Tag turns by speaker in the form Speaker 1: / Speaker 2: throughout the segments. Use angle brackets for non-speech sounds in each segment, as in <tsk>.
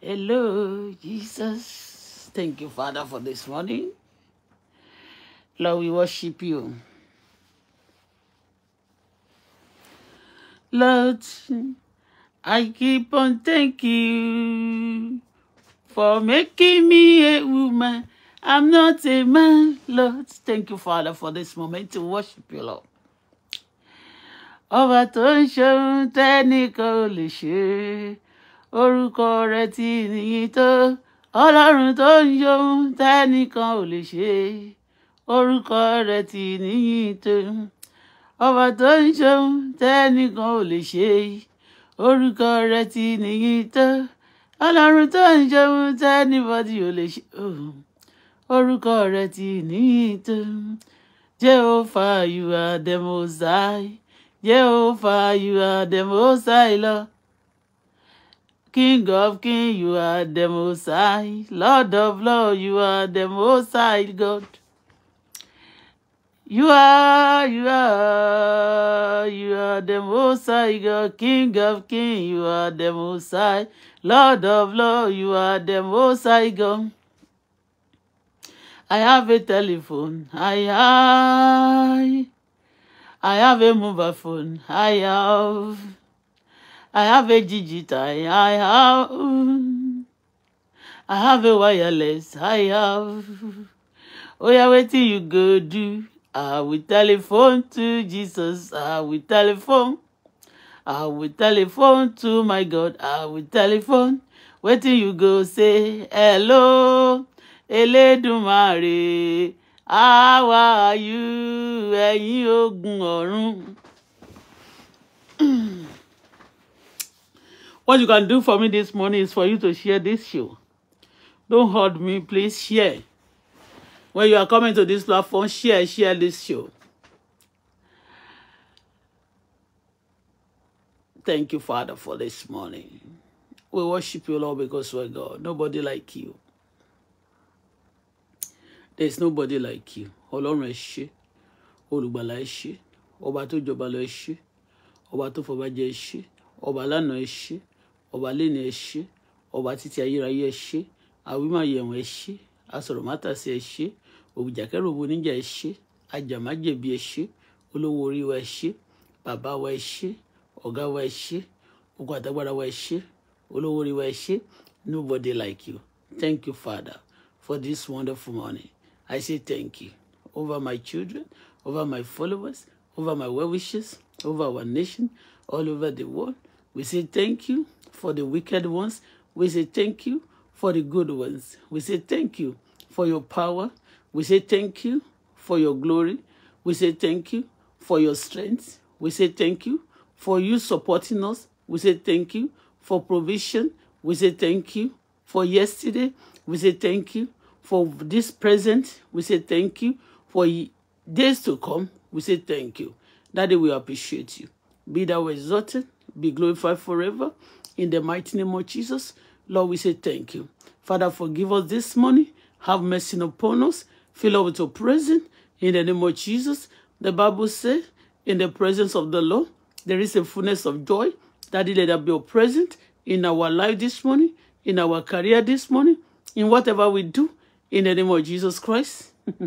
Speaker 1: Hello, Jesus. Thank you, Father, for this morning. Lord, we worship you. Lord, I keep on thanking you for making me a woman. I'm not a man, Lord. Thank you, Father, for this moment to worship you, Lord. Ọba tó ń ṣeun tẹ́nìkan orúkọ rẹ ti níyìn tó ọlọ́run tó ń yóhun tẹ́nìkan ò lè ṣe orúkọ rẹ ti níyìn tó ọba tó ń ṣohun tẹ́nìkan ò lè ṣe orúkọ rẹ ti níyìn tó ọlọ́run tó ń ṣohun tẹ́nìbọ̀dì ò lè ṣe orúkọ rẹ ti níyìn tó Jehovah you are the most high Jehovah you are the most high Lord. King of kings, you are the most high. Lord of lords, you are the most high God. You are, you are, you are the most high God, King of kings, you are the most high. Lord of lords, you are the most high God. I have a telephone, I, I, I have a mobile phone, I have. I have a digital, I have. I have a wireless, I have. Oh, yeah, waiting you go do. I will telephone to Jesus, I will telephone. I will telephone to my God, I will telephone. Waiting you go say hello, Elédùmarè. How are you? Ẹ̀yin ogun ọ̀run. <clears throat> What you can do for me this morning is for you to share this show. Don't hold me, please share. When you are coming to this platform, share, share this show. Thank you, Father, for this morning. We worship you, Lord, because we're God. Nobody like you. There's nobody like you. Ọlọ́run ẹ ṣé, olùgbàlà ẹ ṣé, ọba tó jọba lọ ẹ ṣé, ọba tó fọba jẹ ẹ ṣé, ọba lẹ́ni ẹ ṣé ọba títí ayérayé ẹ ṣé àwímáyẹ̀wọ̀n ẹ ṣé asọ̀rọ̀mátàsí ẹ ṣé òbújàkẹ́rọ̀bù oníjà ẹ ṣé ajàmájẹ̀bi ẹ ṣé olówó orí wa ẹ ṣé bàbá wa ẹ ṣé ọ̀gá wa ẹ ṣé ogun àtagbára wa ẹ ṣé olówó orí wa ẹ ṣé nobody like you thank you father for this wonderful morning i say thank you over my children over my followers over my well wishes over our nation all over the world we say thank you for the wicked ones. We say thank you for the good ones. We say thank you for your power. We say thank you for your glory. We say thank you for your strength. We say thank you for you supporting us. We say thank you for provision. We say thank you for yesterday. We say thank you for this present. We say thank you for days to come. We say thank you. Daddy, we appreciate you. Be thou exalted, be glorified forever. In the mighty name of Jesus, Lord, we say thank you. Father, forgive us this morning. Have mercy upon us. Fill us with your presence. In the name of Jesus, the Bible says, in the presence of the Lord, there is a fullness of joy. Daddy, let that be your present in our life this morning, in our career this morning, in whatever we do, in the name of Jesus Christ. <laughs>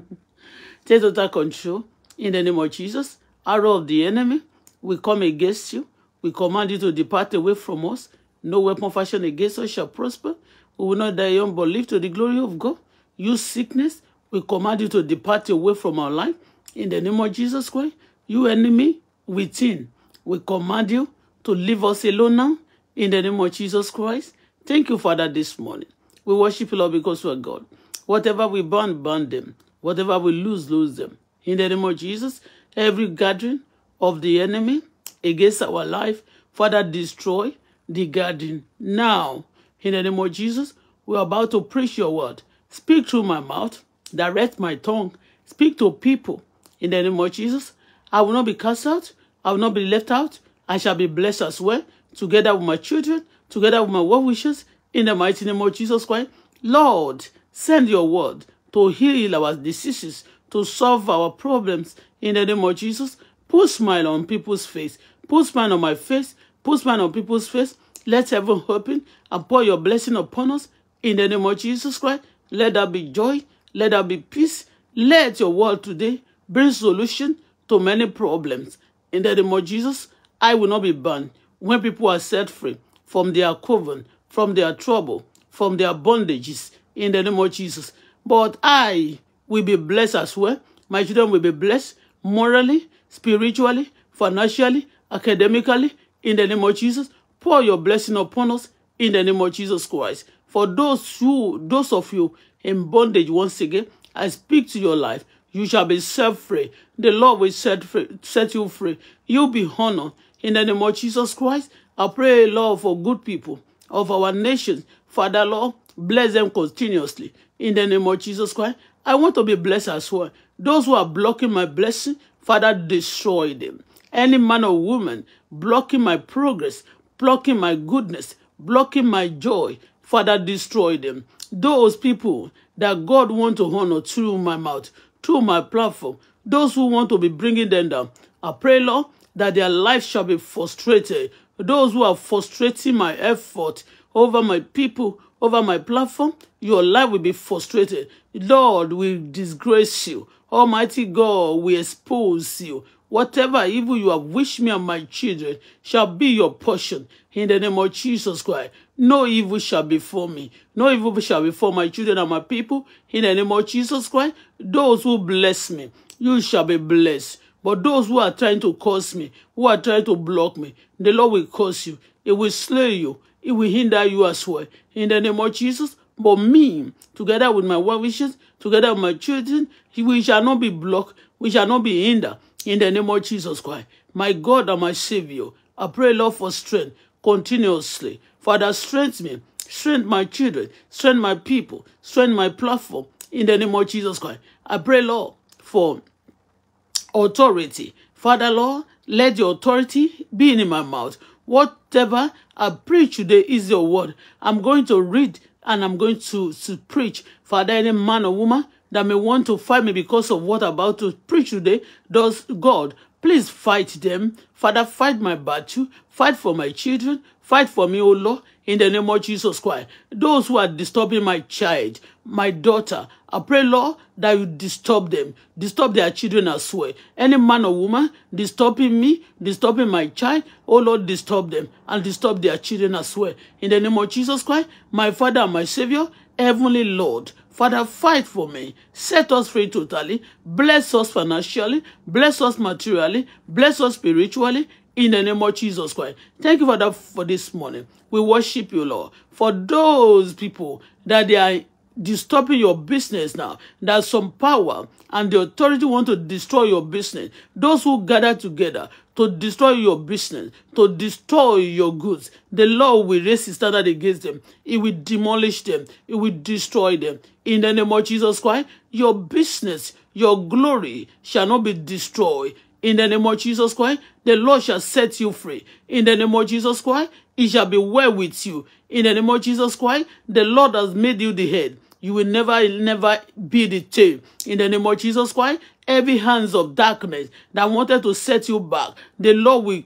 Speaker 1: Take total control in the name of Jesus. Arrow of the enemy, we come against you. We command you to depart away from us No weapon fashioned against us shall prosper. We will not die young, but live to the glory of God. You sickness, we command you to depart away from our life. In the name of Jesus Christ, you enemy within, we command you to leave us alone now. In the name of Jesus Christ, thank you, Father, this morning. We worship you, Lord, because you are God. Whatever we burn, burn them. Whatever we lose, lose them. In the name of Jesus, every gathering of the enemy against our life, Father, destroy the garden now. In the name of Jesus, we're about to preach your word. Speak through my mouth, direct my tongue, speak to people. In the name of Jesus, I will not be cast out, I will not be left out, I shall be blessed as well, together with my children, together with my well wishes, in the mighty name of Jesus Christ. Lord, send your word to heal our diseases, to solve our problems, in the name of Jesus. Put smile on people's face, put smile on my face, put smile on people's face, let heaven open and pour your blessing upon us in the name of Jesus Christ. Let there be joy. Let there be peace. Let your word today bring solution to many problems. In the name of Jesus, I will not be burned. When people are set free from their coven, from their trouble, from their bondages, in the name of Jesus. But I will be blessed as well. My children will be blessed morally, spiritually, financially, academically, in the name of Jesus. pour your blessing upon us in the name of Jesus Christ. For those who, those of you in bondage once again, I speak to your life. You shall be set free. The Lord will set free, set you free. You'll be honored in the name of Jesus Christ. I pray, Lord, for good people of our nation. Father, Lord, bless them continuously in the name of Jesus Christ. I want to be blessed as well. Those who are blocking my blessing, Father, destroy them. Any man or woman blocking my progress, blocking my goodness, blocking my joy. Father, destroy them. Those people that God wants to honor through my mouth, through my platform, those who want to be bringing them down, I pray, Lord, that their life shall be frustrated. Those who are frustrating my effort over my people, over my platform, your life will be frustrated. Lord, we disgrace you. Almighty God, we expose you. Whatever evil you have wished me and my children shall be your portion in the name of Jesus Christ. No evil shall befall me. No evil shall befall my children and my people in the name of Jesus Christ. Those who bless me, you shall be blessed. But those who are trying to curse me, who are trying to block me, the Lord will curse you. It will slay you. It will hinder you as well. In the name of Jesus, but me, together with my well wishes, together with my children, we shall not be blocked, we shall not be hindered. In the name of Jesus Christ, my God and my Savior, I pray, Lord, for strength continuously. Father, strengthen me, strengthen my children, strengthen my people, strengthen my platform. In the name of Jesus Christ, I pray, Lord, for authority. Father, Lord, let your authority be in my mouth. Whatever I preach today is your word. I'm going to read and I'm going to, to preach. Father, any man or woman that may want to fight me because of what I'm about to preach today, does God, please fight them. Father, fight my battle, fight for my children, fight for me, O Lord, in the name of Jesus Christ. Those who are disturbing my child, my daughter, I pray, Lord, that you disturb them, disturb their children as well. Any man or woman disturbing me, disturbing my child, oh Lord, disturb them and disturb their children as well. In the name of Jesus Christ, my Father and my Savior, Heavenly Lord, Father, fight for me. Set us free totally. Bless us financially. Bless us materially. Bless us spiritually. In the name of Jesus Christ. Thank you, Father, for this morning. We worship you, Lord. For those people that they are disturbing your business now. That some power and the authority want to destroy your business. Those who gather together to destroy your business, to destroy your goods, the law will raise his standard against them. It will demolish them. It will destroy them. In the name of Jesus Christ, your business, your glory shall not be destroyed. In the name of Jesus Christ, the Lord shall set you free. In the name of Jesus Christ, It shall be well with you. In the name of Jesus Christ, the Lord has made you the head. You will never, never be the tail. In the name of Jesus Christ, every hands of darkness that wanted to set you back, the Lord will,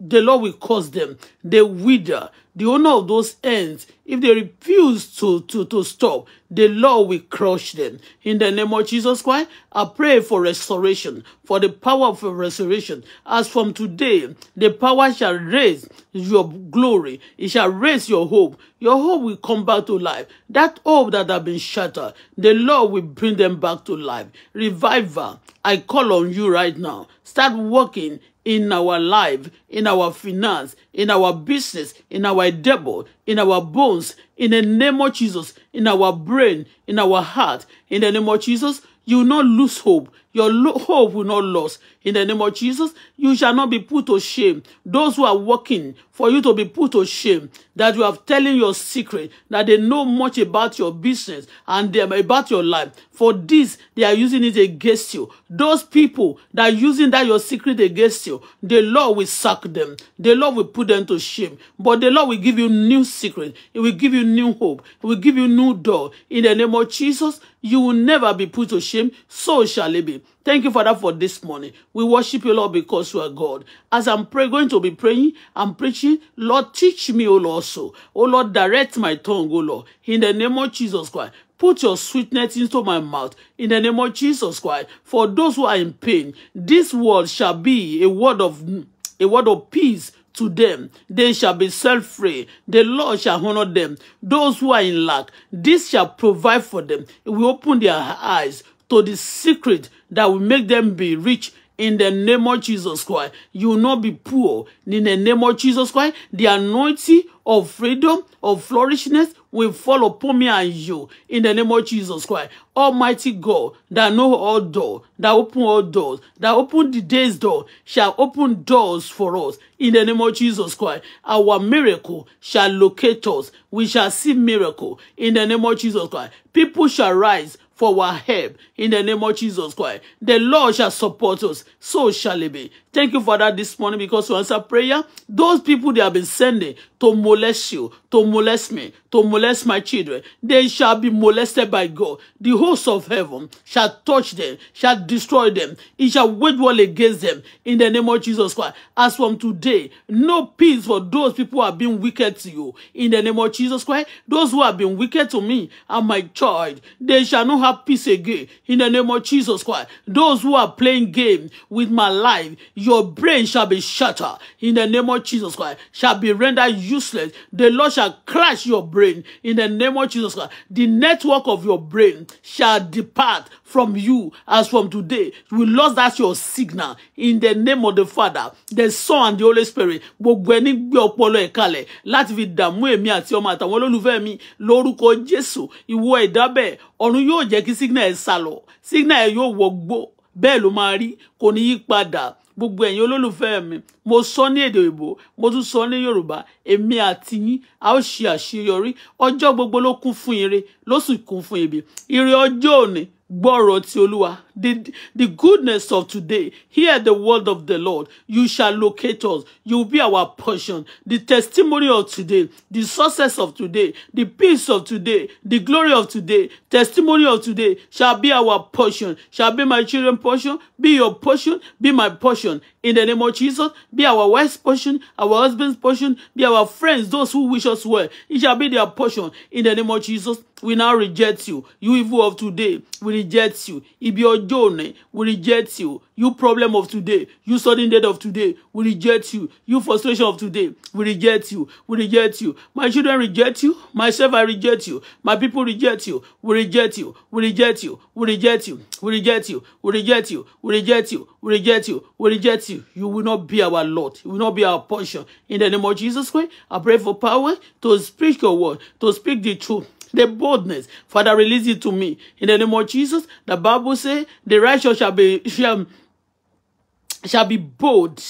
Speaker 1: the Lord will cause them. They wither the owner of those ends, if they refuse to, to, to stop, the law will crush them. In the name of Jesus Christ, I pray for restoration, for the power of restoration. As from today, the power shall raise your glory. It shall raise your hope. Your hope will come back to life. That hope that has been shattered, the law will bring them back to life. Revival, I call on you right now. Start walking in our life, in our finance, in our business, in our devil, in our bones, in the name of Jesus, in our brain, in our heart, in the name of Jesus, you will not lose hope. Your hope will not lose in the name of Jesus. You shall not be put to shame. Those who are working for you to be put to shame, that you have telling your secret, that they know much about your business and them about your life. For this, they are using it against you. Those people that are using that your secret against you, the Lord will sack them. The Lord will put them to shame. But the Lord will give you new secret. It will give you new hope. It will give you new door. In the name of Jesus, you will never be put to shame. So shall it be. Thank you, Father, for this morning. We worship you, Lord, because you are God. As I'm pray, going to be praying, I'm preaching, Lord, teach me, O Lord, so. O Lord, direct my tongue, O Lord, in the name of Jesus Christ. Put your sweetness into my mouth in the name of Jesus Christ. For those who are in pain, this word shall be a word of a word of peace to them. They shall be self free. The Lord shall honor them. Those who are in lack, this shall provide for them. It will open their eyes to the secret that will make them be rich in the name of Jesus Christ. You will not be poor in the name of Jesus Christ. The anointing of freedom, of flourishness will fall upon me and you in the name of Jesus Christ. Almighty God that know all doors, that open all doors, that open the day's door, shall open doors for us in the name of Jesus Christ. Our miracle shall locate us. We shall see miracle in the name of Jesus Christ. People shall rise for our help in the name of Jesus Christ. The Lord shall support us. So shall it be. Thank you, Father, this morning because you answer prayer. Those people they have been sending to molest you, to molest me, to molest my children, they shall be molested by God. The hosts of heaven shall touch them, shall destroy them. He shall wage war against them in the name of Jesus Christ. As from today, no peace for those people who have been wicked to you. In the name of Jesus Christ, those who have been wicked to me and my child, they shall not have peace again. In the name of Jesus Christ, those who are playing game with my life, your brain shall be shattered. In the name of Jesus Christ, shall be rendered useless. The Lord shall crush your brain brain in the name of Jesus Christ. The network of your brain shall depart from you as from today. We lost that your signal in the name of the Father, the Son and the Holy Spirit. láti fi dààmú èmi àti ọmọ àtàwọn olólùfẹ́ mi lórúkọ Jésù. Ìwọ ẹ̀dá bẹ́ẹ̀ ọ̀run yóò jẹ́ kí signal ẹ̀ sálọ. Signal ẹ̀ yóò wọgbó. Bẹ́ẹ̀ ló máa rí kò ní yí padà gbogbo ẹ̀yin olólùfẹ́ mi mo sọ ní èdè òyìnbó mo tún sọ ní yorùbá èmi àti yín a ó ṣe àṣeyọrí ọjọ́ gbogbo ló kún fún ire ló sì kún fún ibi ire ọjọ́ òní gbọ́rọ̀ ti olúwa the, the goodness of today. Hear the word of the Lord. You shall locate us. You will be our portion. The testimony of today, the success of today, the peace of today, the glory of today, testimony of today shall be our portion, shall be my children's portion, be your portion, be my portion. In the name of Jesus, be our wife's portion, our husband's portion, be our friends, those who wish us well. It shall be their portion. In the name of Jesus, we now reject you. You evil of today, we reject you. If your Sojourn, we reject you. You problem of today, you sudden death of today, we reject you. You frustration of today, we reject you. We reject you. My children reject you. Myself, I reject you. My people reject you. We reject you. We reject you. We reject you. We reject you. We reject you. We reject you. We reject you. We reject you. You will not be our Lord. You will not be our portion. In the name of Jesus Christ, I pray for power to speak your word, to speak the truth the boldness. Father, release it to me. In the name of Jesus, the Bible says, the righteous shall be shall, shall be bold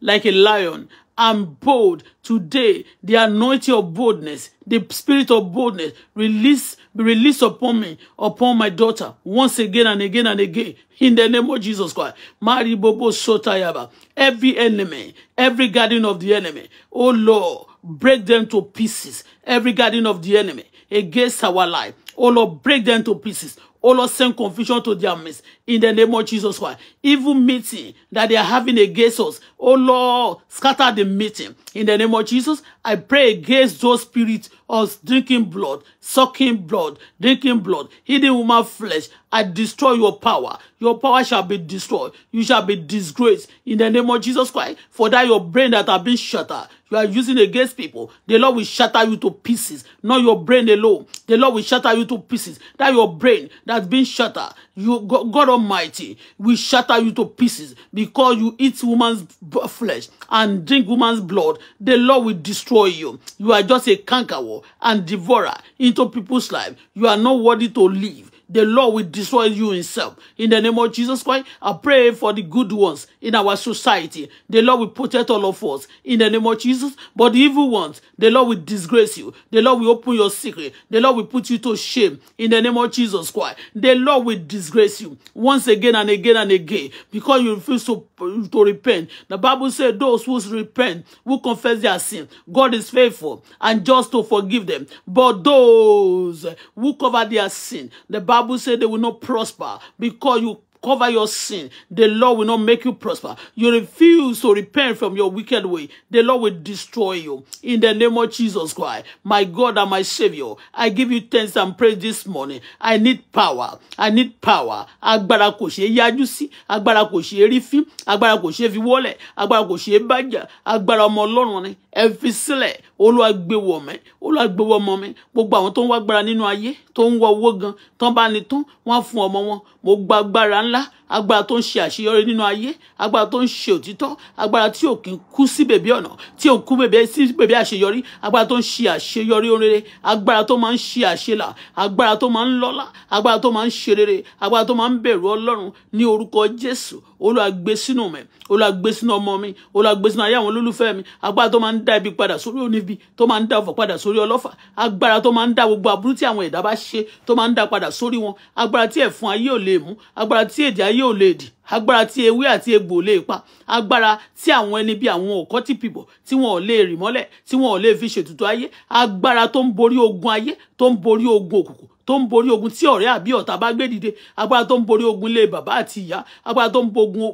Speaker 1: like a lion I'm bold today the anointing of boldness the spirit of boldness release release upon me upon my daughter once again and again and again in the name of jesus christ mari bobo sotayaba every enemy every guardian of the enemy oh lord break them to pieces every guardian of the enemy against our life. Oh Lord, break them to pieces. Oh Lord, send confusion to their midst in the name of Jesus Christ. Evil meeting that they are having against us. Oh Lord, scatter the meeting. In the name of Jesus, I pray against those spirits of drinking blood, sucking blood, drinking blood, hidden woman flesh. I destroy your power. Your power shall be destroyed. You shall be disgraced in the name of Jesus Christ. For that your brain that have been shattered, you are using against people. The Lord will shatter you to pieces. Not your brain alone. The Lord will shatter you to pieces. That your brain that's been shattered You, God Almighty, will shatter you to pieces because you eat woman's flesh and drink woman's blood. The Lord will destroy you. You are just a cankerworm and devourer into people's life. You are not worthy to live the Lord will destroy you himself. In the name of Jesus Christ, I pray for the good ones in our society. The Lord will protect all of us. In the name of Jesus, but the evil ones, the Lord will disgrace you. The Lord will open your secret. The Lord will put you to shame. In the name of Jesus Christ, the Lord will disgrace you once again and again and again because you refuse to, to repent. The Bible said those who repent, who confess their sin, God is faithful and just to forgive them. But those who cover their sin, the Bible Bible said they will not prosper because you cover your sin. The Lord will not make you prosper. You refuse to repent from your wicked way. The Lord will destroy you. In the name of Jesus Christ, my God and my Savior, I give you thanks and praise this morning. I need power. I need power. Agbára kò ṣe yájú sí. Agbára kò ṣe rí fín. Agbára kò ṣe fi wọ́lẹ̀ olúwa gbé wọ̀ mẹ́ olúwa gbé wọ̀ ọmọ mi gbogbo àwọn tó ń wá gbára nínú ayé tó ń wá owó gan tán bá ní tán wọ́n fún ọmọ wọn mo gba agbára ńlá agbára tó ń ṣe àṣeyọrí nínú ayé agbára tó ń ṣe òtítọ́ agbára tí ò kí ń kú sí bèbí ọ̀nà tí ò ń kú bèbí sí bèbí àṣeyọrí agbára tó ń ṣe àṣeyọrí orere agbára tó máa ń ṣe àṣelà agbára tó máa ń lọ́lá agbára tó máa ń ṣe rere agbára tó máa ń bẹ̀rù ọlọ́run ní orúkọ jésù olúwa gbé sínú mi olúwa gbé sínú ọmọ mi olúwa gbé sínú ayé àwọn olólùfẹ́ mi agbára tó máa ń dá ibi padà sórí oníbi tó máa ń dá ọ̀fọ̀ padà sórí ọlọ́fà agbára tó máa ń dá gbogbo aburú tí àwọn ẹ̀dá bá ṣe tó máa ń dá padà sórí wọn agbára tí ẹ̀fọn ayé ò lè mú agbára tí èdè ayé ayé ò lè dì agbára tí ewé àti egbò lè pa agbára tí àwọn ẹni bí àwọn ọ̀kọ́tì pìbọ̀ tí wọn ò lè rì mọ́lẹ̀ tí wọn ò lè fi ṣètùtù ayé agbára tó ń borí ogun ayé tó ń borí ogun òkùnkùn tó ń borí ogun tí ọ̀rẹ́ àbí ọ̀tá bá gbé dìde agbára tó ń borí ogun ilé bàbá àti ìyá agbára tó ń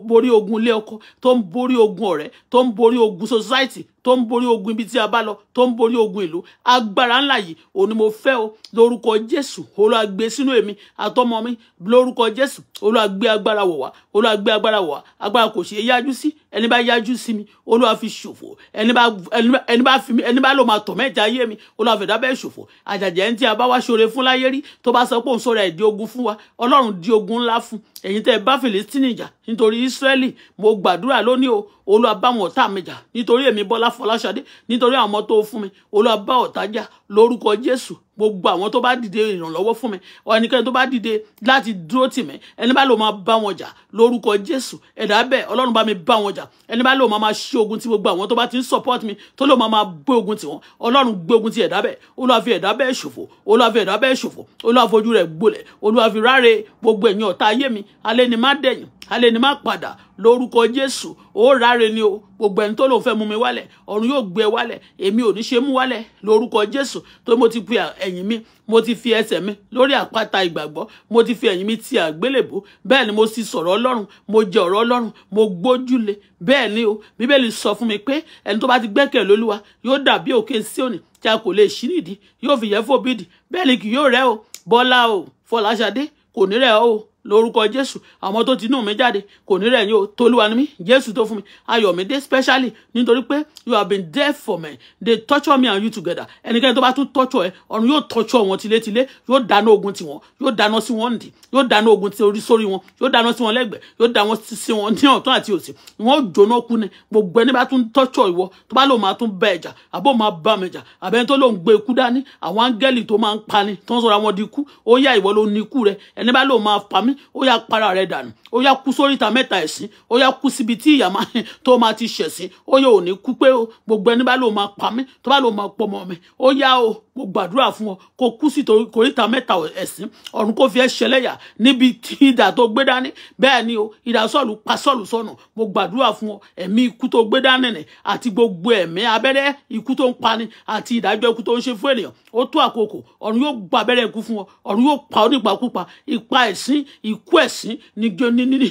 Speaker 1: borí ogun ilé ọkọ tó ń borí ogun ọ̀rẹ́ tó ń borí ogun society tó ń borí ogun ibi tí a bá lọ tó ń borí ogun ìlú agbára ńlá yìí òun ni mo fẹ́ o lórúkọ jésù olúwa gbé e sínú èmi àtọmọ mi lórúkọ jésù olúwa gbé agbára wọ̀ wá olúwa gbé agbára wọ̀ wá agbára kò ṣe é yájú sí ẹni bá yájú sí mi olúwa fi ṣòfò ẹni bá fi mi ẹni bá lò máa tọ̀ mẹ́ta ayé mi olúwa fẹ̀dá bẹ́ẹ̀ ṣòfò àjàjẹ́ ẹni tí a bá wá ṣoore fún láyé rí tó bá sọ pé òun sọ̀rọ̀ ẹ̀ di ogun fún wa ọlọ́run di ogun ńlá fún ẹ̀yin tẹ́ ẹ bá Fìlísítínì jà nítorí Ísírẹ́lì mo gbàdúrà lónìí o Olúwa bá wọn ọ̀tá mi jà nítorí èmi Bọ́lá Fọláṣadé nítorí àwọn ọmọ tó fún mi Olúwa bá ọ̀tá jà lórúkọ Jésù gbogbo àwọn tó bá dìde ìrànlọ́wọ́ fún mi ẹnikẹ́ni tó bá dìde láti dúró tì mí ẹni bá lò máa bá wọn jà lórúkọ jésù ẹ̀dá bẹ́ẹ̀ ọlọ́run bá mi bá wọn jà ẹni bá lò máa máa ṣí ogun tí gbogbo àwọn tó bá ti ń support mi tó lò máa máa gbé ogun tì wọ́n ọlọ́run gbé ogun ti ẹ̀dá bẹ́ẹ̀ olúwa fi ẹ̀dá bẹ́ẹ̀ ṣòfò olúwa fi ẹ̀dá bẹ́ẹ̀ ṣòfò olúwa fojú rẹ̀ gbolẹ̀ olúwa fi ráre gbogbo ẹ̀yin ọ̀tá ayé mi alẹ́ ni má dẹ̀yìn alẹ́ ni má padà lórúkọ jésù ó ráre ni o gbogbo ẹni tó lòun fẹ́ mú mi wálẹ̀ ọ̀run yóò gbé e wálẹ̀ èmi ò ní ṣe mú wálẹ̀ lórúkọ jésù tó mo ti pe ẹ̀yìn mi mo ti fi ẹsẹ̀ mi lórí àpáta ìgbàgbọ́ mo ti fi ẹ̀yìn mi ti àgbélébù bẹ́ẹ̀ ni mo sì sọ̀rọ̀ ọlọ́run mo jẹ ọ̀rọ̀ ọlọ́run mo gbójúlé bẹ́ẹ̀ ni o bíbélì sọ fún mi pé ẹni tó bá ti gbẹ́kẹ̀ lólúwa yóò dàbí òkè síòní tí a kò lè ṣí nìdí yóò fi yẹ fòbídì bẹ́ẹ̀ ni kì yóò rẹ̀ o bọ́lá o fọláṣadé kò ní rẹ̀ o lórúkọ jésù àwọn tó ti inú mi jáde kò ní rẹ̀ yín o tolúwa ni mí jésù tó fún mi ayọ̀ mi dé specially nítorí pé you have been there for me they torture me and you together ẹnikẹ́ni tó bá tún torture ẹ ọ̀run yóò torture wọn tilétilé yóò dáná ogun tiwọn yóò dáná sí wọn ǹdì yóò dáná ogun ti orí sórí wọn yóò dáná sí wọn lẹ́gbẹ̀ẹ́ yóò dáná sí wọn ní ọ̀tún àti òsì wọn ò jóná kú ni gbogbo ẹni bá tún torture ìwọ tó bá lòun máa tún bẹ ẹ̀jà àbó máa bá mi jà àbẹ́ni tó lòun gbé ikú dání àwọn áńgẹ́lì tó máa ń pani tó ń sọra wọn di ikú ó yá ìwọ ló ní ikú rẹ ẹni bá lòun máa pa m mí ó yá para rẹ dànù ó yá kú sóríta mẹ́ta ẹ̀sìn ó yá kú síbi tí ìyá máa tó máa ti ṣẹ̀sìn ó yá ò ní kú pé o gbogbo ẹni bá ló máa pa mí tó bá ló máa pọmọ mi ó yá o mo gbàdúrà fún ọ kó kú sí koríta mẹ́ta ẹ̀sìn ọ̀run kó fi ẹ́ ṣẹlẹ́yà níbi tí ìdà tó gbé dání bẹ́ẹ̀ ni o ìdà sọ́ọ̀lù pa sọ́ọ̀lù sọ́nà mo gbàdúrà fún ọ ẹ̀mí ikú tó gbé dání nì àti gbogbo ẹ̀mí abẹ́rẹ́ ikú tó ń pani àti ìdájọ́ ikú tó ń ṣe fún ènìyàn ó tó àkókò ọ̀run yóò gba abẹ́rẹ́ ikú fún ọ ọ̀run yóò pa ọ nípakúpa ipa ẹ̀sìn ikú ẹ̀sín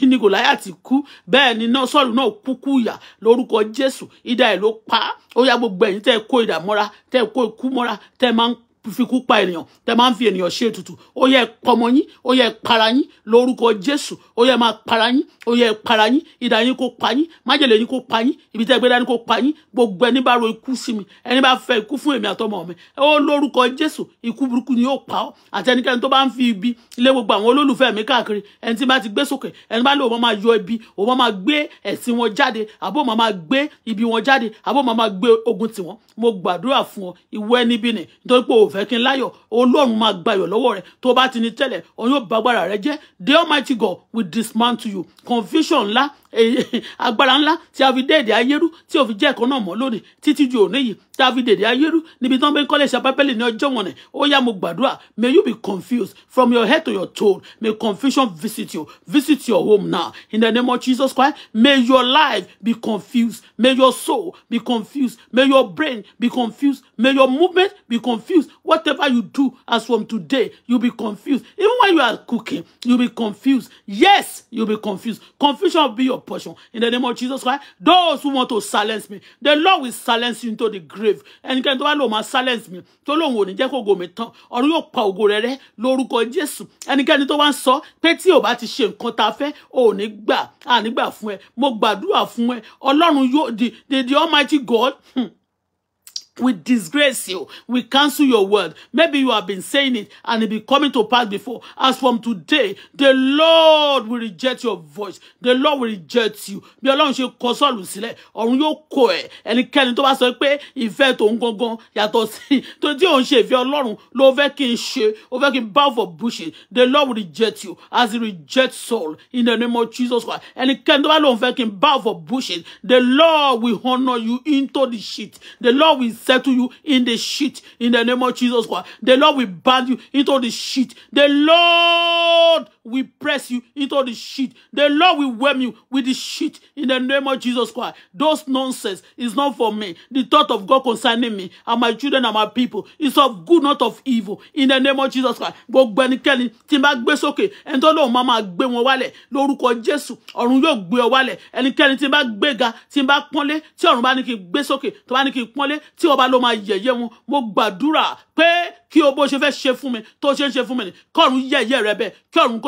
Speaker 1: ni gòláyàtì kú bẹ́ẹ̀ ni náà sọ́ọ̀lù náà kúkú ìyà lórúkọ jésù idà ẹ̀ ló pa ó yá gbogbo ẹ̀yin tẹ́ ẹ kó idà mọ́ra tẹ́ ẹ kó ikú mọ́ra tẹ́ máa ń fikú pa ènìyàn tẹ máa ń fi ènìyàn ṣe ètùtù ó yẹ kọmọ yín ó yẹ para yín lórúkọ jésù ó yẹ máa para yín ó yẹ para yín idà yín kó pa yín májèlé yín kó pa yín ibi tẹ gbé dání kó pa yín gbogbo ẹni bá ro ikú sí mi ẹni bá fẹ́ ikú fún èmi àtọmọ mi ó lórúkọ jésù ikú burúkú ni yóò pa ọ́ àti ẹnikẹ́ni tó bá ń fi ibi ilé gbogbo àwọn olólùfẹ́ mi káàkiri ẹni tí bá ti gbé sókè ẹni bá lè òun máa yọ ibi òun máa gbé ẹ̀sìn wọn jáde àbó òun máa gbé ibi wọn jáde àbó òun máa gbé ogun tiwọn mo gbàdúrà fún ọ ìwọ ẹni bí ni nítorí pé ò fẹ́ kí n láyọ̀ Ọlọ́run máa gba ayọ̀ lọ́wọ́ rẹ tó bá ti ní tẹ́lẹ̀ òun yóò bàgbára rẹ jẹ́ the almighty God will dismantle you confusion ńlá <laughs> agbára ńlá tí a fi dé èdè ayérú tí o fi jẹ́ ẹ̀kọ́ náà mọ́ lónìí títí ju òní yìí tí a fi dèdè níbi tí wọ́n bẹ ń kọ́lé ṣàpẹ́pẹ́lì ní ọjọ́ wọn ni ó yá mo gbàdúrà may you be confused from your head to your toe may confusion visit you visit your home now in the name of Jesus Christ may your life be confused may your soul be confused may your brain be confused may your movement be confused whatever you do as from today you be confused even when you are cooking you be confused yes you be confused confusion will be your portion in the name of Jesus Christ those who want to silence me the Lord will silence you into the grave grave ẹnikẹ́ni tó bá lò máa silence mi To lòun ò ní jẹ́ kó ògo mi tán ọ̀run yóò pa ògo rẹ̀ rẹ́ lórúkọ jésù ẹnikẹ́ni tó wá ń sọ pé tí ò bá ti ṣe nǹkan ta fẹ́ ò ní gbà à ní gbà fún mo gbàdúrà fún ẹ ọlọ́run yóò the the the almighty god. Hmm. We disgrace you. We cancel your word. Maybe you have been saying it and it be coming to pass before. As from today, the Lord will reject your voice. The Lord will reject you. Bí Ọlọ́run ṣe kọ Sọ́ọ̀lù sílẹ̀, ọ̀run yóò kọ ẹ̀. Ẹnikẹ́ni tó bá sọ pé ìfẹ́ tòun gangan yàtọ̀ sí tó to òun ṣe ìfẹ́ Ọlọ́run ló fẹ́ kí n ṣe, ó fẹ́ kí n bow for bushes. The Lord will reject you as he rejects Saul in the name of Jesus Christ. Ẹnikẹ́ni tó bá lóun fẹ́ kí n bow for bushes. The Lord will honor you into the sheet. The Lord will settle you in the shit in the name of Jesus Christ. The Lord will bind you into the shit. The Lord will press you into the shit. The Lord will whelm you with the shit in the name of Jesus Christ. Those nonsense is not for me. The thought of God concerning me and my children and my people is of good, not of evil. In the name of Jesus Christ. Gbogbo ẹnikẹ́ni Kelly n bá gbé sókè ẹni tó lóun máa máa gbé wọn wálẹ̀ lórúkọ Jésù ọ̀run yóò gbé ọ wálẹ̀ ẹnikẹ́ni tí n bá gbéga tí n bá pọ́nlé tí ọ̀run bá ní kí n gbé sókè tó bá ní kí n pọ́nlé tí ọba ló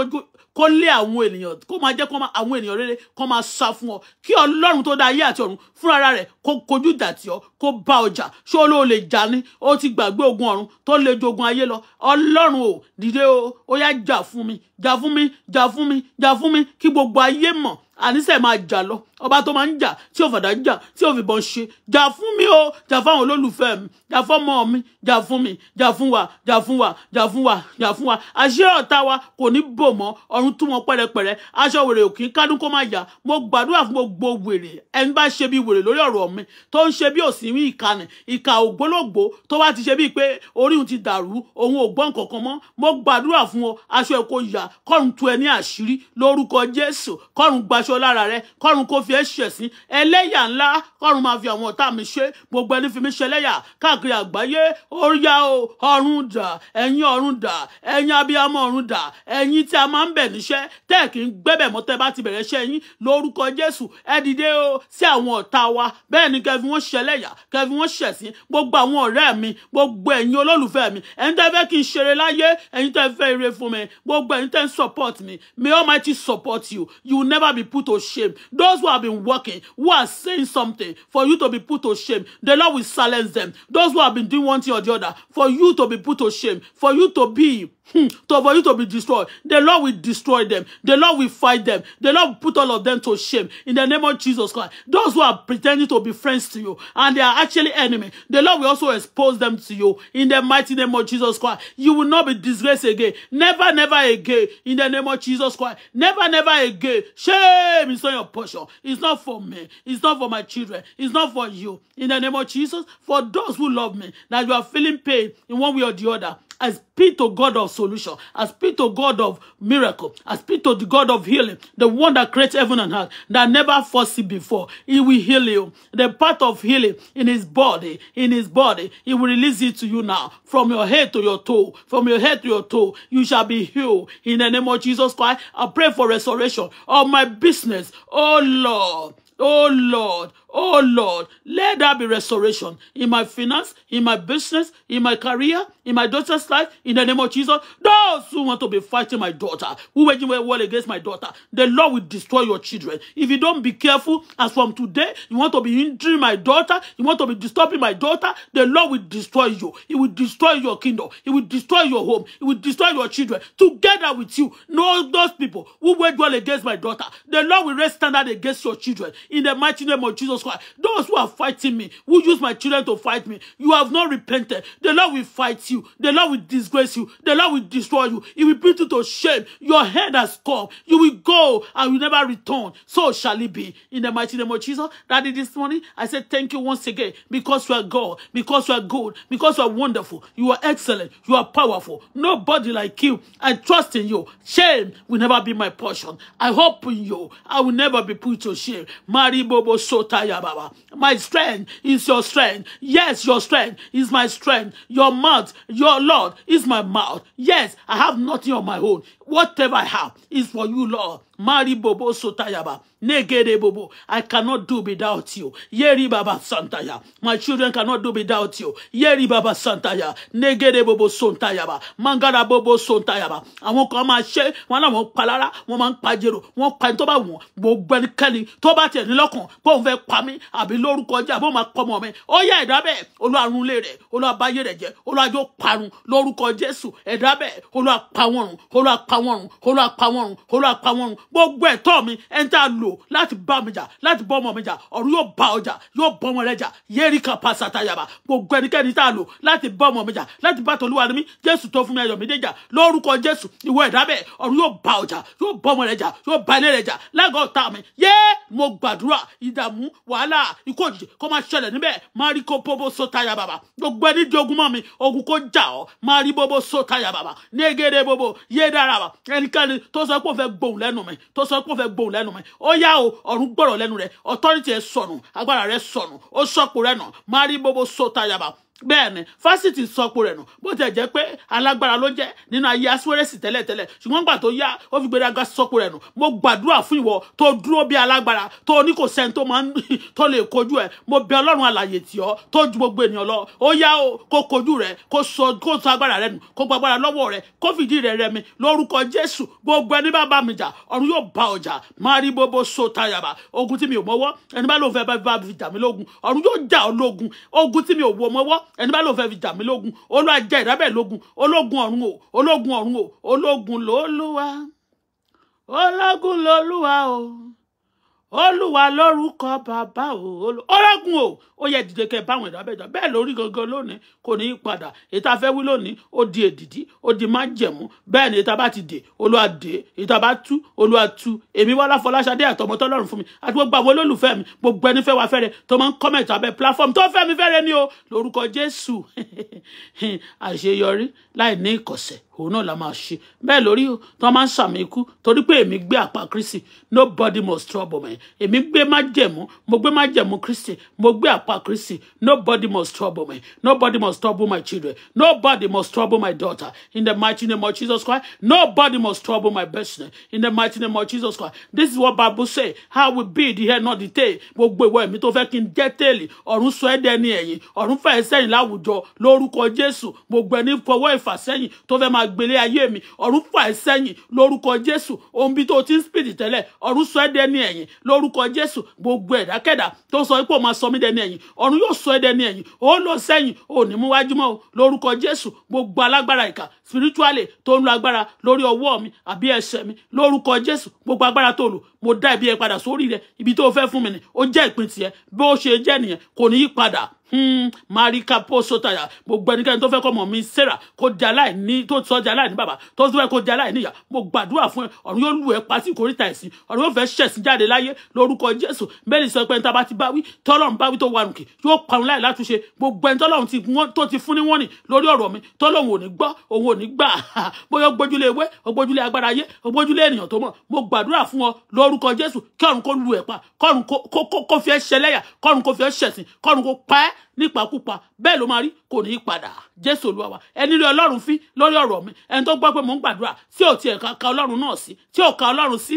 Speaker 1: good, good, kó lé àwọn ènìyàn kó máa jẹ́ kó máa àwọn ènìyàn rere kó máa sá fún ọ kí ọlọ́run tó dá ayé àti ọ̀run fúnra ara rẹ̀ kó kojú dàtí ọ kó bá ọjà ṣé ó ló lè jà ní ó ti gbàgbé ogun ọ̀run tó lè jogun ayé lọ ọlọ́run ò dìde o ó yá jà fún mi jà fún mi jà fún mi jà fún mi kí gbogbo ayé mọ̀ àníṣe máa jà lọ ọba tó máa ń jà tí òfàdà ń jà tí òfìbọn ṣe jà fún mi o jà fáwọn olólùfẹ́ mi jà fọ́mọ mi jà fún mi jà fún wa jà fún wa jà fún wa jà fún wa àṣé ọ̀tá wa kò ní bò mọ́ ọ̀run tú wọn pẹ́rẹpẹ́rẹ aṣọ wèrè òkín kádùn kó má yá mo gbàdúrà fún gbogbo wèrè ẹni bá ṣe bí wèrè lórí ọ̀rọ̀ mi tó ń ṣe bí òsínwí ìkànnì ìkà ògbólógbò tó wá ti ṣe bíi pé oríhun ti dàrú òun ò gbọ́ nǹkan kan mọ́ mo gbàdúrà fún ọ aṣọ ẹ̀ kó yá kọ́run tú ẹ ní àṣírí lórúkọ jésù kọ́run gbaṣọ lára rẹ kọ́run kó fi ẹ́ ṣẹ̀sín ẹlẹ́yà ńlá kọ́run máa fi àwọn ọ̀tá mi ṣe gbogbo ẹni fi mi ṣẹlẹ́yà káàkiri àgbáyé oríyá o ọ̀run dà ẹ̀yin ọ̀run dà ẹ̀yin abiyamọ ọ̀run dà ẹ̀yin tí a máa ń bẹ̀ níṣẹ́ tẹ́ kì í gbẹ́bẹ̀ mọ́ tẹ́ bá ti bẹ̀rẹ̀ iṣẹ́ yín lórúkọ Jésù ẹ dìde o sí àwọn ọ̀tá wa bẹ́ẹ̀ ni kẹ́ fi wọ́n ṣẹlẹ́yà kẹ́ fi wọ́n ṣẹ̀sín gbogbo àwọn ọ̀rẹ́ mi gbogbo ẹ̀yin olólùfẹ́ mi ẹ̀yin tẹ́ fẹ́ kí n ṣeré láyé ẹ̀yin tẹ́ fẹ́ ire fún mi gbogbo ẹ̀yin tẹ́ ń support mi may Almighty support you you will never be put to shame those who have been working who are saying something for you to be put to shame the Lord will silence them those who have been doing one thing or the other for you to be put to shame for you to be To So for you to be destroyed, the Lord will destroy them. The Lord will fight them. The Lord will put all of them to shame. In the name of Jesus Christ, those who are pretending to be friends to you and they are actually enemies, the Lord will also expose them to you. In the mighty name of Jesus Christ, you will not be disgraced again. Never, never again. In the name of Jesus Christ, never, never again. Shame is not your portion. It's not for me. It's not for my children. It's not for you. In the name of Jesus, for those who love me, that you are feeling pain in one way or the other, I speak to God of solution. I speak to God of miracle. I speak to the God of healing, the one that creates heaven and earth, that never foresee before. He will heal you. The part of healing in his body, in his body, he will release it to you now. From your head to your toe, from your head to your toe, you shall be healed. In the name of Jesus Christ, I pray for restoration of my business. Oh Lord, oh Lord, Oh Lord, let there be restoration in my finance, in my business, in my career, in my daughter's life, in the name of Jesus. Those who want to be fighting my daughter, who waging war well against my daughter, the Lord will destroy your children. If you don't be careful, as from today, you want to be injuring my daughter, you want to be disturbing my daughter, the Lord will destroy you. He will destroy your kingdom. He will destroy your home. He will destroy your children. Together with you, know those people who wage war well against my daughter. The Lord will raise standard against your children. In the mighty name of Jesus, Jesus Christ. Those who are fighting me, who use my children to fight me, you have not repented. The Lord will fight you. The Lord will disgrace you. The Lord will destroy you. He will put you to shame. Your head has come. You will go and will never return. So shall it be. In the mighty name of Jesus, Daddy, this morning, I said thank you once again because you are God, because you are good, because you are wonderful, you are excellent, you are powerful. Nobody like you. I trust in you. Shame will never be my portion. I hope in you. I will never be put to shame. Maribobo tired. Baba. My strength is your strength. Yes, your strength is my strength. Your mouth, your Lord, is my mouth. Yes, I have nothing of my own. Whatever I have is for you, Lord. Mari bobo sotayaba. Negere bobo. I cannot do without you. Yeri baba santaya. My children cannot do without you. Yeri baba santaya. Negere bobo sontayaba. Mangara bobo sontayaba. I won't come ṣe wọn láwọn palára wọn máa ń pajero wọn pa Toba, tó bá wọn Toba ẹnikẹ́ni tó bá tiẹ̀ ní lọ́kàn bó ń fẹ́ pa mí àbí lórúkọ jẹ́ àbó máa kọ́ ọmọ mi ó yá ẹ̀dá bẹ́ẹ̀ olúwarun lé rẹ̀ olúwabáyé rẹ̀ jẹ́ olúwajó gbogbo ẹ̀tọ́ mi ẹni tá a lò láti bá mi jà láti bọ́ ọmọ mi jà ọ̀run yóò bá ọjà yóò bọ́ ọmọ rẹ jà yéèrí kan pàṣàtà yàrá gbogbo ẹnikẹ́ni tá a lò láti bá ọmọ mi jà láti bá tolúwa ni mí jésù tó fún mi ayọ̀ mi dé jà lórúkọ jésù ìwọ ẹ̀dá bẹ́ẹ̀ ọ̀run yóò bá ọjà yóò bọ́ ọmọ rẹ jà yóò bá ilé rẹ jà lágọ̀ọ́ ta mi yé mo gbàdúrà ìdààmú wàhálà ikú òjijì kó máa ṣẹlẹ̀ níbẹ̀ máa bóbó so táyà bàbà gbogbo ẹni di ogun mọ́ mi ogun kó jà ọ́ máa rí táyà bàbà ní bóbó yé dára bà ẹnikẹ́ni tó sọ pé òun fẹ́ gbóhùn lẹ́nu mi tó sọ pé ó fẹ́ gbóhùn lẹ́nu mi ó yá o ọ̀run gbọ́rọ̀ lẹ́nu rẹ̀ authority ẹ̀ sọnù agbára rẹ̀ sọnù ó sọ̀pọ̀ rẹ̀ nà má rí bóbó sọ tayaba bẹ́ẹ̀ ni fásitì sọpo rẹ̀ nù bó tẹ̀ jẹ́ pé alágbára ló jẹ́ nínú ayé asúrẹ́sì tẹ́lẹ̀tẹ́lẹ̀ ṣùgbọ́n gbà tó yá ó fi gbéraga sọpo rẹ̀ nù mo gbàdúrà fún ìwọ tó dúró bí alágbára tó ní kò sẹ́ni tó máa ń <laughs> tó lè kojú ẹ̀ mo bẹ ọlọ́run alàyè tì ọ́ tó ju gbogbo ènìyàn lọ ó yá o kó kojú rẹ̀ kó sọ kó sọ agbára rẹ̀ nù kó gba agbára lọ́wọ́ rẹ̀ kó fìdí rẹ̀ rẹ̀ mi lórúkọ jésù gbogbo ẹni bá bá mi jà ọ̀run yóò bá ọjà máa rí bóbó so tayaba ogun tí mi ò mọ́wọ́ ẹni bá lóun fẹ́ bá fi jà mí lógun ọ̀run yóò jà ọ́ lógun ogun tí mi ò wọ mọ́wọ́ ẹni bá lóun fẹ́ fi jà mí lógun olúwa jẹ́ ìdábẹ̀ lógun ológun ọ̀run o ológun ọ̀run o ológun lolúwa ológun lolúwa o olúwa lórúkọ bàbá òòlù ọlọ́gùn o ó yẹ dìde kẹ báwọn ẹ̀dá bẹ́ẹ̀ bẹ́ẹ̀ lórí gangan lónìí kò ní í padà ìta fẹ́ wí lónìí ó di èdìdí ó di májẹ̀mú bẹ́ẹ̀ ni ìta bá ti dè olúwa dè ìta bá tú olúwa tú èmi Bọ́lá Fọláṣadé àtọmọ tọ́lọ́run fún mi àti gbogbo àwọn olólùfẹ́ mi gbogbo ẹni fẹ́ wa fẹ́rẹ̀ tó máa ń comment abẹ́ platform tó fẹ́ mi fẹ́rẹ̀ ni o lórúkọ Jésù <laughs> àṣeyọrí láì ní ìkọ̀sẹ̀ òun náà la máa ṣe bẹ́ẹ̀ lórí tí wọ́n máa ń ṣàmì ikú torí pé èmi gbé àpá kristi nobody must trouble me èmi gbé májẹ̀mú mo gbé májẹ̀mú kristi mo gbé àpá kristi nobody must trouble me nobody must trouble my children nobody must trouble my daughter in the mighty name of Jesus Christ nobody must trouble my business in the mighty name of Jesus Christ this is what bible say how we be the head not the tail gbogbo ìwọ ẹ̀mí tó fẹ́ kí n jẹ́ tèèlì ọ̀run sọ ẹ́ dẹni ẹ̀yìn ọ̀run fẹ́ sẹ́yìn láwùjọ lórúkọ Jésù gbogbo ẹni fọwọ́ ìfàsẹ́yìn tó fẹ́ máa máa gbélé ayé mi ọ̀run fà ẹ́ sẹ́yìn lórúkọ Jésù ohun bí tó ti ń spìdì tẹ́lẹ̀ ọ̀run sọ ẹ́ dẹni ẹ̀yìn lórúkọ Jésù gbogbo ẹ̀dákẹ́dà tó sọ pé ó máa sọ mí dẹni ẹ̀yìn ọ̀run yóò sọ ẹ́ dẹni ẹ̀yìn ó lọ sẹ́yìn ò ní mú wájú mọ́ lórúkọ Jésù gbogbo alágbára ìkà spiritually tó ń lo agbára lórí ọwọ́ mi àbí ẹsẹ̀ mi lórúkọ Jésù gbogbo agbára tó lò mo dá ibi ẹ padà sórí rẹ ibi tó fẹ́ fún mi ni ó jẹ́ ìpín tiẹ̀ bó ṣe jẹ́ nìyẹn kò ní yí padà marika hmm, posota gbogbo ẹnikẹ́ni tó fẹ́ kọ́ mọ̀ mi sarah kó di aláìní tó sọ di aláìní bàbá tó fẹ́ kó di aláìní ìyá mo gbàdúrà fún ẹ ọ̀run yóò lù ẹ́ pa sí ìkórìtà ẹ̀sìn ọ̀run yóò fẹ́ ṣẹ̀sìn jáde láyé lórúkọ jésù bẹ́ẹ̀ ni sọ pé níta bá ti báwí tọ́lọ́run báwí tó wà nùkì yóò parun láì látúnṣe gbogbo ẹni tọ́lọ́run tó ti fún ní wọ́nì lórí ọ̀rọ̀ mi tọ́lọ́run ò ní gbọ́ òun ò ní gbà <laughs> bóyá gbójúlé ewé gbójúlé agbára ayé gbójúlé ènìyàn tó mọ̀ mo gbàdúrà fún ọ lórúkọ jésù kí ọ̀run kó lù ẹ́ pa kọ́run kó fi ẹ́ ṣẹlẹ́yà kọ́run kó fi ẹ́ ṣẹ̀sìn kọ́run kó pa ẹ́ nípakúpa bẹ́ẹ̀ ló máa rí kò ní í padà jésù olúwa wa ẹni rí ọlọ́run fín lórí ọ̀rọ̀ mi ẹni tó gbọ́ pé mò ń gbàdúrà tí ò tiẹ̀ ka ọlọ́run náà sí tí ò ka ọlọ́run sí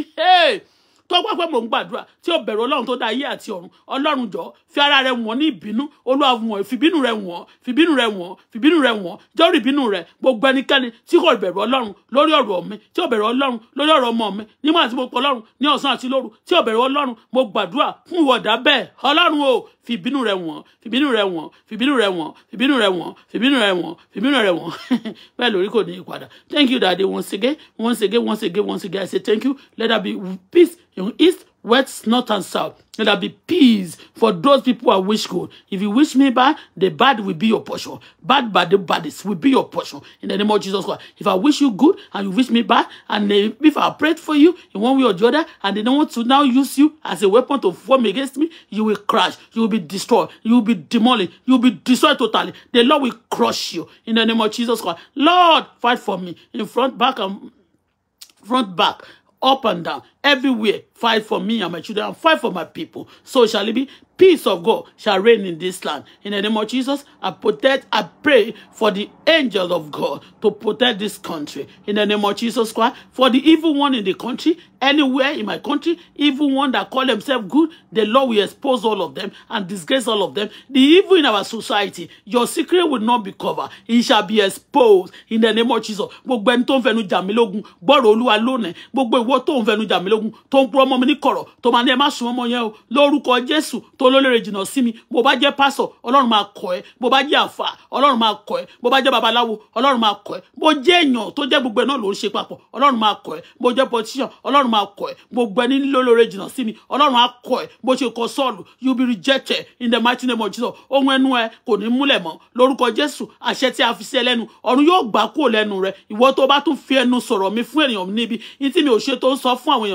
Speaker 1: tó gbọ́ pé mò ń gbàdúrà tí ò bẹ̀rù ọlọ́run tó dá ayé àti ọ̀run ọlọ́run jọ fi ara rẹ wọ̀n ní ìbínú olúwa wọ̀n fìbínú rẹ wọ̀n fìbínú rẹ wọ̀n fìbínú rẹ wọ̀n jọ́rì ìbínú rẹ gbogbo ẹnikẹ́ni tí kò bẹ̀rù ọlọ́run lórí ọ̀rọ̀ mi tí ò bẹ̀rù ọlọ́run lórí ọ̀rọ̀ ọmọ mi nígbà tí mo ọlọ́run ní ọ̀sán àti lóru tí ò bẹ̀rù ọlọ́run mo gbàdúrà fún ìwọ̀dà bẹ́ẹ̀ ọlọ́run o fi rẹ wọ̀n fi rẹ wọ̀n fi rẹ wọ̀n fi rẹ wọ̀n fi rẹ wọ̀n fi rẹ wọ̀n <laughs> bẹ́ẹ̀ lórí kò ní ìpadà thank you daddy once again once again once again once again I say thank you let there be peace in east west, north, and south. Let there be peace for those people who wish good. If you wish me bad, the bad will be your portion. Bad by the baddest will be your portion. In the name of Jesus Christ. If I wish you good and you wish me bad, and if I prayed for you in one way or the other, and they don't want to now use you as a weapon to form against me, you will crash. You will be destroyed. You will be demolished. You will be destroyed totally. The Lord will crush you. In the name of Jesus Christ. Lord, fight for me. In front, back, and front, back up and down everywhere. Fight for me and my children and fight for my people. So shall it be. Peace of God shall reign in this land. In the name of Jesus, I protect, I pray for the angel of God to protect this country. In the name of Jesus Christ, for the evil one in the country, anywhere in my country, evil one that call himself good, the Lord will expose all of them and disgrace all of them. The evil in our society, your secret will not be covered. It shall be exposed in the name of Jesus. Gbogbo ẹni tó ń fẹnu jàmílógún, gbọ́rọ̀ Olúwa lónìí, gbogbo ìwọ mẹ́ẹ̀ẹ́dógún tó ń purọ́ mọ́ mi ní kọ̀rọ̀ tó máa ní ẹ má sùn ọmọ yẹn o lórúkọ jésù tó lólèrè jìnnà sí mi bó bá jẹ́ pásọ̀ ọlọ́run máa kọ́ ẹ bó bá jẹ́ àfà ọlọ́run máa kọ́ ẹ bó bá jẹ́ babaláwo ọlọ́run máa kọ́ ẹ bó jẹ́ èèyàn tó jẹ́ gbogbo ẹ̀ náà ló ń ṣe papọ̀ ọlọ́run máa kọ́ ẹ bó jẹ́ politician ọlọ́run máa kọ́ ẹ gbogbo ẹni lólèrè jìnnà sí mi ọlọ́run á kọ́ ẹ bó ṣe kọ́ sọ́ọ̀lù you yóò gbà kúrò lẹ́nu rẹ ìwọ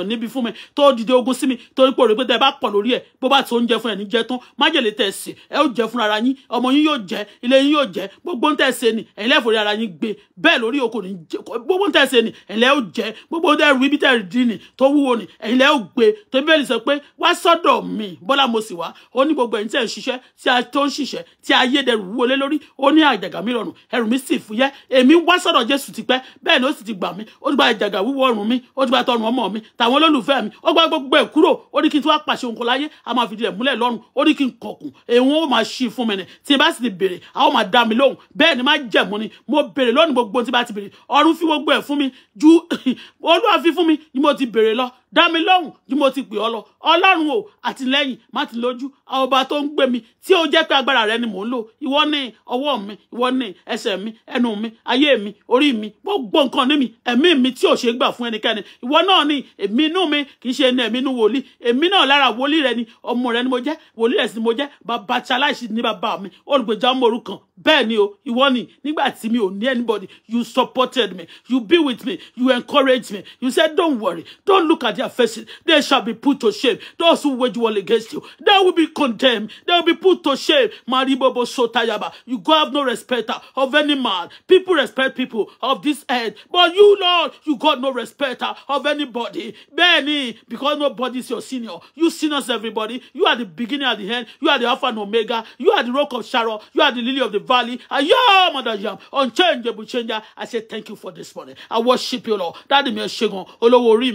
Speaker 1: níbi fún mi tó dìde ogun sí mi torí pé òrèpé tẹ bá pọ̀ lórí ẹ̀ bó bá ti oúnjẹ fún ẹ̀ ní jẹ tán májèlé tẹ̀ sí ẹ ó jẹ fúnra ara yín ọmọ yín yóò jẹ ilé yín yóò jẹ gbogbo ń tẹ̀ ṣe ni ẹ̀yin lẹ́fọ̀rí ara yín gbé bẹ́ẹ̀ lórí oko ní gbogbo ń tẹ̀ ṣe ni ẹ̀yin lẹ́ ó jẹ gbogbo tẹ̀ rú ibi tẹ̀ dì ní tó wúwo ni ẹ̀yin lẹ́ ó gbé tó bẹ́ẹ̀ sọ pé wá sọ́dọ̀ mi Bọ́lá mo sì wá ó ní gbogbo ẹ̀yin tẹ̀ ń ṣiṣẹ́ tí a tó ń ṣiṣẹ́ tí ayédèrú wọlé lórí ó ní àjàgà mi rọrùn ẹrù mi sì fúyẹ́ èmi wá sọ́dọ̀ Jésù tipẹ́ bẹ́ẹ̀ ni ó sì ti gbà mí ó ti gba àjàgà wíwọ́ ọrùn mi ó ti gba tọrùn ọmọ mi tàwọn olólùfẹ́ mi ó gbá gbogbo ẹ̀ kúrò ó ní kí n tó wá pàṣẹ òǹkọ láyé a máa fìdí ẹ̀ múlẹ̀ lọ́rùn ó ní kí n kọkùn èèwọ̀n ó máa ṣí fún mi tí bá sì ti béèrè a ó máa dá mi lóhùn bẹ́ẹ̀ ni má jẹ̀mú ni mo béèrè lónìí gbogbo tí bá ti béèrè ọ̀run fi gbogbo ẹ̀ fún mi ju <coughs> olúwa fi fún mi ni mo ti béèrè lọ dá mi lóhùn ju mo ti pè ọ́ lọ ọlọ́run o àtìlẹ́yìn má ti lójú ọba tó ń gbé mi tí ó jẹ́ pé agbára rẹ ni mò ń lò ìwọ ní ọwọ́ mi ìwọ ní ẹsẹ̀ mi ẹnu mi ayé mi orí mi gbogbo nǹkan ní mi ẹ̀mí mi tí ò ṣe gbà fún ẹnikẹ́ni ìwọ náà ni èmi inú mi kì í ṣe ẹni ẹ̀mí inú wòlíì èmi náà lára wòlíì rẹ ni ọmọ rẹ ni mo jẹ́ wòlíì rẹ sì ni mo jẹ́ bàbá tí aláìsí ni bàbá mi olùgbèjà ọmọ òrukàn bẹ́ẹ̀ ni o ìwọ ni nígbà tí mi ò ní anybody you supported me you be with me you encourage me you said don't worry don't look at their faces, they shall be put to shame. Those who wage war against you, they will be condemned. They will be put to shame. Maribobo Sotayaba. You go have no respect of any man. People respect people of this earth. But you, Lord, you got no respect of anybody. Benny, because nobody is your senior. You sinners, everybody. You are the beginning and the end. You are the Alpha and Omega. You are the rock of Sharon. You are the lily of the valley. And you, Mother Yam, unchangeable changer. I say thank you for this morning. I worship you, Lord. That is me, Shegon. Olówó orí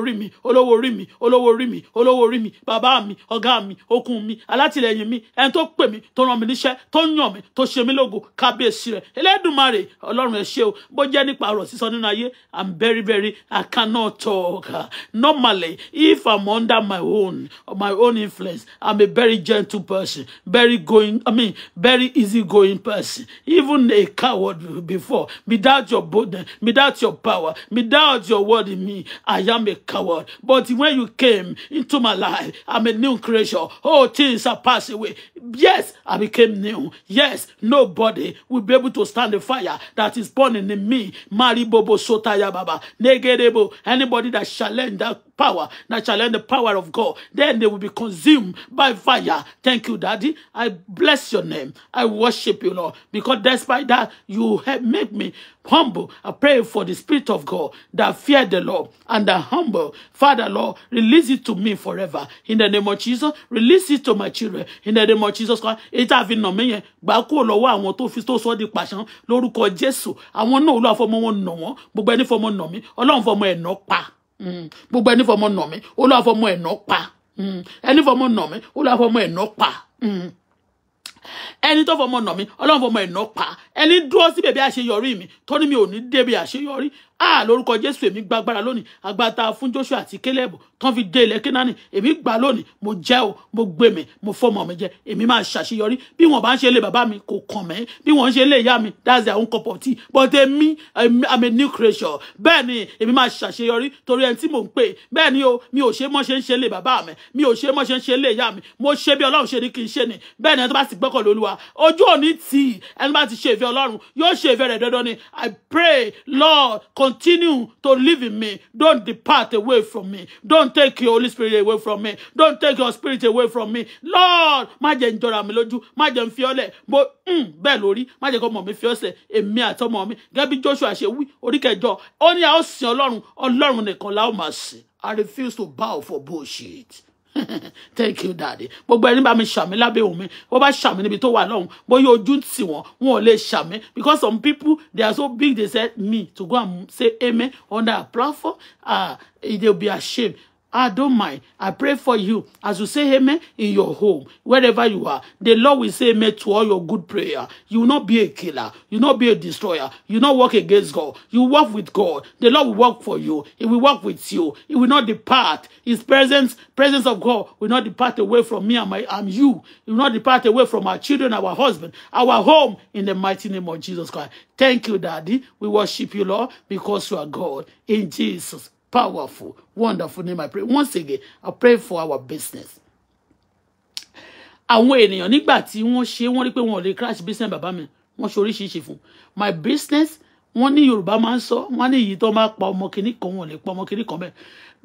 Speaker 1: orí mi olówó orí mi olówó orí mi olówó orí mi bàbá mi ọ̀gá mi okun mi alátìlẹyìn mi ẹni tó pè mí tó ràn mí níṣẹ́ tó yàn mí tó ṣe mí lógo kábíyèsí rẹ̀ Elédùmarè Ọlọ́run ẹ ṣé o bó jẹ́ nípa ọ̀rọ̀ sísọ nínú ayé i'm very very i cannot normally if i'm under my own my own influence i'm a very gentle person very going i mean very easy going person even a coward before without your boldness without your power without your word in me i am a coward. But when you came into my life, I'm a new creature. All things are passed away. Yes, I became new. Yes, nobody will be able to stand the fire that is burning in me. Maribobo Sotaya Baba. Negerebo. Anybody that challenge that power that learn the power of God. Then they will be consumed by fire. Thank you, Daddy. I bless your name. I worship you, Lord, because despite that, you have made me humble. I pray for the Spirit of God that fear the Lord and that humble. Father, Lord, release it to me forever. In the name of Jesus, release it to my children. In the name of Jesus Christ, it have been nominated. Gbà kúrò lọ́wọ́ àwọn tó fi tó sọ di pàṣán lórúkọ Jésù. Àwọn náà olúwa fọmọ wọn nà wọ́n. Gbogbo ẹni fọmọ nà mí. Ọlọ́run fọmọ ẹ̀ nà pa. Mm. gbogbo ẹni fọmọ nà mí olúwa fọmọ ẹ̀ nà pa mm. ẹni fọmọ nà mí olúwa fọmọ ẹ̀ nà pa. Mm ẹni tó fọmọ nà mí ọlọ́run fọmọ ẹ̀nà pa ẹni dúró sí bèbí àṣeyọrí mi tó ní mi ò ní débi àṣeyọrí a lórúkọ jésù èmi gbàgbára lónìí agbáta fún joshua àti caleb tán fi dé ilẹ̀ kínání èmi gbà lónìí mo jẹ́ o mo gbé mi mo fọmọ mi jẹ èmi máa ṣàṣeyọrí bí wọ́n bá ń ṣe ilé bàbá mi kò kàn mí bí wọ́n ń ṣe ilé ìyá mi that's their own cup of tea but èmi i'm a new creation bẹ́ẹ̀ ni èmi máa ṣàṣeyọrí torí ẹni tí mò ń pè bẹ́ẹ̀ ni o mi ò ṣe mọ́ ṣe ń ṣe ilé bàbá mi mi ò ṣe mọ́ ṣe ń ṣe ilé ìyá mi mo ṣe bí ọlọ́run ṣe ní kí n ṣe ni bẹ́ẹ̀ ni ẹni gbẹ́kọ̀ lólúwa ojú òní tì ẹni bá ti ṣe ìfẹ́ ọlọ́run yóò ṣe ìfẹ́ rẹ̀ dandan ni i pray lord continue to live in me don't depart away from me don't take your holy spirit away from me don't take your spirit away from me lord má jẹ́ ń jọra mi lójú má jẹ́ ń fi ọ́lẹ̀ bó hmm, bẹ́ẹ̀ lórí má jẹ́ kó mọ̀ mi fi ọ́sẹ̀ èmi àtọmọ mi gẹ́gẹ́ joshua ṣe wí oríkẹjọ ó ní a ó sin ọlọ́run ọlọ́run nìkan la máa sìn i refuse to bow for bullshit. <laughs> thank you daddy gbogbo ẹni bá mi ṣàmì lábẹ́ òun mi bó bá ṣàmì níbi tó wà lọ́hùn bóyá ojú ń tì wọ́n wọn ò lè ṣàmì because some people they are so big they said me to go and say amen on that platform ah uh, they will be ashamed I ah, don't mind. I pray for you as you say amen in your home, wherever you are. The Lord will say amen to all your good prayer. You will not be a killer. You will not be a destroyer. You will not work against God. You work with God. The Lord will work for you. He will work with you. He will not depart. His presence, presence of God, will not depart away from me and my and you. He will not depart away from our children, our husband, our home. In the mighty name of Jesus Christ. Thank you, Daddy. We worship you, Lord, because you are God. In Jesus' Powerful, wonderful name I pray. Once again, I pray for our business. Àwọn ènìyàn nígbà tí wọ́n ṣe wọ́n rí pé wọn ò lè crash business bàbá mi, wọ́n ṣe oríṣiríṣi fún. My business, wọ́n ní Yorùbá máa ń sọ, wọ́n ní èyí tó máa pa ọmọ kìíní kan, wọ́n lè pa ọmọ kìíní kan bẹ́ẹ̀.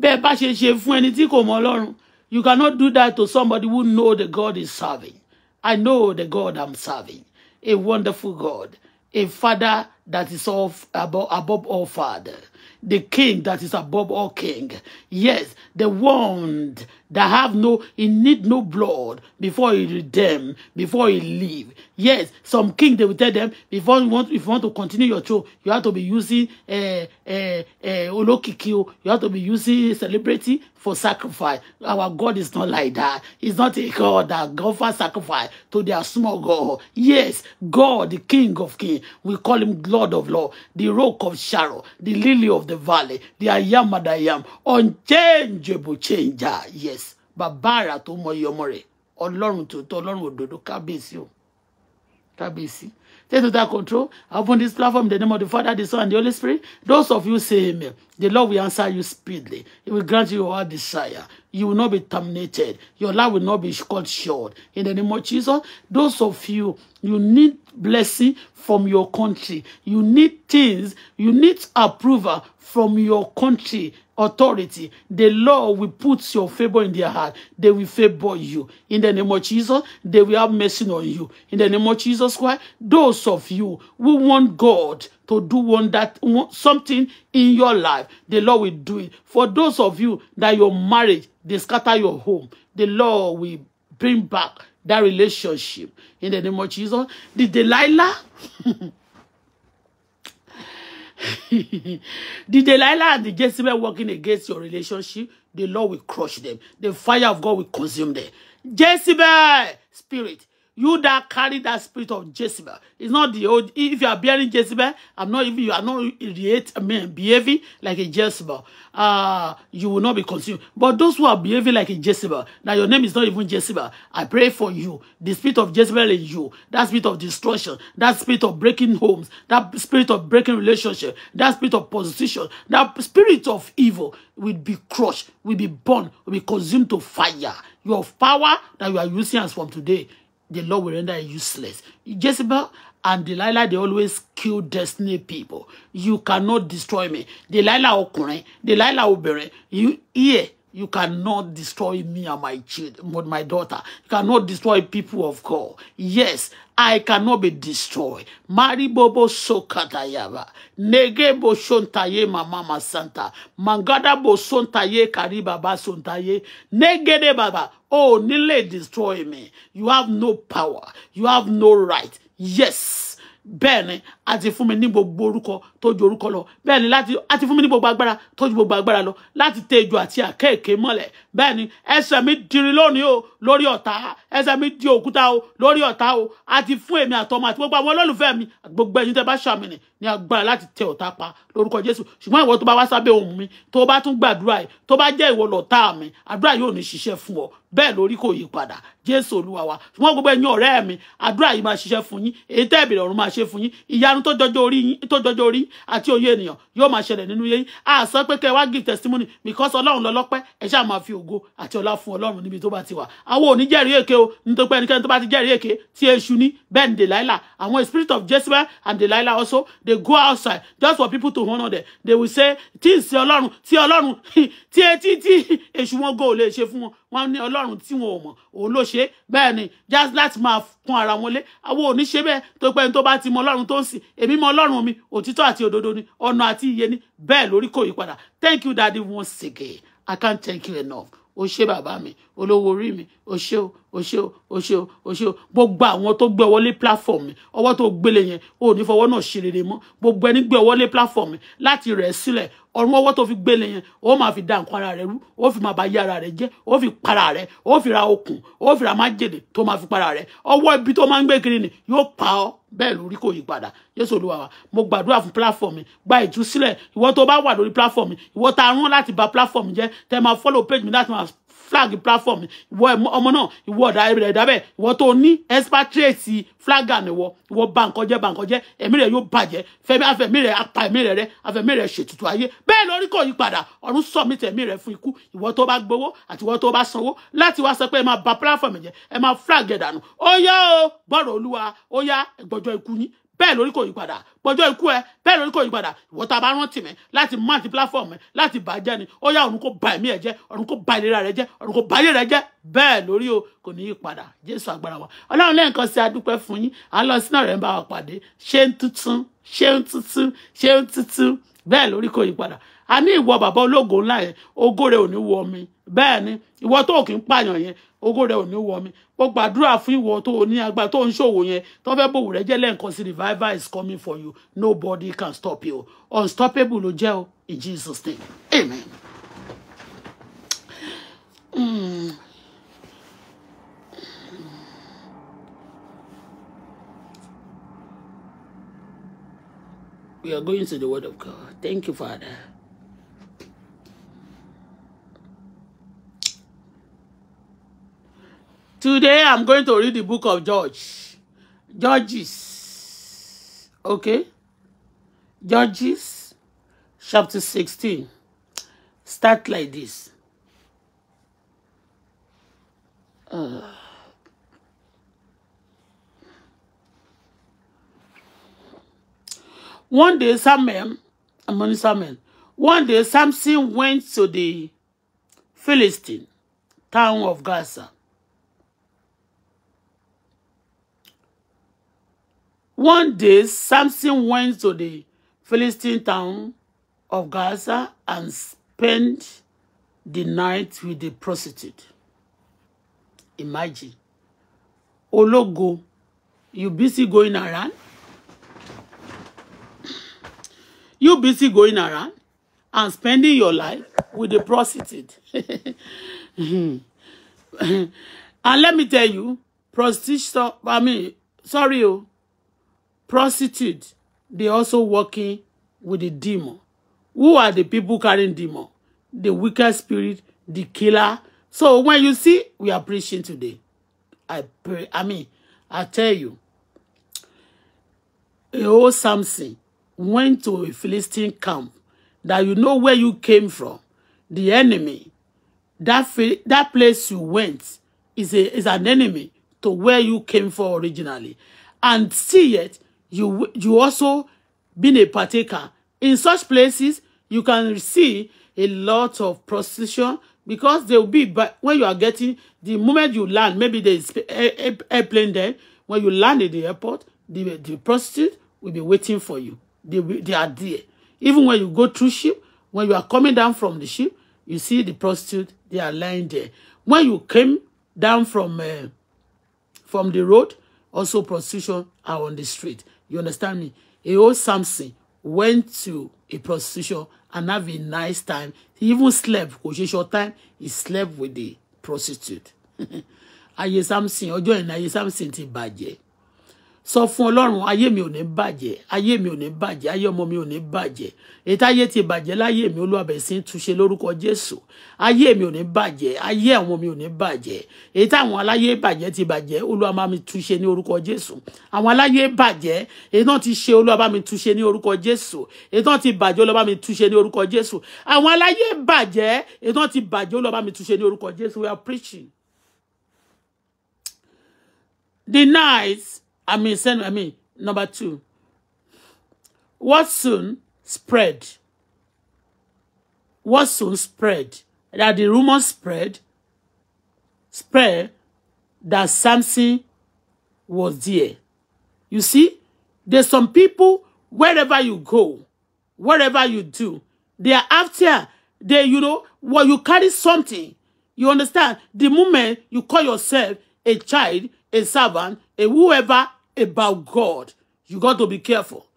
Speaker 1: Bẹ́ẹ̀ bá ṣe ṣe fún ẹni tí kò mọ Ọlọ́run, you cannot do that to somebody who know the God is serving. I know the God I'm serving, a wonderful God, a Father that is all above, above all Father the king that is above all king. Yes, the one that have no, he need no blood before he redeem, before he leave. Yes, some king, they will tell them, before you want, if you want to continue your show, you have to be using uh, uh, uh, olokiki, you have to be using celebrity for sacrifice. Our God is not like that. He's not a God that offers sacrifice to their small God. Yes, God, the King of Kings, we call him Lord of Law, the Rock of Sharon, the Lily of the Valley, the I am that I am, unchangeable changer. Yes bàbá àrà tó mọyì ọmọ rẹ̀ ọlọ́run tòótọ́ ọlọ́run òdodo kábíyèsí o kábíyèsí take total control i open this platform in the name of the father the son and the holy spirit those of you say amen the lord will answer you speedily he will grant you all desire you will not be terminated your life will not be cut short in the name of jesus those of you you need blessing from your country you need things you need approval from your country authority, the Lord will put your favor in their heart. They will favor you. In the name of Jesus, they will have mercy on you. In the name of Jesus Christ, those of you who want God to do one that something in your life, the Lord will do it. For those of you that your marriage, they scatter your home, the Lord will bring back that relationship. In the name of Jesus, the Delilah. <laughs> the <laughs> Delilah and the Jezebel working against your relationship, the Lord will crush them. The fire of God will consume them. Jezebel spirit, You that carry that spirit of Jezebel. It's not the old. If you are bearing Jezebel, I'm not even. You are not idiot. I mean, behaving like a Jezebel. Uh, you will not be consumed. But those who are behaving like a Jezebel, now your name is not even Jezebel. I pray for you. The spirit of Jezebel in you. That spirit of destruction. That spirit of breaking homes. That spirit of breaking relationship. That spirit of position. That spirit of evil will be crushed. Will be burned. Will be consumed to fire. Your power that you are using as from today the Lord will render useless. Jezebel and Delilah, they always kill destiny people. You cannot destroy me. Delilah ọkùnrin, Delilah will bury you hear You cannot destroy me and my children, my daughter. You cannot destroy people of God. Yes, I cannot be destroyed. Maribobo sokatayaba. Negebo shontaye mama santa. Mangada bo sontaye karibaba sontaye. Negede baba. Oh, Nile destroy me. You have no power. You have no right. Yes. Ben, as if mi ní gbogbo tó ju orúkọ lọ bẹ́ẹ̀ ni láti àti fún mi ní gbogbo agbára tó ju gbogbo agbára lọ láti tẹ ejò àti àkéèké mọ́lẹ̀ bẹ́ẹ̀ ni ẹsẹ̀ mi dirin lónìí o lórí ọ̀tá ẹsẹ̀ mi di òkúta o lórí ọ̀tá o àti fún èmi àtọmọ àti gbogbo àwọn olólùfẹ́ mi gbogbo ẹ̀yin tẹ́ bá ṣàmì nì ní agbára láti tẹ ọ̀tá pa lórúkọ Jésù ṣùgbọ́n ìwọ tó bá wá sábẹ́ ohùn mi tó bá tún gbàdúrà ẹ̀ tó bá jẹ́ ìwọ lọ̀tá mi àdúrà yóò ní ṣiṣẹ́ fún ọ bẹ́ẹ̀ lórí kò yí padà Jésù Olúwa wa ṣùgbọ́n gbogbo ẹ̀yin ọ̀rẹ́ mi àdúrà yìí máa ṣiṣẹ́ fún yín èyí tẹ́ ìbẹ̀rẹ̀ ọ̀run máa ṣe fún yín ìyanu tó jọjọ orí àti òye ènìyàn yóò máa ṣẹlẹ̀ nínú yẹn a sọ pé kẹ́ wá give testimony because ọlọ́run lọ́lọ́pẹ́ ẹ ṣáà máa fi ògo àti ọlá fún ọlọ́run níbi tó bá ti wà àwọn ò ní jẹ́rìí èké o nítorí pé ẹnikẹ́ni tó bá ti jẹ́rìí èké tí èṣù ní bẹ́ẹ̀ Delilah àwọn spirit of Jezebel and Delilah also they go outside just for people to honour them they will say tí ì sí ọlọ́run tí ọlọ́run <laughs> tí etí tí èṣù wọn go ò lè ṣe fún wọn wọn ní ọlọ́run tí wọn ò mọ̀ òun ló ṣe bẹ́ẹ̀ ni just láti máa kún ara wọn lé àwọn ò ní ṣe bẹ́ẹ̀ tó pé ẹni tó bá ti mọ ọlọ́run tó ń sìn èmi mọ ọlọ́run mi òtítọ́ àti òdodo ni ọ̀nà àti iye ni bẹ́ẹ̀ lórí kò yí padà thank you daddy once again i can't thank you enough o ṣé bàbá mi olówó orí mi o ṣé o o ṣé o o ṣé o o ṣé o gbogbo àwọn tó gbé wọlé platform mi ọwọ́ tó gbélé yẹn o ní fọwọ́ náà ṣe rere mọ́ gbogbo ẹni gbé wọlé platform mi láti rẹ̀ sílẹ̀ ọ̀run ọwọ́ tó fi gbélé yẹn o máa fi da nǹkan ara rẹ rú o fi máa ba yé ara rẹ jẹ́ o fi para rẹ o fi ra okùn o fi ra májèlé tó máa fi para rẹ ọwọ́ ibi tó máa ń gbé kiri ni yóò pa ọ́ bẹ́ẹ̀ lórí kò yí padà jésù olúwa wa mo gbàdúrà fún platform mi gba ìtúsílẹ̀ ìwọ tó bá wà lórí platform mi ìwọ tá rán láti bà platform mi jẹ́ máa follow page mi láti máa flag platform ìwọ ọmọ náà ìwọ ọ̀dà ẹ̀rẹ̀ ìdábẹ̀ ìwọ tó ní expatriate flagger nìwọ ìwọ ba nǹkan jẹ́ ba nǹkan jẹ́ ẹ̀mí rẹ̀ yóò bàjẹ́ fẹ́mi afẹ́mí rẹ̀ apa ẹ̀mí rẹ̀ rẹ̀ afẹ́mí rẹ̀ ṣètùtù ayé bẹ́ẹ̀ lórí kò yí padà ọ̀run submit ẹ̀mí rẹ̀ fún ikú ìwọ tó bá gbowó àti ìwọ tó bá sanwó láti wá sọ pé ẹ máa ba platform jẹ́ ẹ máa flag ẹ̀ dànù ó yá o bọ́rọ̀ olúwa ó yá ẹgbọ́jọ́ ikú bẹ́ẹ̀ lórí kò yí padà pọ̀jọ́ ikú ẹ bẹ́ẹ̀ lórí kò yí padà ìwọ tá a bá rántí mi láti máàtì platform mi láti bàjẹ́ ni ó yá ọ̀run kó ba ẹ̀mí ẹ̀ jẹ́ ọ̀run kó ba ìlera rẹ jẹ́ ọ̀run kó ba ayé rẹ jẹ́ bẹ́ẹ̀ lórí o kò ní yí jésù agbára wa ọlọ́run lẹ́ẹ̀kan sí adúpẹ́ fún yín à ń lọ sínú ọ̀rẹ́ ń bá wa pàdé ṣé ń tuntun ṣé ń tuntun ṣé ń tuntun bẹ́ẹ̀ lórí kò yí padà a ní ìwọ bàbá ológo ńlá yẹn ògo rẹ wọ mi bẹ́ẹ̀ ni ìwọ tó kì í pààyàn yẹn ògo rẹ ò ní wọ mi mo gbàdúrà fún ìwọ tó o ní agbára tó ń ṣòwò yẹn tó fẹ́ bòwò rẹ jẹ́ lẹ́ǹkan sí revival is coming for you nobody can stop you unstoppable ló jẹ́ o in Jesus name amen. Hmm. We are going to the word of God. Thank you, Father. Today I'm going to read the book of Judge. Judges. Okay? Judges chapter 16. Start like this. Uh. One day Samuel, among on Samuel. One day Samson went to the Philistine town of Gaza One day, Samson went to the Philistine town of Gaza and spent the night with a prostitute. Imagine. Ologo, you busy going around? You busy going around and spending your life with a prostitute. <laughs> and let me tell you, prostitution, I mean, sorry, oh prostitute they also working with the demon who are the people carrying demon the wicked spirit the killer so when you see we are preaching today i pray i mean i tell you a whole samson went to a philistine camp that you know where you came from the enemy that that place you went is a is an enemy to where you came from originally and see yet you you also been a partaker in such places you can see a lot of prostitution because they will be but when you are getting the moment you land maybe there is a airplane there when you land in the airport the the prostitute will be waiting for you they they are there even when you go through ship when you are coming down from the ship you see the prostitute they are lying there when you came down from uh, from the road also prostitution are on the street You understand me? A old Samson went to a prostitution and have a nice time. He even slept. Kò ṣe short time, he slept with the prostitute. <laughs> Ayé Samson, ọjọ́ ìnáyé Samson ti bàjẹ́ sọ fún ọlọ́run ayé mi ò ní bàjẹ́ ayé mi ò ní bàjẹ́ ayé ọmọ mi ò ní bàjẹ́ ètò ayé ti bàjẹ́ láyé mi olúwa bẹ̀rẹ̀ sí ń túnṣe lórúkọ jésù ayé mi ò ní bàjẹ́ ayé àwọn mi ò ní bàjẹ́ ètò àwọn aláyé bàjẹ́ ti bàjẹ́ olúwa bá mi túnṣe ní orúkọ jésù àwọn aláyé bàjẹ́ ètò ti ṣe olúwa bá mi túnṣe ní orúkọ jésù ètò ti bàjẹ́ olúwa túnṣe ní orúkọ jésù àwọn aláyé bàjẹ́ ètò ti bàjẹ́ olúwa túnṣe ní orúkọ jésù we are preaching the night. I mean, send, I mean, number two. What soon spread? What soon spread? That the rumor spread, spread that Samson was there. You see, there's some people wherever you go, wherever you do, they are after they, you know, when you carry something, you understand? The moment you call yourself a child, a servant, a whoever, about God, you got to be careful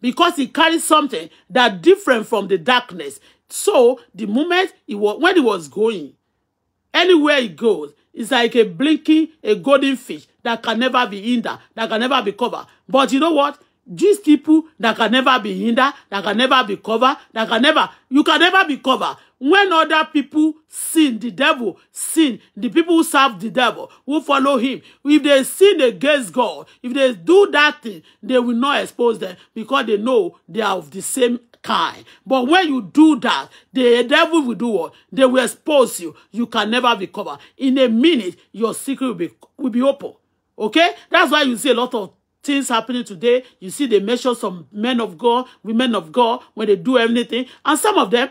Speaker 1: because he carries something that different from the darkness. So the moment he was when he was going, anywhere he goes, it's like a blinking, a golden fish that can never be hindered, that can never be covered. But you know what? These people that can never be hindered, that can never be covered, that can never, you can never be covered. When other people sin, the devil sin, the people who serve the devil, who follow him, if they sin against God, if they do that thing, they will not expose them because they know they are of the same kind. But when you do that, the devil will do what? They will expose you. You can never recover. In a minute, your secret will be, will be open. Okay? That's why you see a lot of things happening today. You see they measure some men of God, women of God, when they do anything. And some of them,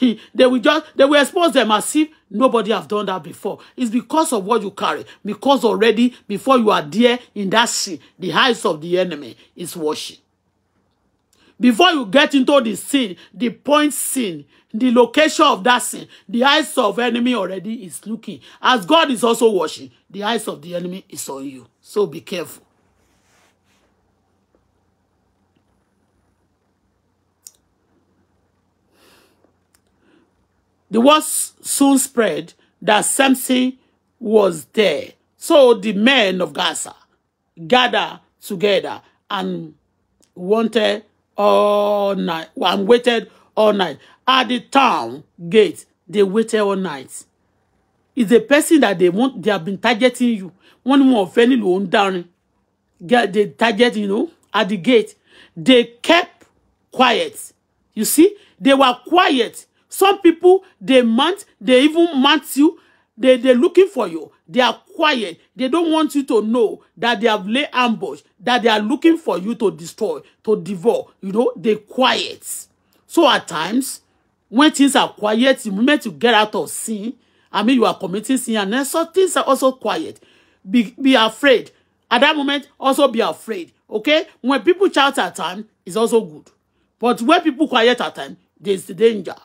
Speaker 1: they will just they will expose them as if nobody have done that before. It's because of what you carry. Because already before you are there in that sea, the eyes of the enemy is watching. Before you get into the scene, the point scene, the location of that sin, the eyes of enemy already is looking. As God is also watching, the eyes of the enemy is on you. So be careful. The word soon spread that Samson was there. So the men of Gaza gathered together and wanted all night and waited all night. At the town gate, they waited all night. It's a person that they want, they have been targeting you. One more of any loan down. They target, you know, at the gate. They kept quiet. You see, they were quiet Some people, they mount, they even mount you. They, they're looking for you. They are quiet. They don't want you to know that they have laid ambush, that they are looking for you to destroy, to devour. You know, they quiet. So at times, when things are quiet, the moment you get out of sin, I mean, you are committing sin, and then so things are also quiet. Be, be afraid. At that moment, also be afraid. Okay? When people shout at time, it's also good. But when people quiet at time, there's the danger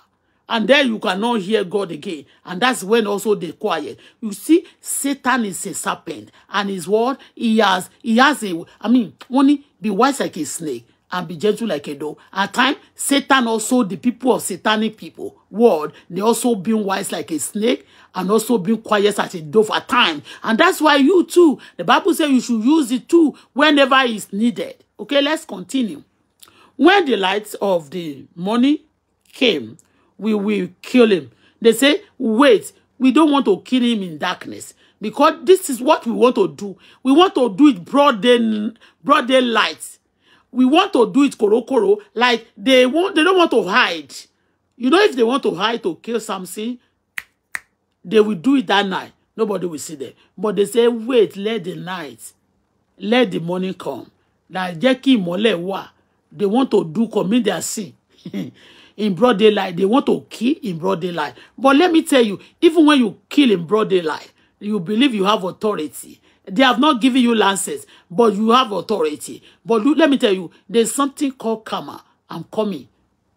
Speaker 1: and then you cannot hear God again. And that's when also the quiet. You see, Satan is a serpent, and his word he has he has a I mean, only be wise like a snake and be gentle like a dog. At time, Satan also the people of satanic people world they also being wise like a snake and also being quiet as a dove at time, And that's why you too, the Bible says you should use it too whenever it's needed. Okay, let's continue. When the lights of the morning came, we will kill him. They say, wait, we don't want to kill him in darkness because this is what we want to do. We want to do it broad day, broad daylight. We want to do it koro koro. Like they want, they don't want to hide. You know, if they want to hide to kill something, they will do it that night. Nobody will see them. But they say, wait, let the night, let the morning come. Like Jackie mole wa. They want to do commit their sin. <laughs> in broad daylight. They want to kill in broad daylight. But let me tell you, even when you kill in broad daylight, you believe you have authority. They have not given you lances, but you have authority. But let me tell you, there's something called karma. I'm coming.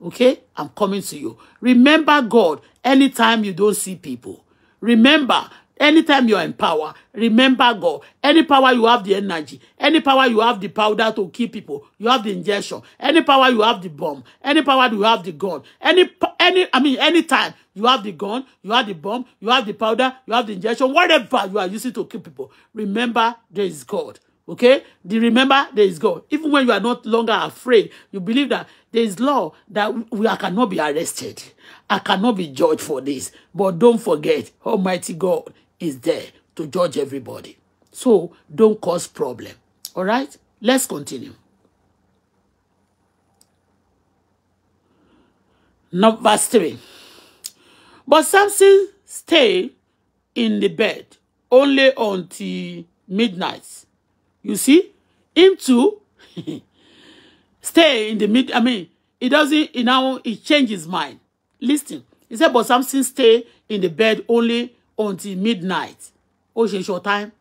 Speaker 1: Okay? I'm coming to you. Remember God anytime you don't see people. Remember, Anytime you are in power, remember God. Any power you have the energy. Any power you have the powder to kill people. You have the injection. Any power you have the bomb. Any power you have the gun. Any any I mean anytime you have the gun, you have the bomb, you have the powder, you have the injection, whatever you are using to kill people. Remember there is God. Okay? The remember there is God. Even when you are not longer afraid, you believe that there is law that we I cannot be arrested. I cannot be judged for this. But don't forget, Almighty God is there to judge everybody. So don't cause problem. All right? Let's continue. Now, verse 3. But Samson stayed in the bed only until midnight. You see? Him too <laughs> stay in the mid. I mean, he doesn't, he now, he changed his mind. Listen. He said, but Samson stay in the bed only until midnight ó ṣe short time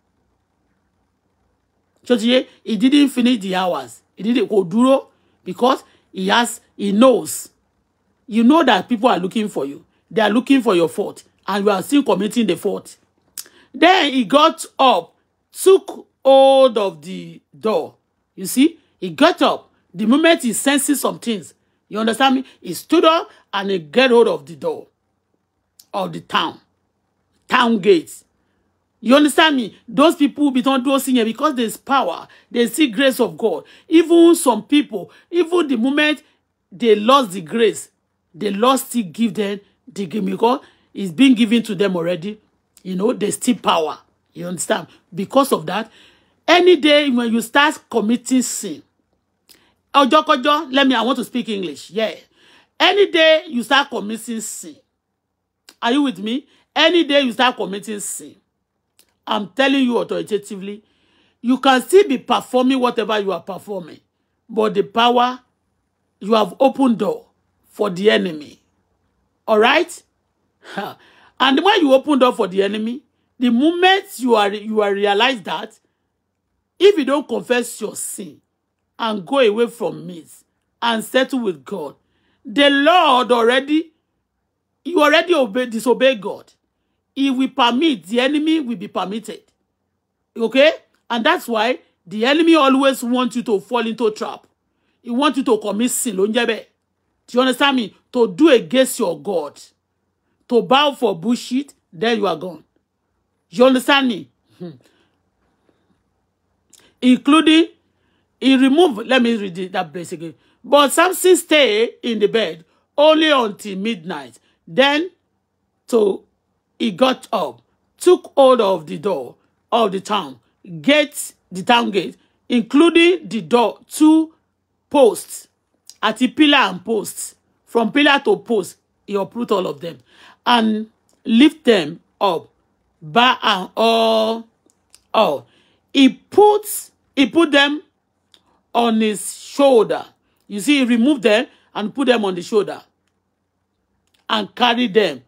Speaker 1: ṣòtìyé he didn't finish the hours he didn't go duro because he has he knows you know that people are looking for you they are looking for your fault and you are still committing the fault then he got up took hold of the door you see he got up the moment he senses some things you understand me he stood up and he get hold of the door of the town town gates you understand me those people be don do sin because there's power they see grace of god even some people even the moment they lost the grace they lost still give them the give because it's been given to them already you know they still power you understand because of that any day when you start committing sin ọjọ́kọ́jọ́ let me i want to speak english yeah any day you start committing sin are you with me Any day you start committing sin, I'm telling you authoritatively, you can still be performing whatever you are performing, but the power, you have opened door for the enemy. All right? <laughs> and when you open door for the enemy, the moment you are you are realize that, if you don't confess your sin and go away from it and settle with God, the Lord already, you already obey, disobey God he will permit, the enemy will be permitted. Okay? And that's why the enemy always wants you to fall into a trap. He wants you to commit sin. Do you understand me? To do against your God. To bow for bullshit, then you are gone. You understand me? Hmm. Including, he removed, let me read that verse again. But Samson stayed in the bed only until midnight. Then to he got up, took hold of the door of the town gate, the town gate, including the door, two posts, at the pillar and posts. From pillar to post, he uprooted all of them and lift them up, bar and all. all. He puts he put them on his shoulder. You see, he removed them and put them on the shoulder and carried them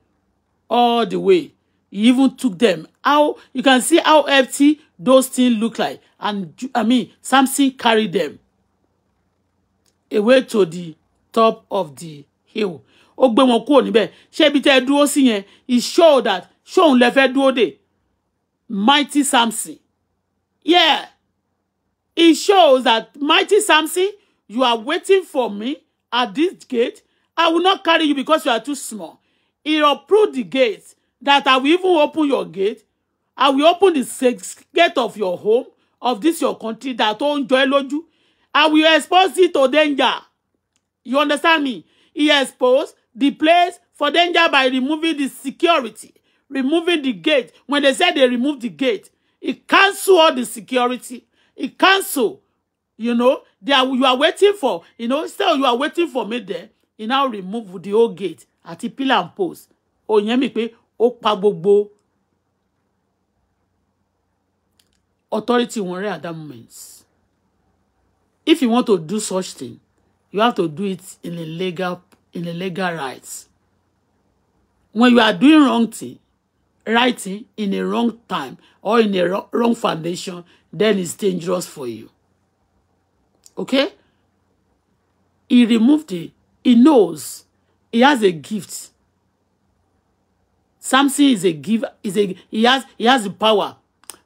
Speaker 1: all the way. He even took them. How you can see how empty those things look like. And I mean, Samson carried them away to the top of the hill. Ó gbé wọn kúrò níbẹ̀. Ṣé ibi tẹ́ ẹ dúró sí He showed that ṣóun lẹ fẹ́ dúró dè. Mighty Samson. Yeah. he shows that mighty Samson, you are waiting for me at this gate. I will not carry you because you are too small it uproot the gate that I will even open your gate. I will open the gate of your home, of this your country that own joy lójú. I will expose it to danger. You understand me? He expose the place for danger by removing the security, removing the gate. When they said they remove the gate, it cancel all the security. It cancel, you know, they are, you are waiting for, you know, still you are waiting for me there. He now remove the whole gate àti pillar and post òyìn mi pé ó pa gbogbo authority wọn rẹ at that moment if you want to do such thing you have to do it in a legal in a legal right when you are doing wrong thing writing in a wrong time or in a wrong foundation then it's dangerous for you okay he removed it he knows He has a gift. Samson is a giver. Is a he has he has the power.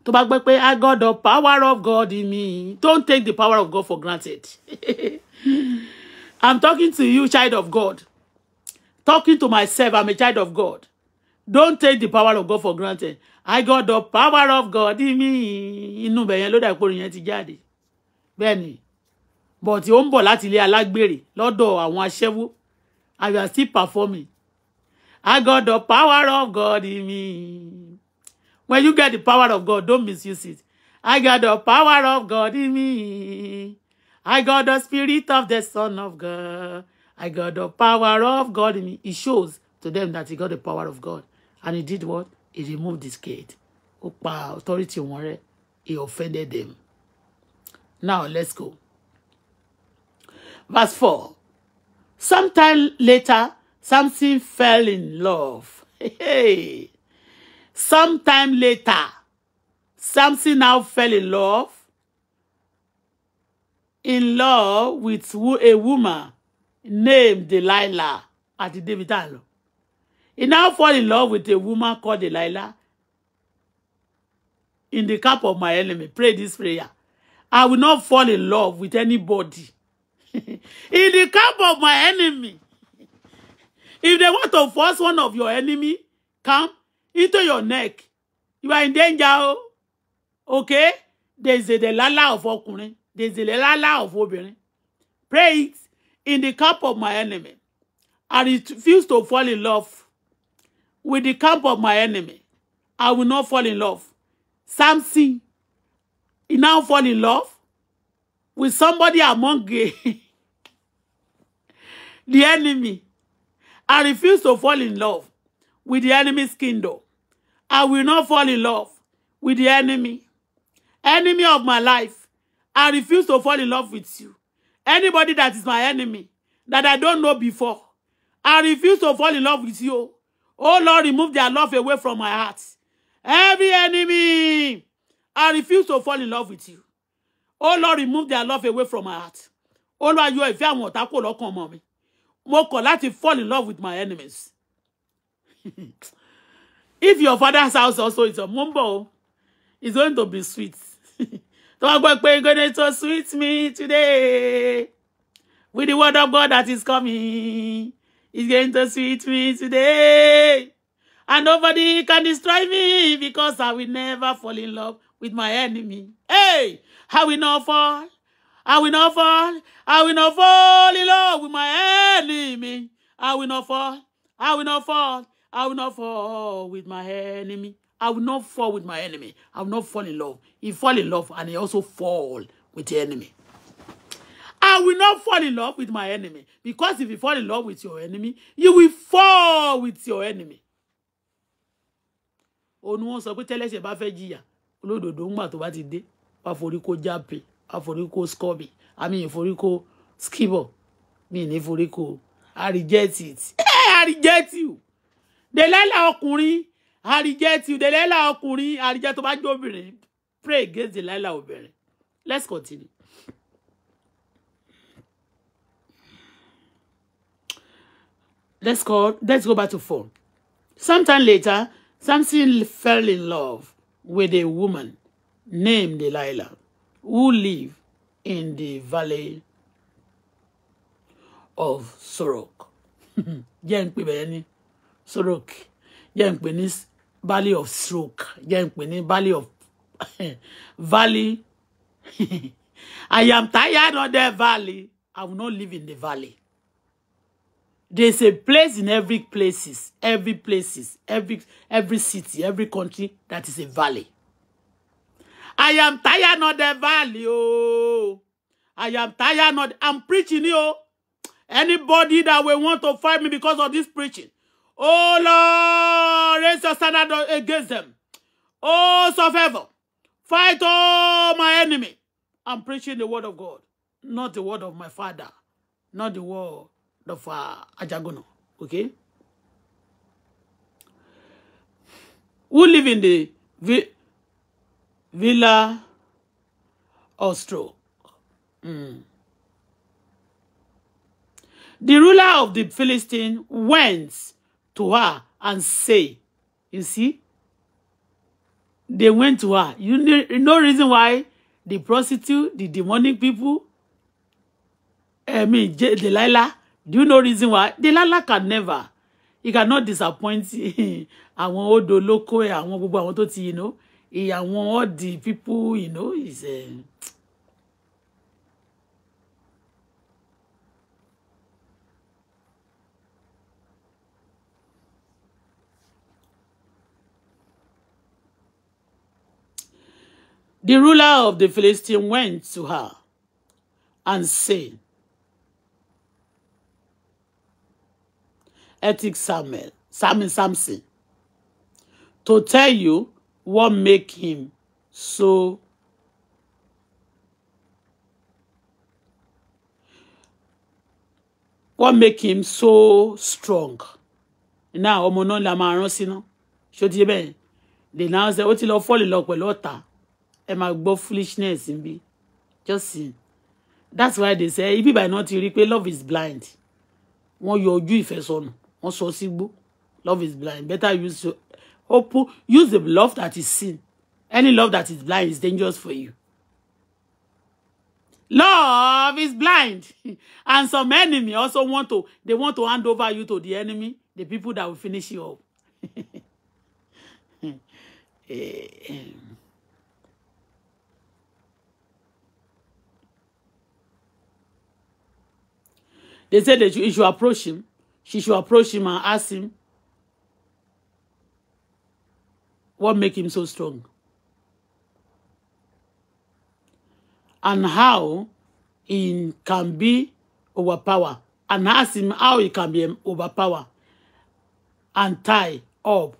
Speaker 1: To back back pé I got the power of God in me. Don't take the power of God for granted. <laughs> I'm talking to you, child of God. Talking to myself, I'm a child of God. Don't take the power of God for granted. I got the power of God in me. Inu be bẹ̀yẹn lo da ìpòrò yẹn ti jáde. Bẹ́ẹ̀ni, bọ̀tí ó ń bọ̀ láti ilé alágbèrè lọ́dọ̀ àwọn aṣẹ́wó and you still performing. I got the power of God in me. When you get the power of God, don't misuse it. I got the power of God in me. I got the spirit of the Son of God. I got the power of God in me. He shows to them that he got the power of God. And he did what? He removed this gate. Ó authority wọn He offended them. Now let's go. Verse 4. Sometime later, something fell in love. Hey. Sometime later, something now fell in love. In love with a woman named Delilah at the David Allo. He now fall in love with a woman called Delilah in the cup of my enemy. Pray this prayer. I will not fall in love with anybody <laughs> in the camp of my enemy. If they want to force one of your enemy come into your neck, you are in danger. Oh. Okay? There's is a delala of ọkùnrin. There's is a delala of obìnrin. Pray it in the camp of my enemy. I refuse to fall in love with the camp of my enemy. I will not fall in love. Samson, he now fall in love with somebody among gay. <laughs> the enemy. I refuse to fall in love with the enemy's kingdom. I will not fall in love with the enemy. Enemy of my life, I refuse to fall in love with you. Anybody that is my enemy, that I don't know before, I refuse to fall in love with you. Oh Lord, remove their love away from my heart. Every enemy, I refuse to fall in love with you. Oh Lord, remove their love away from my heart. Olúwa yọ ìfẹ́ àwọn ọ̀tá kò lọ́kàn ọmọ mo kọ̀ láti fall in love with my enemies <laughs> if your father's house also is your mumbo it's going to be sweet <laughs> tó wá gbọ́ pé gonna to sweet me today with the word of God that is coming it's going to sweet me today and nobody can destroy me because I will never fall in love with my enemy hey how we not fall I will not fall. I will not fall in love with my enemy. I will not fall. I will not fall. I will not fall with my enemy. I will not fall with my enemy. I will not fall in love. He fall in love and he also fall with the enemy. I will not fall in love with my enemy. Because if you fall in love with your enemy, you will fall with your enemy. Òun wọ́n sọ pé tẹ́lẹ̀ṣẹ̀ bá fẹ́ jìyà olódodo ńgbà tó bá ti dé wá forí kó jápé àforíkó scorby àmì ìforíkó skibọ mi ní foríkó i reject it i eh, reject you dèlẹ́là ọkùnrin i reject you dèlẹ́là ọkùnrin i reject tó bá jó obìnrin pray against dèlẹ́là obìnrin let's continue. Let's go. Let's go back to four. Sometime later, Samson fell in love with a woman named Delilah who live in the valley of Sorok <laughs> jẹ́ ń pè bẹ́ẹ̀ ni Sorok jẹ́ ń pè ní valley of Sorok jẹ́ ń pè ní valley of <laughs> valley I am tired of that valley I will not live in the valley there is a place in every places every places every every city every country that is a valley I am tired not the valley oh. I am tired not I'm preaching you. Oh. Anybody that will want to fight me because of this preaching. Oh Lord, raise your standard against them. Oh, so favor. Fight all my enemy. I'm preaching the word of God, not the word of my father, not the word of uh, Ajagono. Okay? Who live in the Villa Austro. Mm. The ruler of the Philistine went to her and say, you see, they went to her. You know, you reason why the prostitute, the demonic people, I mean, Delilah, do you know reason why? Delilah can never, he cannot disappoint <laughs> àwọn odò olóko ẹ̀ àwọn gbogbo àwọn tó ti, you know, he àwọn all the people you know is uh, The ruler of the Philistine went to her and said, Ethic Samuel, Samuel Samson, to tell you what make him so what make him so strong now ọmọ náà la máa rán síná ṣó ti They now say, ṣe ó ti lọ fọ́ọ̀lì lọ pẹ̀lú ọ̀tá ẹ máa gbọ́ foolishness níbí just see that's why they say if you ti not i pé love is blind When yọ ojú ìfẹ́ sọnù wọ́n sọ sígbó love is blind better use open use the love that is seen any love that is blind is dangerous for you love is blind <laughs> and some enemy also want to they want to hand over you to the enemy the people that will finish you up <laughs> they said that you should approach him she should approach him and ask him What make him so strong? And how he can be overpowered. And ask him how he can be overpowered and tie up.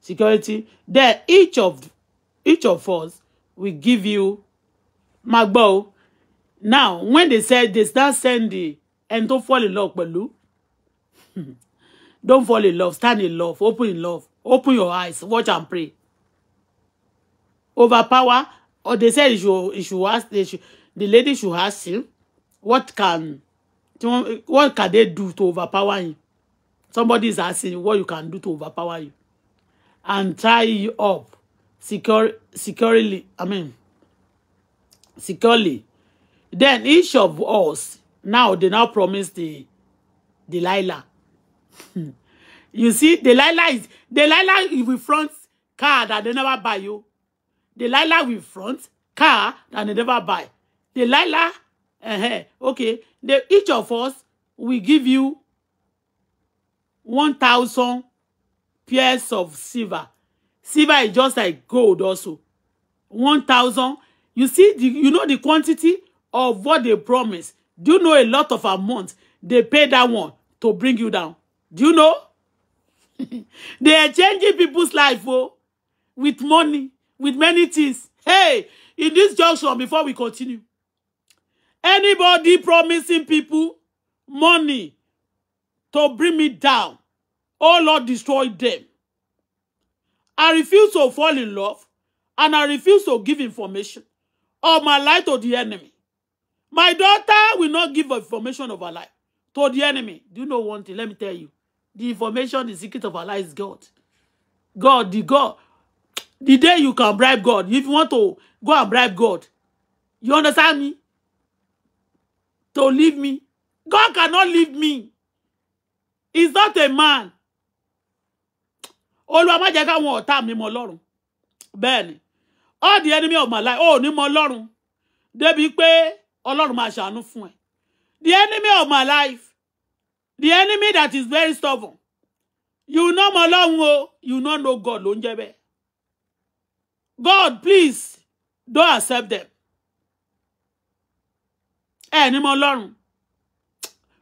Speaker 1: Security. Then each of each of us will give you magbo. Now, when they said they start sending and don't fall in love pẹ̀lú. <laughs> Don't fall in love. Stand in love. Open in love. Open your eyes. Watch and pray. Overpower. Or they said you should, you should ask, they should, the lady should ask him, what can, what can they do to overpower him? Somebody is asking what you can do to overpower you. And tie you up secure, securely. I mean, securely. Then each of us now they now promise the Delilah you see Delilah is Delilah with front car that they never buy you Delilah with front car that they never buy Delilah uh-huh, okay The each of us will give you one thousand pairs of silver silver is just like gold also one thousand you see the, you know the quantity of what they promise do you know a lot of amount they pay that one to bring you down Do you know? <laughs> they are changing people's life oh, with money, with many things. Hey, in this junction, before we continue, anybody promising people money to bring me down, oh Lord, destroy them. I refuse to fall in love and I refuse to give information of my life to the enemy. My daughter will not give information of her life to the enemy. Do you know one thing? Let me tell you. The information, the secret of our life is God. God, the God. The day you can bribe God, if you want to go and bribe God, you understand me? To leave me. God cannot leave me. He's not a man. All the enemy of my life, ò ní mọ Ọlọ́run. Débi pé Ọlọ́run máa ṣàánú fún ẹ. The enemy of my life the enemy that is very stubborn you know mọ Ọlọ́run o you no know God ló ń be. God please don't accept them ẹ ní mọ Ọlọ́run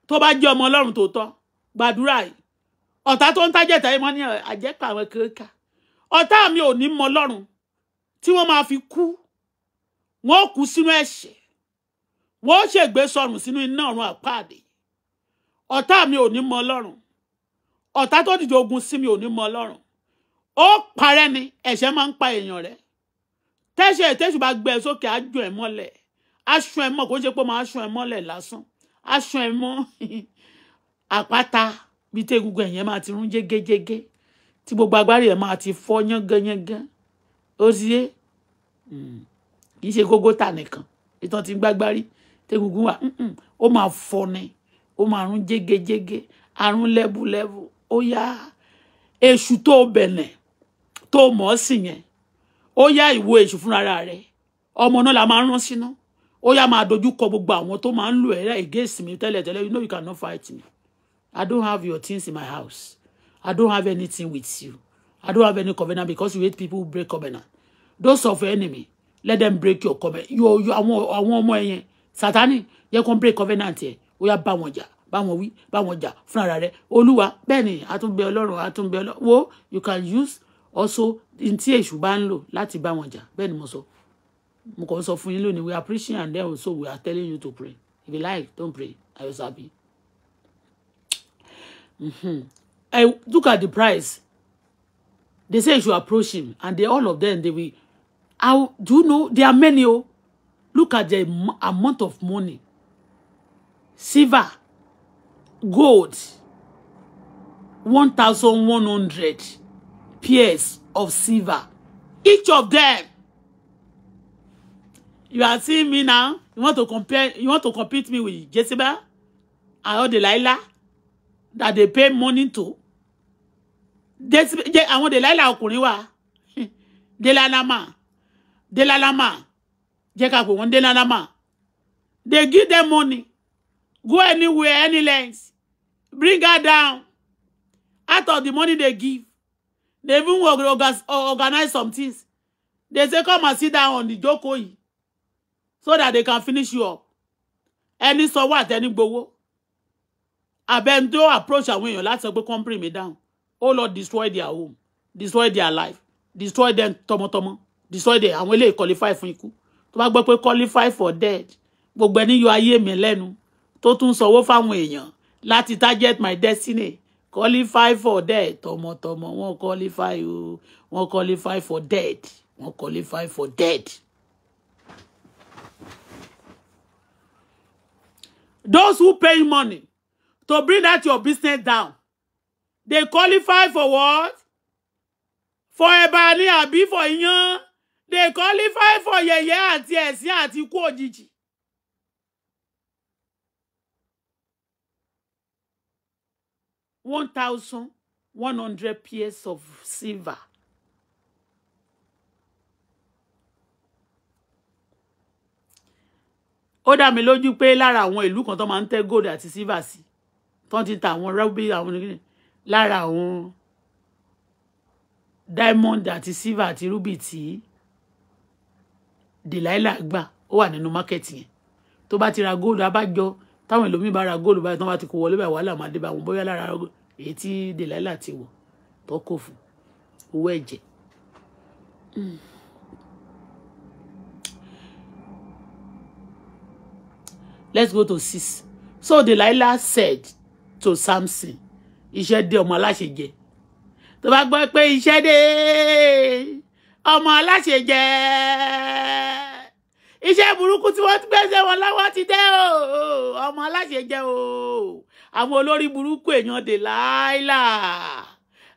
Speaker 1: tó bá jẹ́ ọmọ Ọlọ́run to tọ́ gbàdúrà yìí ọ̀tá tó ń tájẹ̀tà yìí mọ́ ní àjẹpà àwọn kéka Ota mi ò ni mọ Ọlọ́run Ti wọ́n ma fi kú wọ́n kú sínú ẹ̀ṣẹ̀ wọ́n ṣègbè sọnù sínú ina ọ̀run àpáàdé ọ̀tá mi ò ní mọ ọlọ́run ọ̀tá tó dìde ogun sí mi ò ní mọ ọlọ́run ó parẹ́ ni ẹ̀ṣẹ̀ máa ń pa èèyàn rẹ̀ tẹ́ṣẹ̀ tẹ́ṣù bá gbẹ sókè ájò ẹ̀ mọ́lẹ̀ aṣọ ẹ̀ mọ́ kó ṣe pé máa aṣọ ẹ̀ mọ́lẹ̀ lásán aṣọ ẹ̀ mọ́ <laughs> àpáta bíi tí egungun ẹ̀yẹn máa ti rún jégéjégé tí gbogbo agbárí ẹ̀ máa ti fọ́ yángányángán ó sì yé hmm. kì í ṣe gógó tà nìkan ìtàn ti gbágbárí tí egungun wà ó máa fọ́ ni ó máa rún jégejége àrùn lẹ́bùlẹ́bù ó yá èṣù tó bẹ̀nẹ̀ tó mọ̀ ọ́ sì yẹn ó yá ìwo èṣù fúnra rẹ̀ ọmọ náà la máa rán sínú ó yá máa dojú kọ gbogbo àwọn tó máa ń lò ẹ̀rẹ́ against me tẹ́lẹ̀tẹ́lẹ̀ you know you cannot fight me I don't have your things in my house I don't have anything with you I don't have any covenant because you hate people who break covenant those of your enemy let them break your covenant your your àwọn àwọn ọmọ ẹ̀yẹn Sátánì yẹ kó break covenant yẹn ó yá bá wọn jà bá wọn wí bá wọn jà fúnra rẹ olúwa bẹ́ẹ̀ ni àtúnbẹ ọlọ́run àtúnbẹ ọlọ́run wo you can use also in tí èṣù bá ń lò láti bá wọn jà bẹ́ẹ̀ ni mo sọ mo kàn sọ fún yín lónìí we appreciate and then also we are telling you to pray if you like don't pray i was happy. Mm-hmm. I eh, look at the price. They say you approach him, and they all of them they will. How do you know there are many? Oh, look at the amount of money silver gold one thousand one hundred pairs of silver each of them you are seeing me now you want to compare you want to compete me with Jezebel and all Laila, that they pay money to Jezebel àwọn Delilah ọkùnrin wa <laughs> Delilah ma Delilah ma jẹ́ ká pè wọ́n Delilah they give them money Go anywhere, any length. Bring her down. Out of the money they give. They even organize some things. They say, come and sit down on the jokoi. So that they can finish you up. Any Ẹni any bowo. tẹni been Abendo approach àwọn èèyàn láti sọ go, come bring me down. Oh Lord, destroy their home. Destroy their life. Destroy them tọmọtọmọ. Destroy them. Àwọn eléyìí qualify for you, to bá gbọ́ qualify for dead. But when you are here, mi lẹ́nu tó tún sanwó fáwọn èèyàn láti target my destiny qualify for death tọmọtọmọ wọn qualify o wọn qualify for dead, wọn qualify for dead. those who pay money to bring that your business down they qualify for what for ẹ̀bà ni àbí for iyán they qualify for yẹ̀yẹ́ àti ẹ̀sín àti ikú òjijì one thousand one hundred pairs of silver. ó dá mi lójú pé lára àwọn ìlú kan tó máa ń tẹ́ gold àti silver sí tó ti ta àwọn rẹ́bí àwọn onígbìn lára àwọn diamond àti silver àti ruby tí Delilah gbà ó wà nínú market yẹn tó bá ti ra gold abájọ táwọn ẹlòmíín bá ra góòlù báyìí tí wọ́n bá ti kó wọlé báyìí wàhálà máa dé bá bóyá lára èyí tí dèlálà ti wọ̀ tọ́kọ̀ fún owó ẹ̀jẹ̀. let's go to six so delilah said to samson iṣẹ́ dé ọmọ aláṣejẹ tó bá gbọ́ pé iṣẹ́ dé ọmọ aláṣejẹ iṣẹ́ burúkú tí wọ́n ti gbẹ́sẹ̀ wọn lọ́wọ́ ti dé o ọmọ aláṣẹ jẹ́ o àwọn olórí burúkú èèyàn Dèláìlà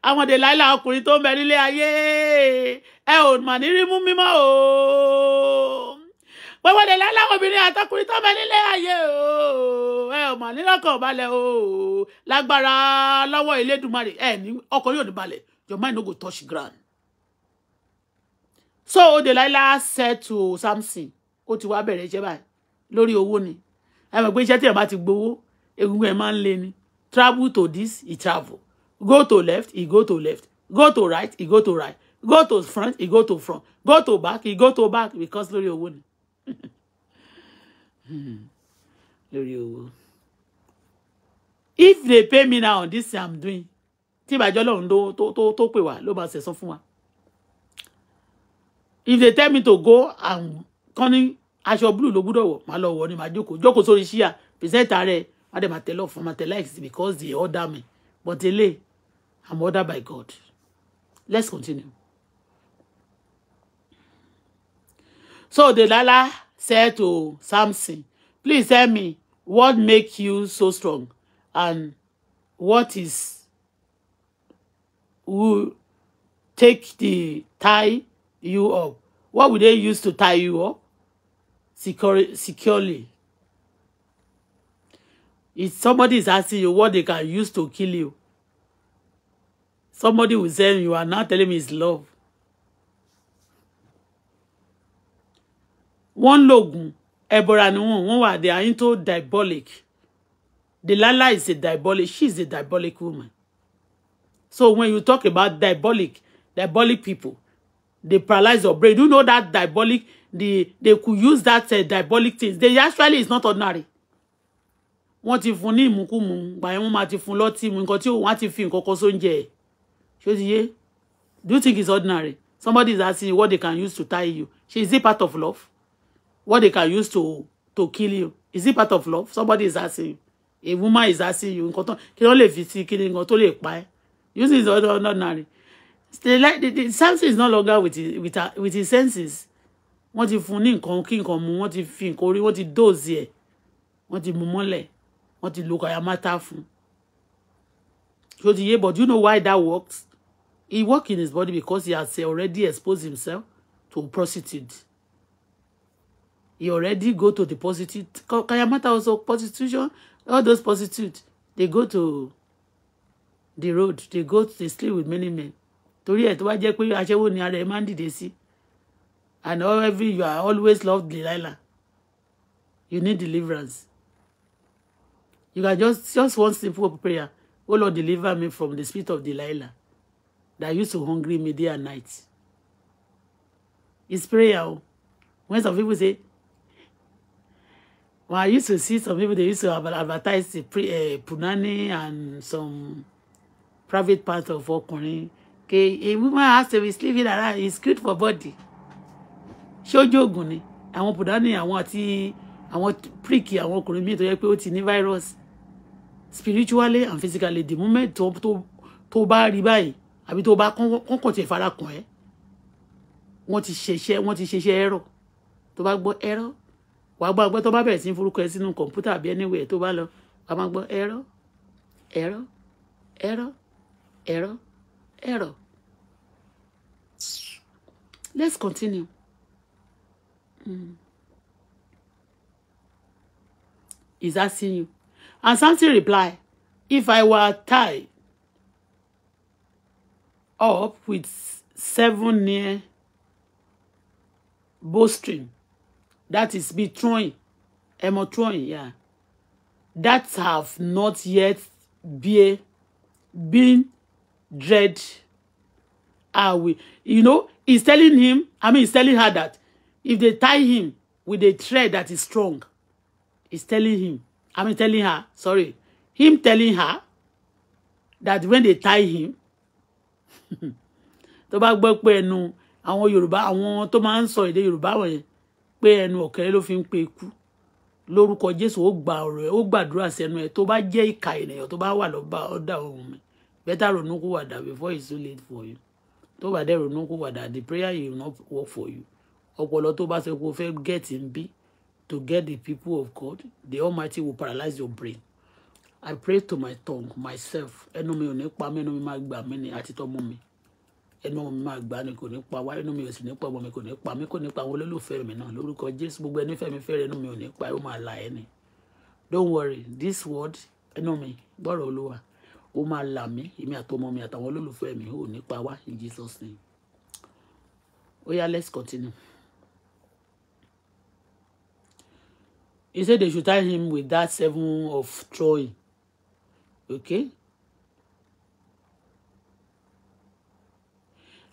Speaker 1: àwọn Dèláìlà ọkùnrin tó ń bẹ nílé ayé ẹ ò mà ní rí mú mímọ́ o gbogbo Dèláìlà obìnrin àtọkùnrin tó ń bẹ nílé ayé o ẹ ò mà ní lọ́kàn balẹ̀ o lágbára lọ́wọ́ Elédùmarè ẹ ní ọkàn yóò ní balẹ̀ your mind no go touch ground so Delilah said to Samson ó ti wá bẹ̀rẹ̀ iṣẹ́ báyìí lórí owó ni ẹ mọ̀ pé iṣẹ́ tí ẹ bá ti gbowó egungun ẹ máa ń le ni travel to this he travel go to left he go to left go to right he go to right go to front he go to front go to back he go to back because lórí owó ni <laughs> lórí owó if they pay me now on this i'm doing tí ìbàjọ́ lọ́run tó tó tó pè wá ló máa ṣẹ̀san fún wa if they tell me to go and kán ní aṣọ blue ló gbúdọ̀ wọ̀ máa lọ wọ̀ ni máa jókòó jókòó sórí ṣíà pèsèntà rẹ̀ má dẹ̀ máa tẹ̀lé ọ̀fọ̀ máa tẹ̀lé àìsí because they order me but ele I'm ordered by God let's continue. So Delilah said to Samson, Please tell me what make you so strong and what is who take the tie you up? What would they use to tie you up? securely. If somebody is asking you what they can use to kill you, somebody will say, you are not telling me it's love. One lògùn, ẹbọra ni wọ́n, wọ́n wà, they are into diabolic. Delilah is a diabolic, she is a diabolic woman. So when you talk about diabolic, diabolic people, they paralyze your brain. Do you know that diabolic They they could use that uh, diabolic things they actually is not ordinary What ti fún ní ìmúkùmù By wọ́n máa you fún lọ́tì mu nǹkan tí think? á ti fi nǹkan do you think it's ordinary somebody is asking you what they can use to tie you ṣe is it part of love what they can use to to kill you is it part of love somebody is asking you a woman is asking you nǹkan tó kí ló lè only buy. kí ni nǹkan using is ordinary the like the, the Samson is no longer with his with, with his senses wọ́n ti fún ní nǹkan kí nǹkan mu wọ́n ti fi nǹkan orí wọ́n ti dóòzì ẹ̀ wọ́n ti mú mọ́lẹ̀ wọ́n ti lo kayamata fún so ti yé but you know why that works he work in his body because he has already exposed himself to prostitute he already go to the prostitute kayamata also prostitution all those prostitutes they go to the road they go they sleep with many men torí ẹ̀ tó bá jẹ́ pé aṣẹ́wó ni ara ẹ̀ máa ń dìde sí and every you are always loved, Delilah. You need deliverance. You can just just one simple prayer. Oh Lord, deliver me from the spirit of Delilah that used to hungry me day and night. It's prayer. Oh. When some people say, when I used to see some people, they used to advertise the pre, uh, punani and some private part of ọkùnrin. Okay, a woman has to be sleeping around. It's good for body ṣé ó jóògùn ni àwọn bùdá ni àwọn àti àwọn prick àwọn ọkùnrin míì tó yẹ pé ó ti ní virus spiritually and physically the moment tó tó tó bá rí báyìí àbí tó bá kọ́kọ́ tiẹ̀ fara kàn ẹ́ wọ́n ti ṣẹṣẹ́ wọ́n ti ṣẹṣẹ́ ẹ̀rọ tó bá gbọ́ ẹ̀rọ wà á gbọ́ ọgbẹ́ tó bá bẹ̀rẹ̀ sí ní forúkọ ẹ sínú kọ̀ǹpútà àbí anywhere tó bá lọ wà á máa gbọ́ ẹ̀rọ ẹ̀rọ ẹ̀rọ ẹ̀rọ ẹ̀rọ let's continue. Mm. He's asking you. And Samson replied, If I were tied up with seven near bowstring, that is be throwing, yeah, that have not yet be, been dread. Are we? You know, he's telling him, I mean, he's telling her that If they tie him with a thread that is strong, he's telling him, I mean telling her, sorry, him telling her that when they tie him, <laughs> tó bá gbọ́ pé ẹnu àwọn Yorùbá àwọn tó máa ń sọ èdè Yorùbá wọ̀nyẹn pé ẹnu ọ̀kẹ́rẹ́ ló fi ń pe ikú lórúkọ Jésù ó gba ọ̀rọ̀ ẹ̀ ó gbàdúrà sẹ́nu ẹ̀ tó bá jẹ́ ìka ènìyàn tó bá wà lọ́ba ọ̀dà ohun mi better ronú kó wàdà before it's too late for you tó bá dẹ̀ ronú kó wàdà the prayer will not work for you ọpọlọ tó bá sọ pé o get in be to get the people of God the Almighty will paralyze your brain I pray to my tongue myself ẹnu mi ò ní pa mí ẹnu mi máa gbà mí ni àti tọ́mú mi ẹnu mi máa gbà ni kò ní pa wá ẹnu mi ò sì ní pa ọmọ mi kò ní pa mí kò ní pa àwọn olólùfẹ́ mi náà lórúkọ Jésù gbogbo ẹni fẹ́mi fẹ́rẹ̀ ẹnu mi ò ní pa ẹ ó máa là ẹ ni don't worry this word ẹnu mi gbọ́rọ̀ olúwa ó máa là mí èmi àtọmọ mi àtàwọn olólùfẹ́ mi ò ní pa wá in Jesus name Oya let's continue. He said they should tie him with that seven of Troy. Okay?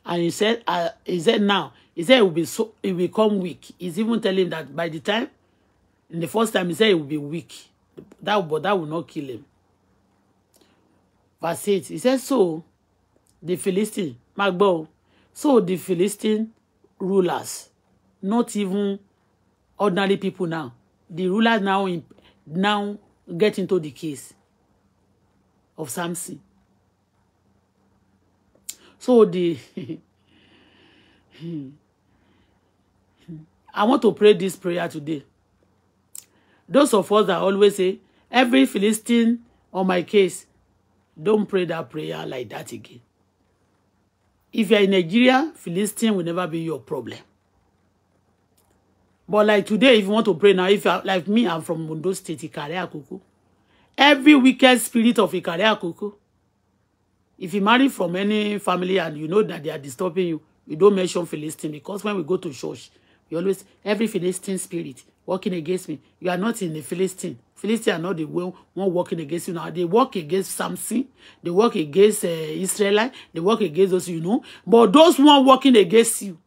Speaker 1: And he said, uh, he said now, he said it will be so it will become weak. He's even telling him that by the time, in the first time, he said it will be weak. That but that will not kill him. Verse 8. He said, So the Philistine, Magbo, so the Philistine rulers, not even ordinary people now, the rulers now in, now get into the case of Samson. So the <laughs> I want to pray this prayer today. Those of us that always say, every Philistine on my case, don't pray that prayer like that again. If you're in Nigeria, Philistine will never be your problem. But like today, if you want to pray now, if you like me, I'm from Mundo State, Ikare Akoko. Every wicked spirit of Ikare Akoko. If you marry from any family and you know that they are disturbing you, you don't mention Philistine because when we go to church, we always, every Philistine spirit working against me, you are not in the Philistine. Philistine are not the one, one working against you now. They work against Samson. They work against uh, Israelite. They work against those you know. But those one working against you,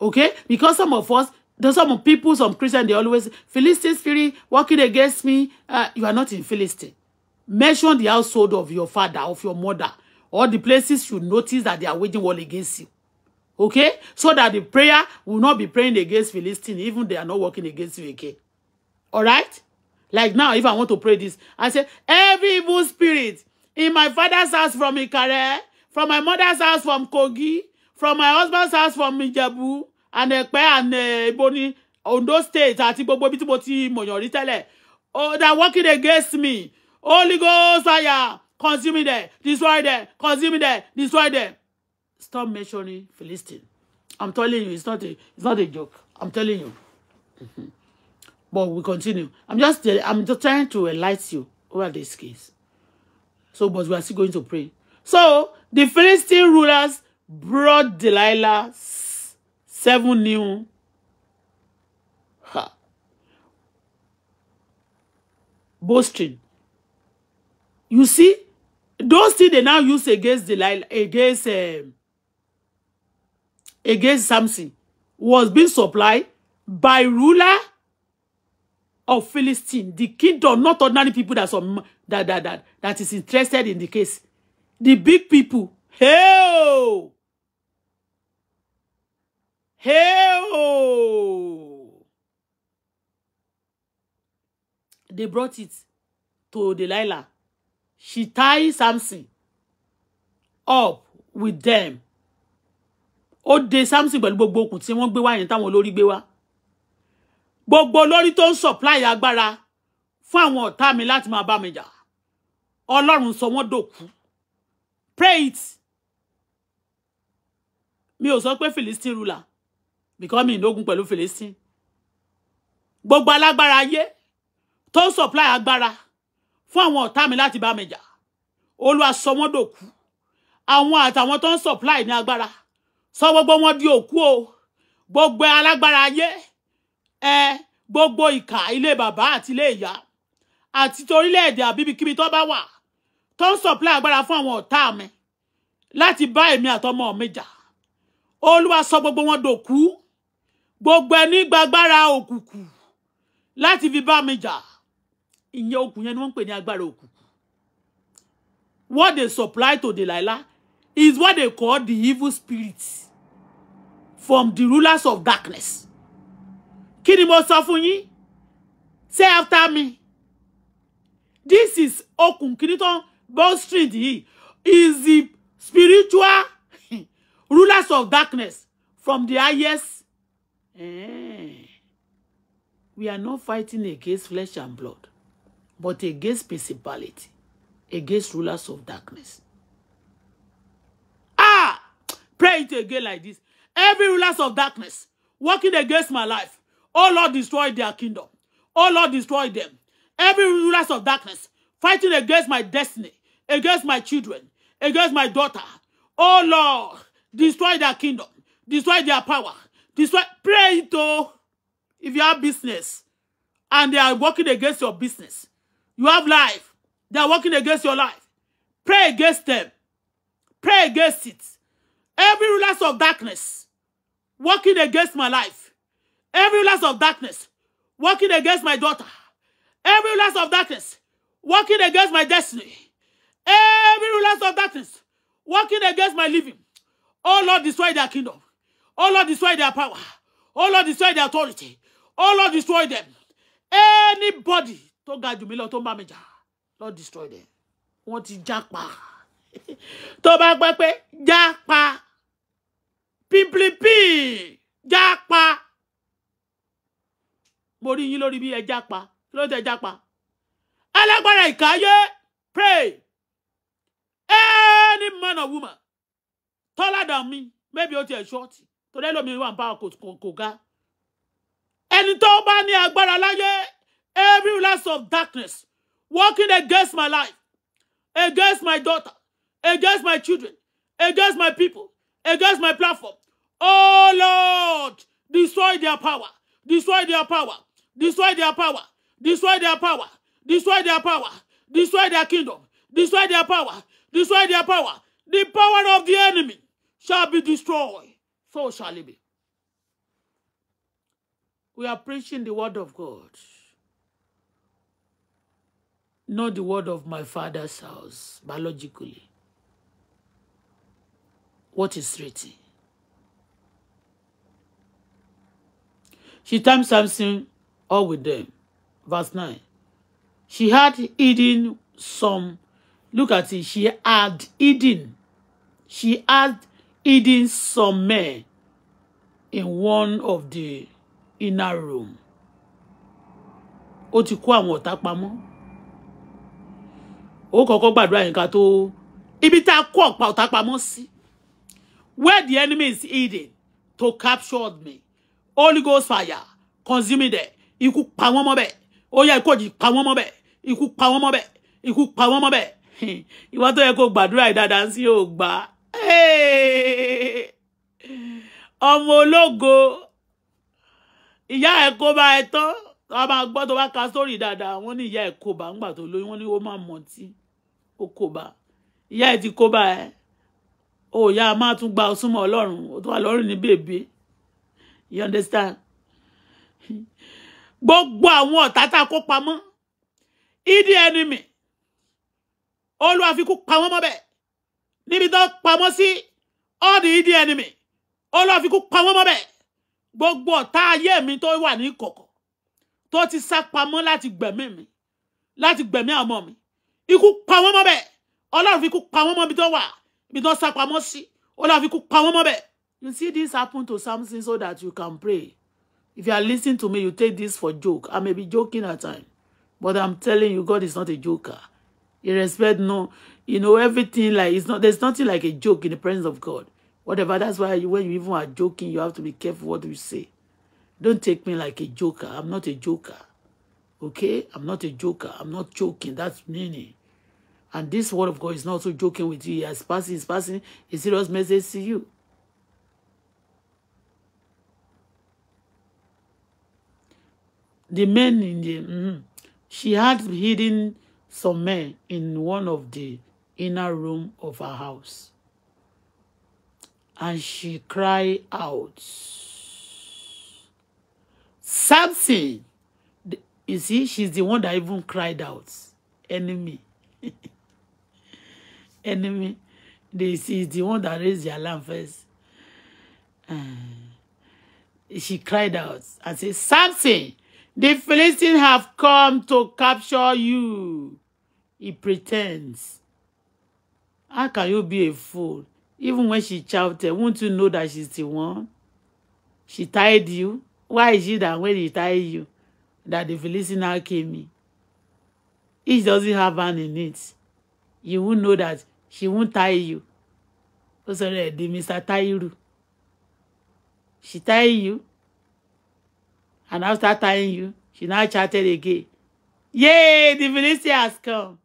Speaker 1: okay? Because some of us, There's some people, some Christians, they always, Philistine spirit working against me. Uh, you are not in Philistine. Mention the household of your father, of your mother, all the places you notice that they are waging war against you. Okay? So that the prayer will not be praying against Philistine, even they are not working against you again. Alright? Like now, if I want to pray this, I say, every evil spirit in my father's house from Ikare, from my mother's house from Kogi, from my husband's house from Mijabu, and Ẹ̀pẹ́ and ibo ni Ondo state àti gbogbo ibi tí mo ti mọ̀yàn rí tẹ́lẹ̀ oh they are working against me Holy Ghost fire consume them destroy them consume them destroy them stop mentioning Philistine I'm telling you it's not a it's not a joke I'm telling you mm-hmm. but we continue I'm just I'm just trying to enlighten you over this case so but we are still going to pray so the Philistine rulers brought Delilah seven new ha, boasting. You see, those things they now use against Delilah, against um, against Samson was being supplied by ruler of Philistine, the kingdom, not ordinary people that some that that that, that is interested in the case. The big people. Hell hey they brought it to Delilah she tied Samson up with them Oh, they Samson but gbogbo okùn tí wọ́n gbé wá yẹn táwọn olórí gbé wá gbogbo olórí tó ń supply agbára Fan àwọn ọ̀tá mi láti máa bá mi jà ọlọ́run sọ pray it Me ò Philistine ruler because mi lógun pẹ̀lú Philistine gbogbo alágbára ayé tó ń supply agbára fun àwọn ọ̀tá mi láti bá mi jà Olúwa sọ wọ́n dòkú àwọn àtàwọn supply ni agbára sọ gbogbo wọn di oku, o gbogbo alágbára ayé ẹ gbogbo ìkà ilé bàbá àti ilé ìyá àti torílẹ̀-èdè àbíbikíbi tó bá wà tó supply agbára fun àwọn ọ̀tá mi láti bá èmi àtọmọ mi jà Olúwa sọ gbogbo wọn dòkú gbogbo ẹni gbàgbára òkùnkùn láti fi bá mi jà ìyẹn okùn yẹn ni wọ́n ń pè ní agbára òkùnkùn what they supply to Delilah is what they call the evil spirit from the rulers of darkness kí ni mo sọ fún yín say after me this is okùn kìíní tó street yìí is the spiritual <laughs> rulers of darkness from the highest Eh. We are not fighting against flesh and blood, but against principality, against rulers of darkness. Ah! Pray it again like this. Every rulers of darkness working against my life, oh Lord, destroy their kingdom. Oh Lord, destroy them. Every rulers of darkness fighting against my destiny, against my children, against my daughter. Oh Lord, destroy their kingdom, destroy their power, Destroy, pray it to, if you have business and they are working against your business. You have life. They are working against your life. Pray against them. Pray against it. Every rulers of darkness working against my life. Every rulers of darkness working against my daughter. Every rulers of darkness working against my destiny. Every rulers of darkness working against my living. Oh Lord, destroy their kingdom. Oh Lord, destroy their power. Oh Lord, destroy their authority. Oh Lord, destroy them. Anybody tó ga jù mí lọ tó ń Lord destroy them. What is já pa. <laughs> Tó bá gbẹ́ pé já pa. Pimplimpim já pa. Mo rí yín lórí bí ẹ já pa. Kí ló ń tẹ já pray. Any man or woman taller than me, maybe ó ti ẹ̀ ṣọ́ọ̀tì torí ẹlòmíín wà ń bá kò ga ẹni tó bá ní agbára láyé every last of darkness working against my life against my daughter against my children against my people against my platform oh lord destroy their power destroy their power destroy their power destroy their power destroy their power destroy their kingdom destroy their power destroy their power the power of the enemy shall be destroyed so shall it be. We are preaching the word of God, not the word of my father's house, biologically. What is written? She timed something all with them. Verse 9. She had hidden some. Look at it. She had hidden. She had Eating some men in one of the inner room. O ti kó àwọn ọ̀tá pamọ́. Ó kọ́kọ́ gbàdúrà yín ká tó ibi tá a kó ọ̀pá ọ̀tá pamọ́ sí. Where the enemy is hidden to capture me. Holy Ghost fire consuming them. Ikú pa wọ́n mọ́ bẹ́ẹ̀. Ó yá ikú òjì pa wọ́n mọ́ bẹ́ẹ̀. Ikú pa wọ́n mọ́ bẹ́ẹ̀. Ikú pa wọ́n mọ́ bẹ́ẹ̀. <laughs> Ìwọ́n tó yẹ kó gbàdúrà yìí dáadáa sí ò Hey! ọmọ ológo ìyá ẹ̀ kó bá ẹ tán wọn máa gbọ́ tó bá ka sórí dáadáa wọn ní ìyá ẹ̀ kó bá ńgbà tó lóyún wọn ní ó máa mọtí ó kó bá ìyá ẹ̀ ti kó bá ẹ ó yá máa tún gba ọsúnmọ́ ọlọ́run ó tún wà lọ́rùn ní bèbè you understand gbogbo àwọn ọ̀tá tá a kó pamọ́ ìdí ẹni mi olúwa fi kú pamọ́ mọ́ bẹ́ẹ̀ níbi tó pamọ́ sí all the ìdí ẹni mi. Ọlọ́run fi kú pa wọ́n mọ́ bẹ́ẹ̀ gbogbo ọ̀tá ayé mi to wà ni koko. tó ti sá pamọ́ láti gbẹ̀mí mi láti gbẹ̀mí àwọn ọmọ mi ikú pa wọ́n mọ́ bẹ́ẹ̀ Ọlọ́run fi kú pa wọ́n mọ́ bí tó wà bí tó sá pamọ́ sí Ọlọ́run fi pa wọ́n mọ́ bẹ́ẹ̀. You see this happen to Samson so that you can pray. If you are listening to me, you take this for joke. I may be joking at time, but I'm telling you, God is not a joker. In respect no, you know everything like it's not. There's nothing like a joke in the presence of God whatever. That's why when you even are joking, you have to be careful what you say. Don't take me like a joker. I'm not a joker. Okay? I'm not a joker. I'm not joking. That's meaning. And this word of God is not so joking with you. He has passing. he's passing a serious message to you. The men in the... Mm, she had hidden some men in one of the inner room of her house and she cried out. Samson, you see, she's the one that even cried out. Enemy. <laughs> Enemy. They see the one that raised the alarm first. Uh, she cried out and said, Samson, the Philistines have come to capture you. He pretends. How can you be a fool? Even when she shouted, won't you know that she's the one? She tied you. Why is it that when he tied you, that the Philistine now came in? It doesn't have hand in it. You won't know that she won't tie you. Oh, sorry, the Mr. Tairu. She tied you. And after tying you, she now chatted again. Yay, the Philistine has come.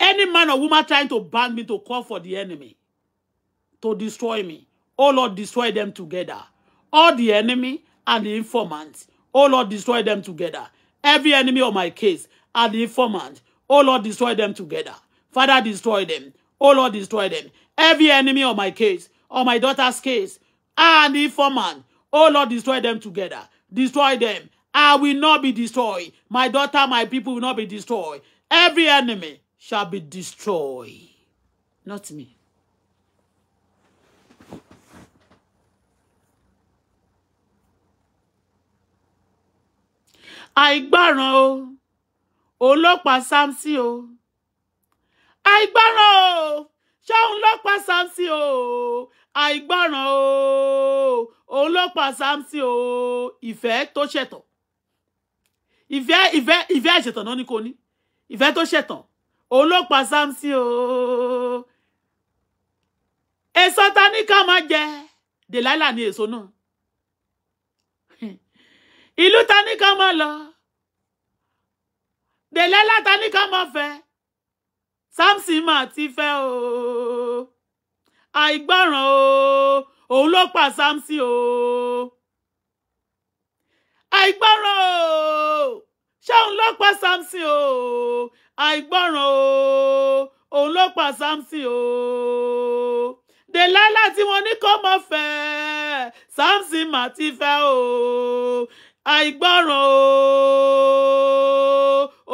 Speaker 1: Any man or woman trying to ban me to call for the enemy, to destroy me, oh Lord, destroy them together. All the enemy and the informants, oh Lord, destroy them together. Every enemy of my case and the informant, oh Lord, destroy them together. Father, destroy them. Oh Lord, destroy them. Every enemy of my case, or my daughter's case, and the informant, oh Lord, destroy them together. Destroy them. I will not be destroyed. My daughter, my people will not be destroyed. Every enemy shall be destroyed. Not me. àìgbọràn o ọlọ́pàá Samson o àìgbọràn o ṣóun lọ́pàá Samson o àìgbọràn o ọlọ́pàá Samson o ìfẹ́ tó ṣẹ̀tàn ìfẹ́ ìfẹ́ ìfẹ́ àìṣẹ̀tàn náà ni kò ní ìfẹ́ tó òun ló pa Samson o èso ta ní ká máa jẹ Delilah ni èso náà <laughs> ìlú ta ní ká máa lọ Delilah ta ní ká máa fẹ́ Samson mà ti fẹ́ o àìgbọràn o òun ló pa Samson o àìgbọràn o ṣóun ló pa Samson o àìgbọràn o òun ló pa Samson o dèlálà tí wọ́n ní kó mọ fẹ́ Samson mà ti fẹ́ o àìgbọràn o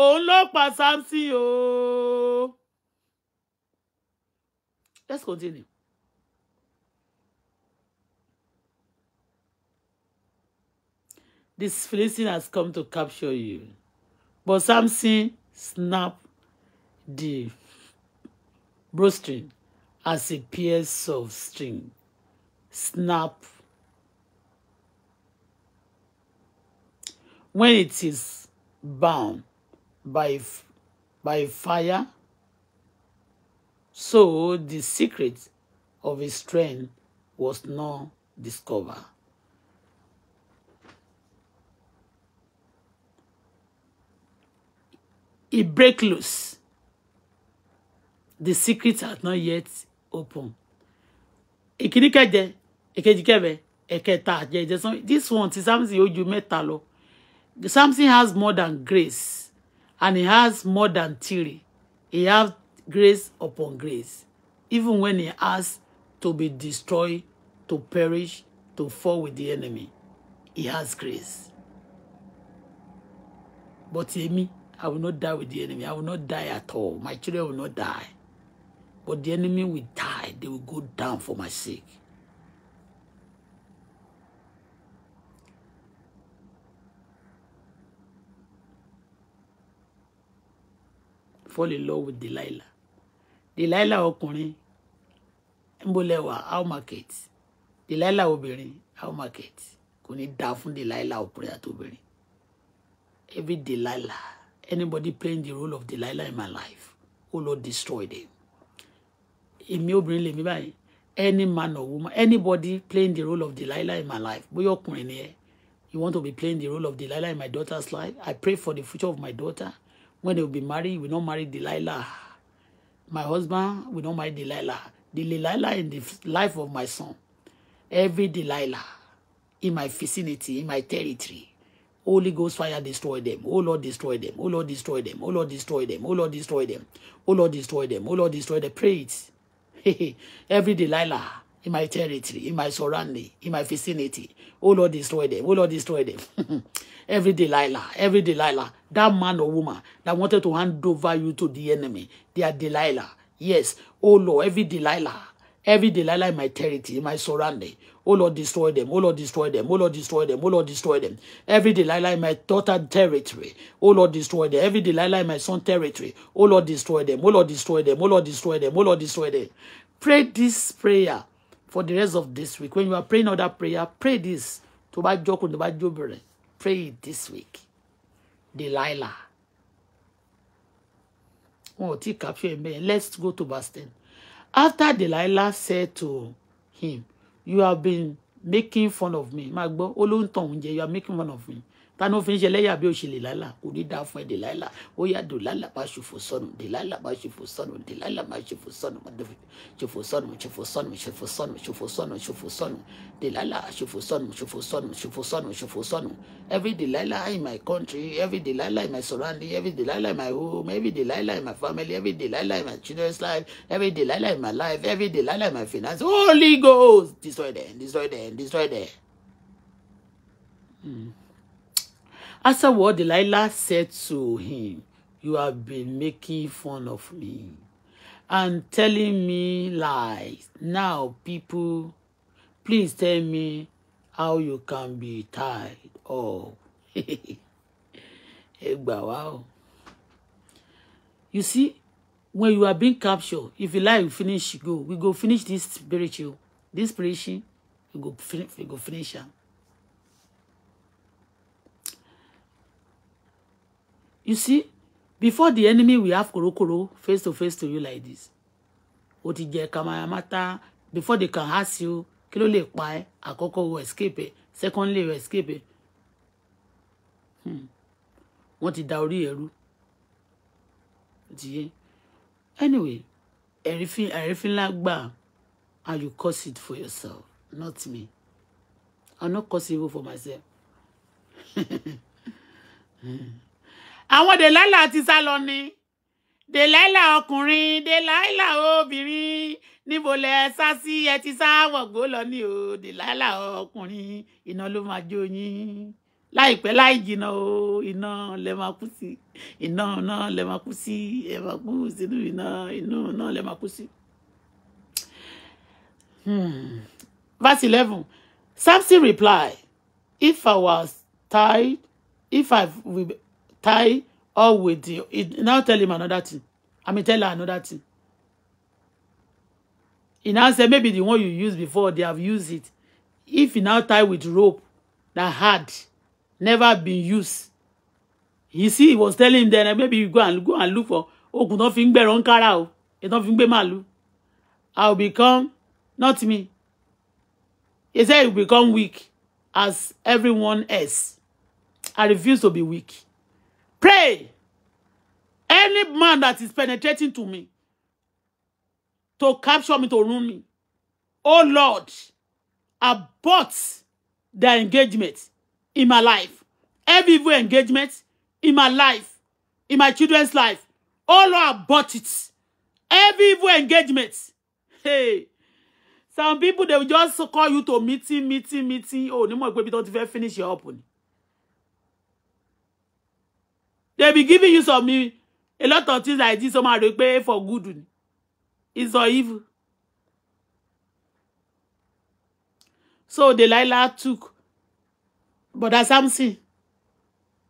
Speaker 1: òun ló pa Samson o. Let's continue. This Philistine has come to capture you. But Samson snapped the bowstring as a piece of string. Snap. When it is bound by, by fire, so the secret of his strength was not discovered. He break loose. The secret has not yet opened. Ìkíní de, èkejì kẹ̀bẹ̀, eketa. jẹjẹ. This one ti something you ju mẹ́ta lọ. Samson has more than grace and he has more than theory. He has grace upon grace. Even when he has to be destroyed, to perish, to fall with the enemy, he has grace. But Emi, I will not die with the enemy. I will not die at all. My children will not die. But the enemy will die. They will go down for my sake. Fall in love with Delilah. Delilah ọkùnrin Mbolewa how market. Delilah obìnrin how market. Kò ní dáa fún Delilah ọkùnrin àti obìnrin. Every Delilah anybody playing the role of Delilah in my life, oh Lord, destroy them. Èmi obìnrin lèmi báyìí, any man or woman, anybody playing the role of Delilah in my life, but you're ni ẹ, you want to be playing the role of Delilah in my daughter's life? I pray for the future of my daughter. When they will be married, we will not marry Delilah. My husband we not marry Delilah. The Delilah in the life of my son. Every Delilah in my vicinity, in my territory. Holy Ghost fire destroy them. Oh Lord, destroy them. Oh Lord, destroy them. Oh Lord, destroy them. Oh Lord, destroy them. Oh Lord, destroy them. Oh Lord, destroy them. Pray it. Every Delilah in my territory, in my surrounding, in my vicinity. Oh Lord, destroy them. Oh Lord, destroy them. <laughs> every Delilah, every Delilah, that man or woman that wanted to hand over you to the enemy, they are Delilah. Yes. Oh Lord, every Delilah, every Delilah in my territory, in my surrounding. Oh Lord, destroy them. Oh Lord, destroy them. Oh Lord, destroy them. Oh Lord, destroy them. Every Delilah in my daughter territory. Oh Lord, destroy them. Every Delilah in my son territory. Oh Lord, destroy them. Oh Lord, destroy them. Oh Lord, destroy them. Oh Lord, destroy them. Pray this prayer for the rest of this week. When you are praying other prayer, pray this. to bá jókòó, to bá jóbìnrin. Pray it this week. Delilah. Oh, take capture me. Let's go to Boston. After Delilah said to him, you have been making fun of me Magbo. gbọ́ ó oúnjẹ you are making fun of me tani ó fi ń ṣe lẹ́yà bí ó ṣe lè lálà kò ní dáa fún ẹ dè lálà ó yá dò lálà bá ṣòfò sọnù dè lálà bá ṣòfò sọnù dè lálà bá ṣòfò sọnù ṣòfò sọnù ṣòfò sọnù ṣòfò sọnù ṣòfò sọnù ṣòfò sọnù dè lálà ṣòfò sọnù ṣòfò sọnù ṣòfò sọnù ṣòfò sọnù every day lálà in my country every day lálà in my surrounding every day lálà in my home every day lálà in my family every day lálà in my children's life every day lálà in my life every day lálà in my finance Holy Ghost destroy them destroy them destroy them. Mm. Afterward, Delilah said to him, You have been making fun of me and telling me lies. Now, people, please tell me how you can be tied up. Egba, <laughs> wow. You see, when you are being captured, if you lie, you finish, go. We go finish this spiritual, this preaching, we go, we go finish. Her. You see, before the enemy will have korokoro face to face to you like this. O ti jẹ kamayamata before they can ask you kí ló lè pa ẹ́ àkọ́kọ́ escape ẹ̀ secondly o escape ẹ̀. Hmm. Wọ́n ti da orí ẹ̀rú. Anyway, everything, ẹ̀rífín lágbà and you cause it for yourself, not me. I'll not cause evil for myself. mm. <laughs> àwọn Delilah ti sá lọ ni Delilah ọkùnrin Delilah obìnrin níbo lẹ sá sí ẹ ti sá wọ̀gbó lọ ní o Delilah ọkùnrin iná ló máa jó yín láìpẹ́ láì jìnnà o iná lẹ máa kú sí iná náà lẹ máa kú sí ẹ máa kú sínú iná inú náà lẹ máa kú sí. Hmm. verse eleven Samson replied if I was tied if I will be tie all with the it, now tell him another thing i mean tell her another thing he now say maybe the one you used before they have used it if he now tie with rope that had never been used You see he was telling him then eh, maybe you go and go and look for Oh, could not ń gbẹ̀rọ ń kára o èyí tó fi ń become not me he said he become weak as everyone else i refuse to be weak Pray. Any man that is penetrating to me to capture me, to ruin me. Oh Lord, abort their engagement in my life. Every evil engagement in my life, in my children's life. Oh Lord, abort it. Every evil engagement. Hey. Some people, they will just call you to meeting, meeting, meeting. Oh, no more people don't even finish your open they be giving you some a lot of things like this Some are rò for good is or evil so Delilah took but that's something.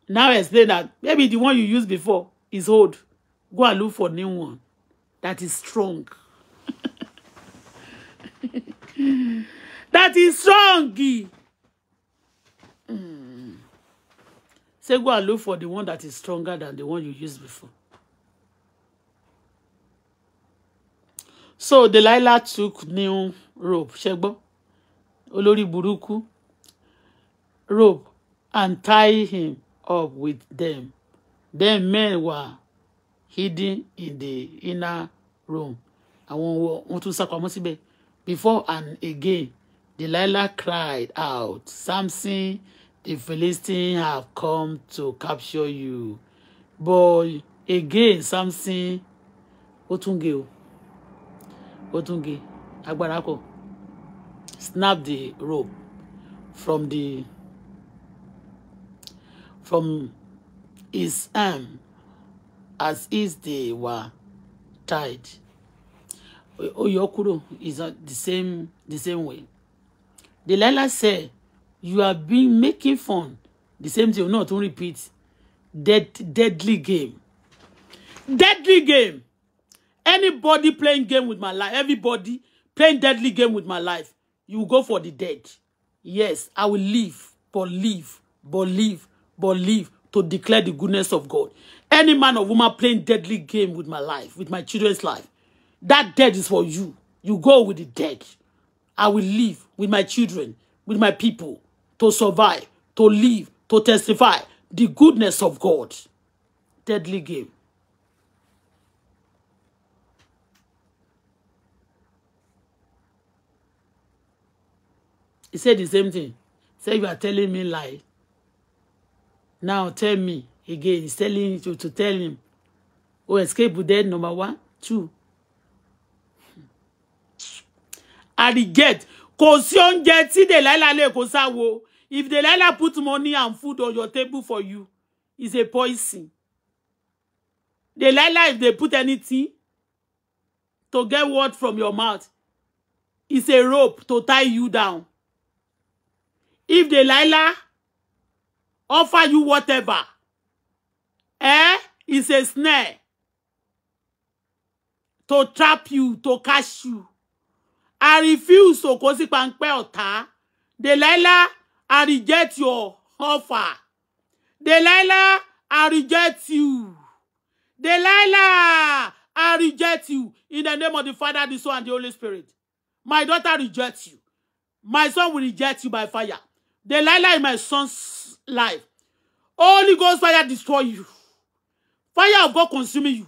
Speaker 1: now explain that maybe the one you used before is old go and look for new one that is strong <laughs> that is strong. Mm. Say go and look for the one that is stronger than the one you used before. So Delilah took new rope, ṣẹgbọ́, olori buruku, rope, and tied him up with them. Then men were hidden in the inner room. Àwọn wọn tún sápamọ́ Before and again, Delilah cried out, Samson the Philistines have come to capture you. But again, Samson, ó tún gé o, snap the rope from the from his arm as if they were tied. Ó yọ is the same the same way. Delilah said you have been making fun the same thing not? tún repeat dead deadly game deadly game anybody playing game with my life everybody playing deadly game with my life you go for the dead yes i will live but live but live but live to declare the goodness of god any man or woman playing deadly game with my life with my children's life that dead is for you you go with the dead i will live with my children with my people to survive, to live, to testify the goodness of God. Deadly game. He said the same thing. Say you are telling me lie. Now tell me again. He's telling you to tell him. Oh, escape with death, number one. Two. I regret kò sí oúnjẹ tí Delilah lè kó sáwo if Delilah put money and food on your table for you is a poison Delilah if they put anything to get word from your mouth is a rope to tie you down if Delilah offer you whatever eh is a snare to trap you to catch you I refuse to kó sí pańpẹ́ ọ̀tá. Delilah, I reject your offer. Delilah, I reject you. Delilah, I reject you. In the name of the Father, the Son, and the Holy Spirit. My daughter rejects you. My son will reject you by fire. Delilah in my son's life. Holy Ghost fire destroy you. Fire of God consuming you.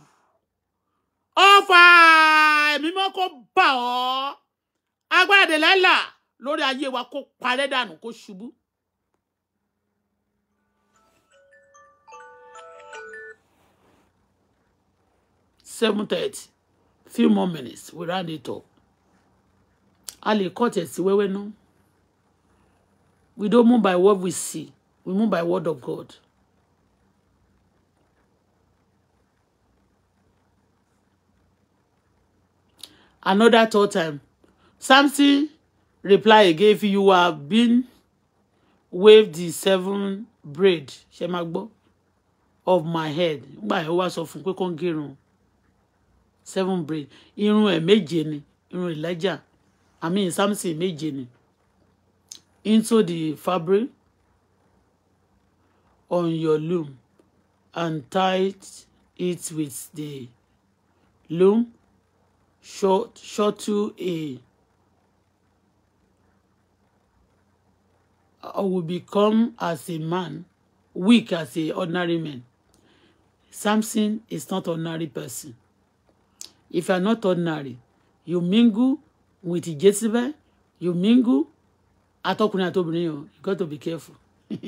Speaker 1: Offer ẹ̀mí mọ́ kó agbára dèlẹ́là lórí ayé wa kó parẹ́ dànù kó ṣubú. seven thirty few more minutes we round it up a lè cut ẹ̀ sí wẹ́wẹ́ náà we don't move by what we see we move by word of God. another third time Samson replied again, if you have been waved the seven braid, ṣé máa of my head. Nígbà yẹn ó wá sọ fún pé seven braid. Irun ẹ̀ méje ni, irun Elijah. I mean Samson méje ni. Into the fabric on your loom and tied it with the loom short short to a or will become as a man, weak as a ordinary man. Samson is not ordinary person. If you are not ordinary, you mingle with Jezebel, you mingle atọkùnrin àtobìnrin o you got to be careful. <laughs>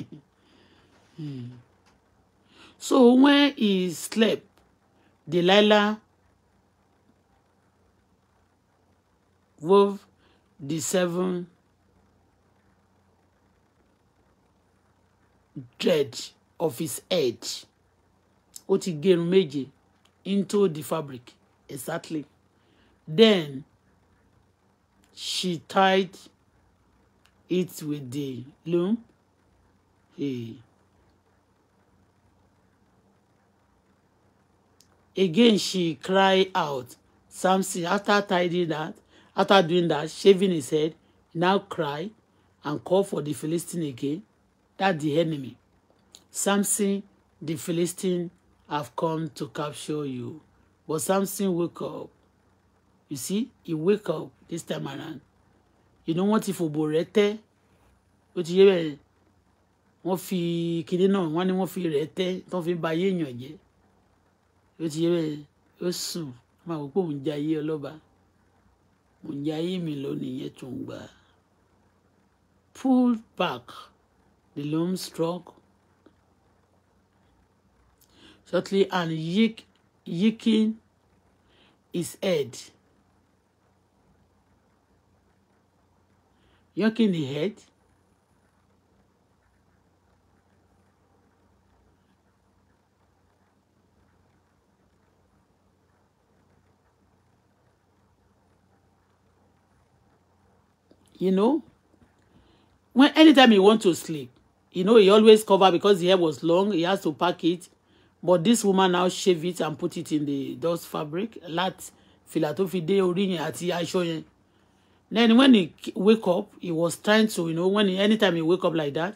Speaker 1: hmm. So when he slept, Delilah wove the seven dread of his head ó ti gé irun into the fabric exactly then she tied it with the loom. Hey. Again, she cried out. Samson, after tidying that, after doing that, shaving his head, now cry and call for the Philistine again That's the enemy. Samson, the Philistine, have come to capture you. But Samson wake up. You see, he wake up this time around. You know what if Oborete, which you wọ́n fi kinní náà wọ́n ní wọ́n fi rẹ̀ tẹ́ fi ba ayé èèyàn jẹ́ ó ti yẹ bẹ́ẹ̀ ó sùn máa wò pé òun jẹ ayé ọlọ́ba òun jẹ mi lọ nìyẹn tó ń gbà pull back the loom struck shortly and yeek, yeeking his head. yoking the head. You know, when anytime you want to sleep, you know he always cover because the hair was long he has to pack it but this woman now shave it and put it in the dust fabric lat fìlà tó fi dé orí yẹn àti aṣọ then when he wake up he was trying to you know when he, anytime he wake up like that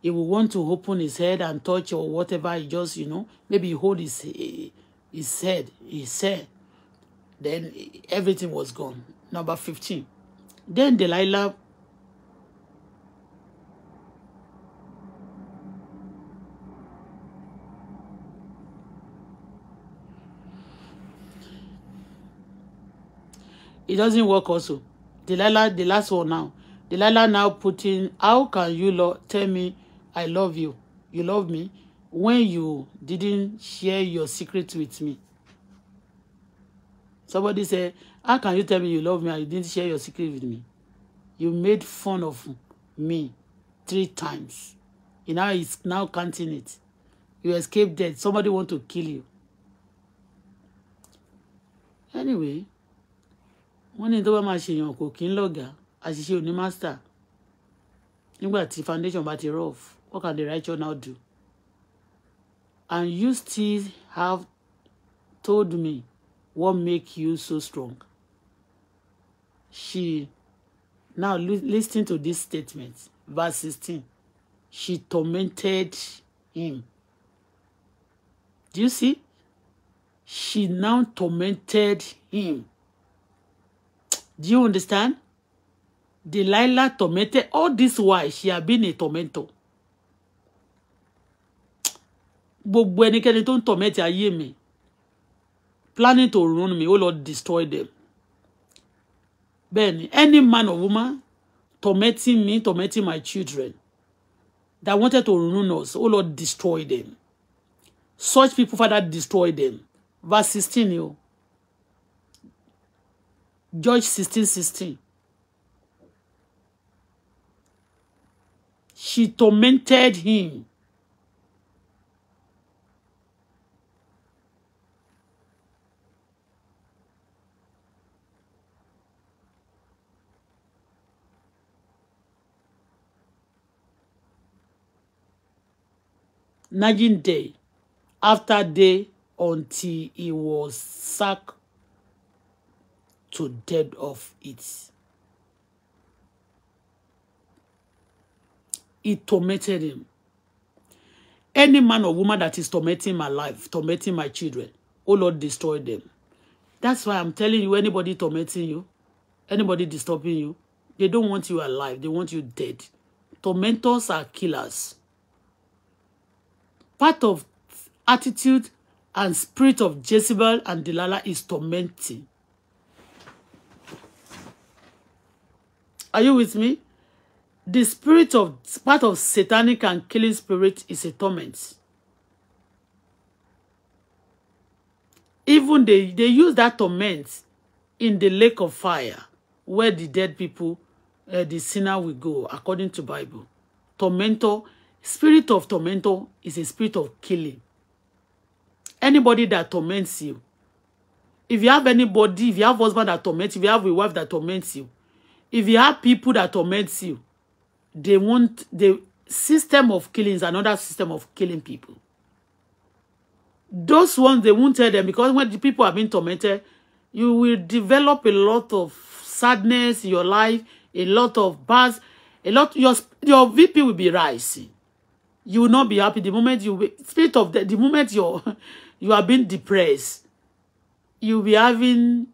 Speaker 1: he would want to open his head and touch or whatever he just you know maybe hold his his head He said, then everything was gone number fifteen then Delilah it doesn't work also delilah the last one now delilah now putting how can you tell me i love you you love me when you didn't share your secret with me somebody said, how can you tell me you love me and you didn't share your secret with me you made fun of me three times you now is now counting it you escaped death somebody want to kill you anyway wọ́n ní tó bá máa ṣèyàn kò kí ń lọ̀gá àṣìṣe òní master nígbà tí foundation bá ti rough what can the righteous now do and you still have told me what make you so strong she now listen to this statement verse sixteen she tormented him do you see she now tormented him Do you understand? Delilah tormented. All this while, she had been a tormentor. Gbogbo ẹnikẹ́ni tó ń torment ayé mi. Planning to ruin me. Oh Lord, destroy them. Bẹ́ẹ̀ni, any man or woman tormenting me, tormenting my children that wanted to ruin us, oh Lord, destroy them. Such people, Father, destroy them. Verse 16, you. George sixteen sixteen. She tormented him. nagging day after day until he was sacked to dead of it. It tormented him. Any man or woman that is tormenting my life, tormenting my children, oh Lord, destroy them. That's why I'm telling you, anybody tormenting you, anybody disturbing you, they don't want you alive. They want you dead. Tormentors are killers. Part of attitude and spirit of Jezebel and Delilah is tormenting. Are you with me? The spirit of part of satanic and killing spirit is a torment. Even they, they use that torment in the lake of fire where the dead people, uh, the sinner will go, according to Bible. Tormentor, spirit of tormentor is a spirit of killing. Anybody that torments you, if you have anybody, if you have husband that torments you, if you have a wife that torments you, if you have people that torment you they want the system of killing is another system of killing people those ones they won't tell them because when the people are being tormented you will develop a lot of sadness in your life a lot of buzz, a lot your your vp will be rising you will not be happy the moment you be, spirit of the, the moment you're <laughs> you are being depressed you'll be having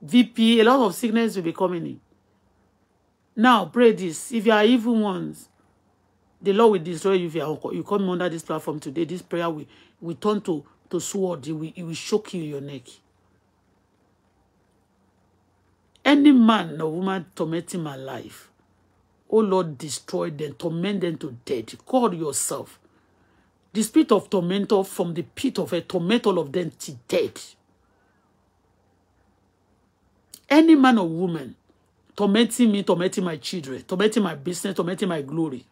Speaker 1: vp a lot of sickness will be coming in Now, pray this. If you are evil ones, the Lord will destroy you if you, are, you come under this platform today. This prayer will, will turn to, to sword. It will, it will shock you in your neck. Any man or woman tormenting my life, oh Lord, destroy them, torment them to death. Call yourself. The spirit of tormentor from the pit of a torment all of them to death. Any man or woman tormenting me, tormenting my children, tormenting my business, tormenting my glory,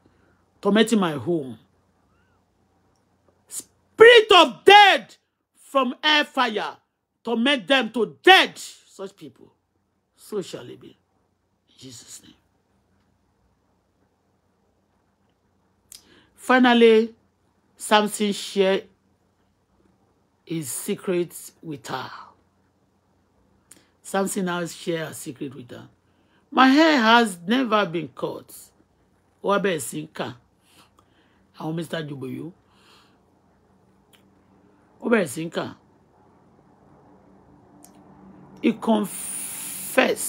Speaker 1: tormenting my home. Spirit of dead from air fire, torment them to dead. such people. So shall it be. In Jesus' name. Finally, Samson shared his secrets with her. Samson now shared a secret with her my hair has never been cut wọ́n bẹ̀rẹ̀ sí ń kà àwọn Mr. Jùgbòyó ó bẹ̀rẹ̀ he confess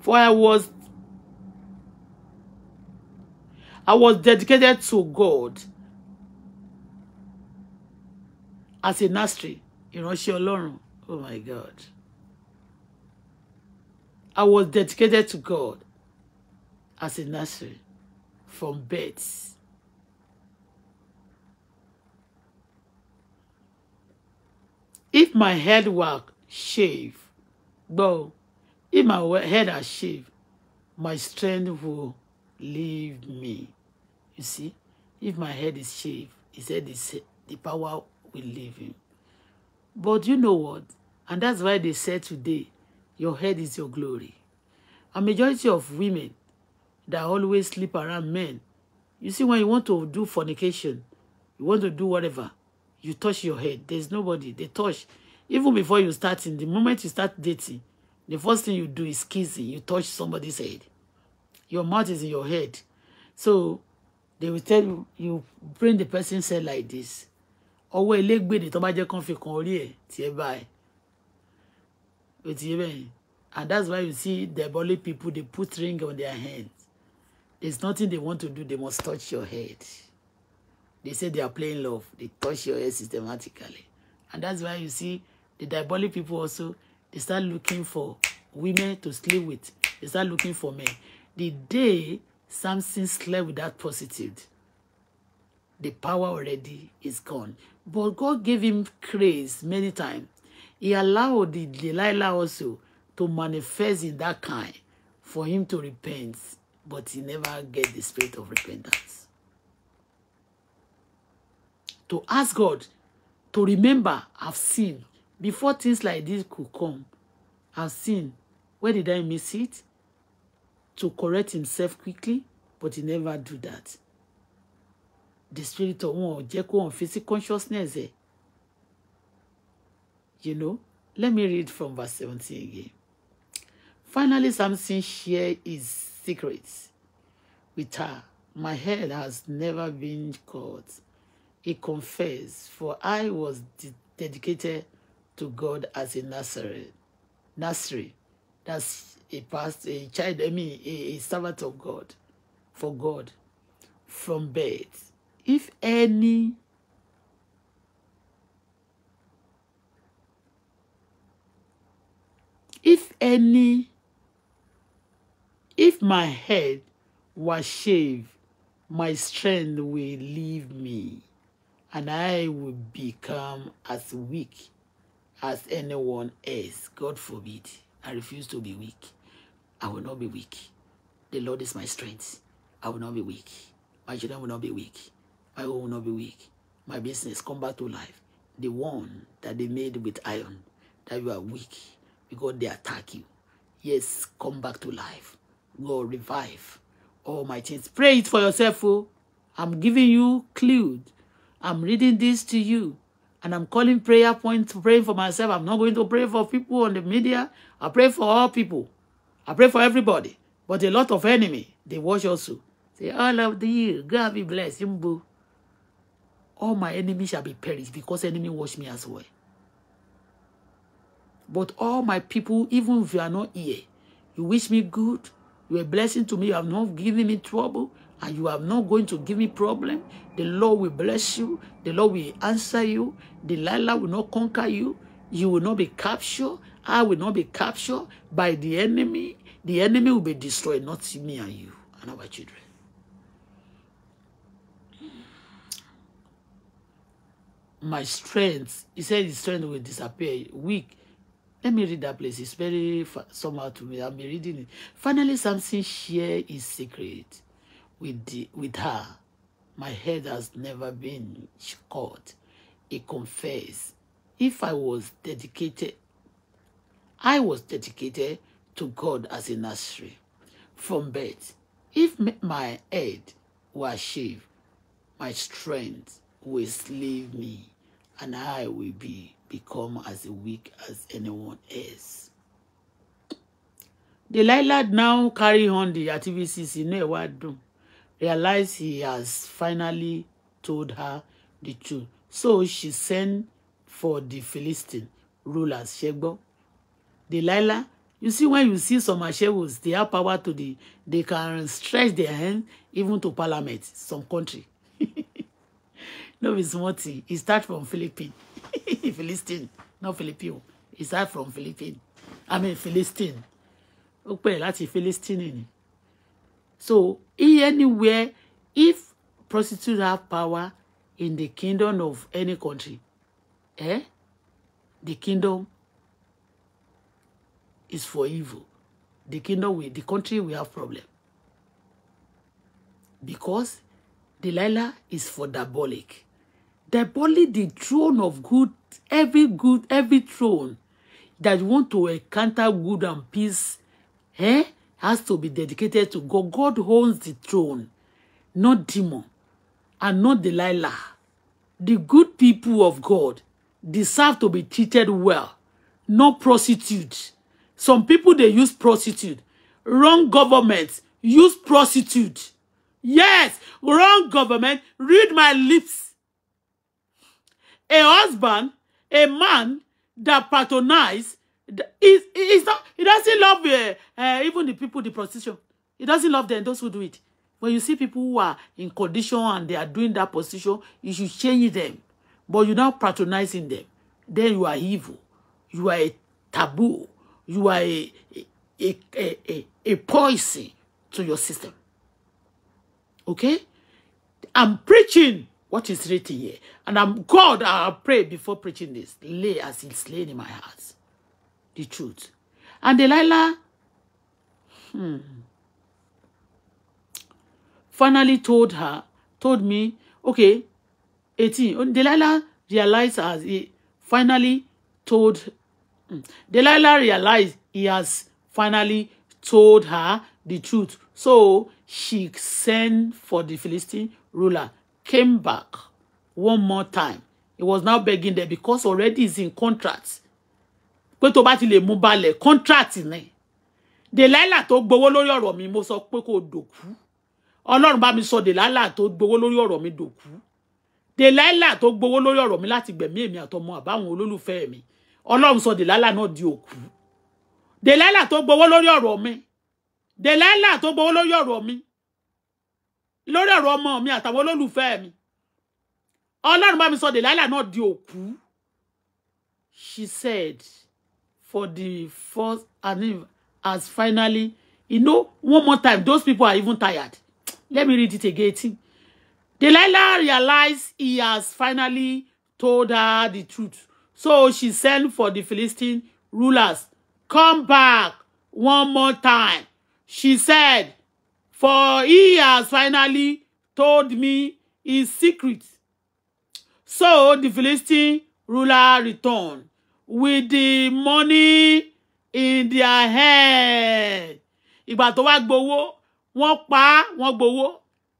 Speaker 1: for I was I was dedicated to God as a nursery ìránṣẹ́ alone. Oh my God. I was dedicated to God as a nursery from birth. If my head work shave, though, if my head are shaved, my strength will leave me. You see, if my head is shaved, he said the power will leave him. But you know what? And that's why they said today, your head is your glory. A majority of women that always sleep around men, you see, when you want to do fornication, you want to do whatever, you touch your head. There's nobody. They touch. Even before you start, in the moment you start dating, the first thing you do is kissing. You touch somebody's head. Your mouth is in your head. So they will tell you, you bring the person's head like this. Ọwọ́ elégbèdè tó bá jẹ́ kán fi kan orí ẹ̀ with even and that's why you see diabolic people they put ring on their hands It's nothing they want to do they must touch your head they say they are playing love they touch your head systematically and that's why you see the diabolic people also they start looking for women to sleep with they start looking for men the day Samson slept with that prostitute the power already is gone but God gave him grace many times He allowed the Delilah also to manifest in that kind for him to repent, but he never get the spirit of repentance. To ask God to remember, I've sinned. Before things like this could come, I've sinned. Where did I miss it? To correct himself quickly, but he never do that. The spirit of one, Jekyll, and physical consciousness, eh? You know, let me read from verse 17 again. Finally, Samson shared his secrets with her. My head has never been caught. He confessed, for I was de dedicated to God as a Nazarene. Nursery, that's a past, a child, I mean, a, a servant of God, for God, from birth. If any If any, if my head was shaved, my strength will leave me, and I will become as weak as anyone else. God forbid. I refuse to be weak. I will not be weak. The Lord is my strength. I will not be weak. My children will not be weak. My home will not be weak. My business come back to life. The one that they made with iron, that you are weak because they attack you. Yes, come back to life. Go revive all my things. Pray it for yourself. Oh. I'm giving you clues. I'm reading this to you. And I'm calling prayer points, praying for myself. I'm not going to pray for people on the media. I pray for all people. I pray for everybody. But a lot of enemy, they watch also. Say, all of the year, God be blessed. All my enemies shall be perished because enemy watch me as well. But all my people, even if you are not here, you wish me good, you are a blessing to me, you have not given me trouble, and you are not going to give me problem. The Lord will bless you. The Lord will answer you. Delilah will not conquer you. You will not be captured. I will not be captured by the enemy. The enemy will be destroyed, not me and you and our children. My strength, he said his strength will disappear, weak. Let me read that place. It's very somehow to me. I'll be reading it. Finally, Samson shared his secret with, the, with her. My head has never been caught. He confessed. If I was dedicated, I was dedicated to God as a nursery from birth. If my head were shaved, my strength will leave me, and I will be become as weak as anyone else. The Lilad now carry on the activities in Do realize he has finally told her the truth. So she sent for the Philistine rulers, Shegbo. Delilah, you see when you see some ashevos, they have power to the, they can stretch their hand even to parliament, some country. <laughs> no, it's small It starts from Philippines. <laughs> Philistine, not Filipino. Is that from Philippines? I mean Philistine. Ó pè láti Philistine ni. So, anywhere, if prostitutes have power in the kingdom of any country, eh? The kingdom is for evil. The kingdom will, the country will have problem. Because Delilah is for diabolic. The bully the throne of good, every good, every throne that you want to encounter good and peace eh, has to be dedicated to God. God owns the throne, not demon and not Delilah. The good people of God deserve to be treated well, not prostitute. Some people, they use prostitute. Wrong government use prostitute. Yes, wrong government, read my lips a husband, a man that patronize, is is not he doesn't love uh, uh, even the people the prostitution. He doesn't love them those who do it. When you see people who are in condition and they are doing that position, you should change them. But you're not patronizing them. Then you are evil. You are a taboo. You are a, a, a, a, a poison to your system. Okay? I'm preaching what is written here. And I'm God, I pray before preaching this. Lay as it's laid in my heart. The truth. And Delilah hmm, finally told her, told me, okay, 18. Delilah realized as he finally told hmm, Delilah realized he has finally told her the truth. So she sent for the Philistine ruler came back one more time he was now begging them because already he's in contract pé tó bá ti lè mú balẹ̀ contract ni Delilah tó gbowó lórí ọ̀rọ̀ mi mo sọ pé kò dòkú ọlọ́run bá mi sọ Delilah tó gbowó lórí ọ̀rọ̀ mi dòkú Delilah tó gbowó lórí ọ̀rọ̀ mi láti gbẹ̀mí èmi àtọmọ àbáwọn olólùfẹ́ mi ọlọ́run sọ Delilah náà di òkú Delilah tó gbowó lórí ọ̀rọ̀ mi Delilah tó gbowó lórí ọ̀rọ̀ mi lórí ọ̀rọ̀ ọmọ mi àtàwọn olólùfẹ́ mi ọlọ́run bá mi sọ delilah náà di òkú she said for the first and as finally you know one more time those people are even tired let me read it again delilah realized he has finally told her the truth so she sent for the philistine rulers come back one more time she said For he has finally told me his secret. So the Philistine ruler returned with the money in their head. Ìgbà tó wá gbowó, wọ́n pa, wọ́n gbowó.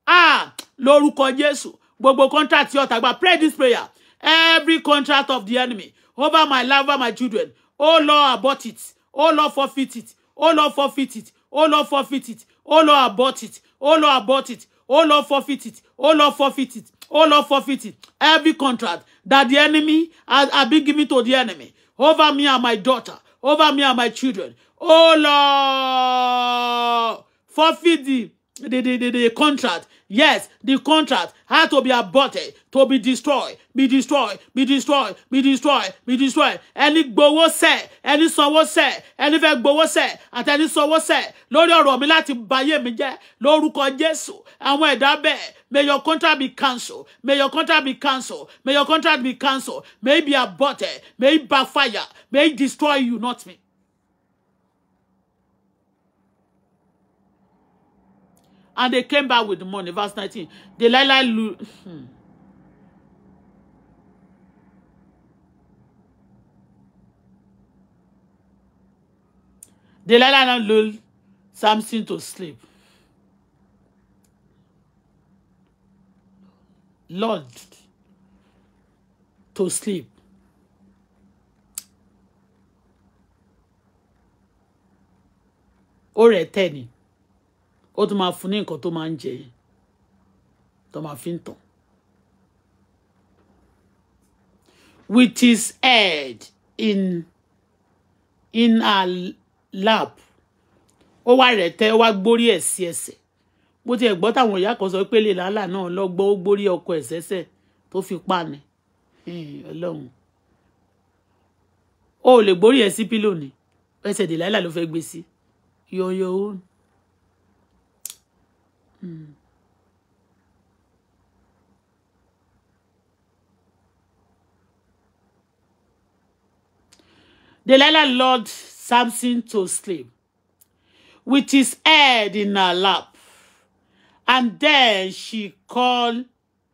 Speaker 1: Ah, lórúkọ Jésù. Gbogbo contract yóò tàgbà. Pray this prayer. Every contract of the enemy over my life, over my children. Oh Lord, abort it. Oh Lord, forfeit it. Oh Lord, forfeit it. Oh Lord, forfeit it ó lọ abort it ó lọ abort it Oh Lord, forfeit it Oh Lord, forfeit it Oh Lord, forfeit it every contract that the enemy has, has been given to the enemy over me and my daughter over me and my children Oh Lord, forfeit the the, the, the, the contract. Yes, the contract had to be aborted, to be destroyed, be destroyed, be destroyed, be destroyed, be destroyed. any gbowó se any sanwó se any fẹ́ gbowó se at any sanwó se lórí ọ̀rọ̀ mi láti bayé mi jẹ́ lórúkọ Jésù. Àwọn ẹ̀dá bẹ́ẹ̀, may your contract be cancelled, may your contract be cancelled, may your contract be cancelled, may be aborted, may backfire, may destroy you, not me. and they came back with the money. Verse 19. Delilah. Lo- hmm. Delilah now lulled Samson to sleep. Lord, to sleep. Or rẹ̀ tẹ́ ó tún máa fún ní nǹkan tó máa ń jẹ tó máa fi ń tàn. with his head in in her lap ó wá rẹ̀ tẹ́ ó wá gbórí ẹ̀ sí ẹsẹ̀ bó tiẹ̀ gbọ́ táwọn ìyá kan sọ pé lè làálà náà lọ́gbọ́ ó gbórí ọkọ ẹ̀ sẹ́sẹ̀ tó fi pa ni ọlọ́run o ò lè gbórí ẹ̀ sí pílò ni ẹsẹ̀ dè láìláì ló fẹ́ gbé sí yọ̀ọ̀yọ̀ òun Mm. Delilah lured Samson to sleep with his head in her lap, and then she called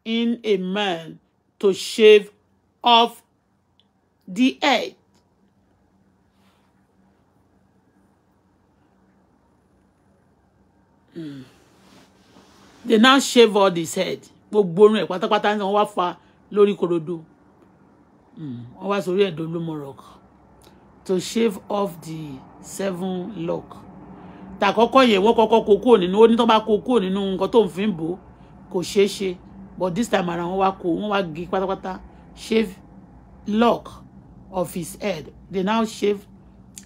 Speaker 1: in a man to shave off the head. Mm they now shave all his head gbogbo orun ẹ̀ pátápátá ní wọ́n wá fa lórí korodo hmm, wọ́n wá sórí ẹ̀dọ́ ló mọ̀ rock to shave off the seven lock tàkọ́kọ́ yẹn wọ́n kọ́kọ́ kó kúrò nínú ó ní tó bá kó kúrò to nǹkan tó ń fi ń but this time around wọ́n wá kó wọ́n wá gé pátápátá shave lock of his head they now shave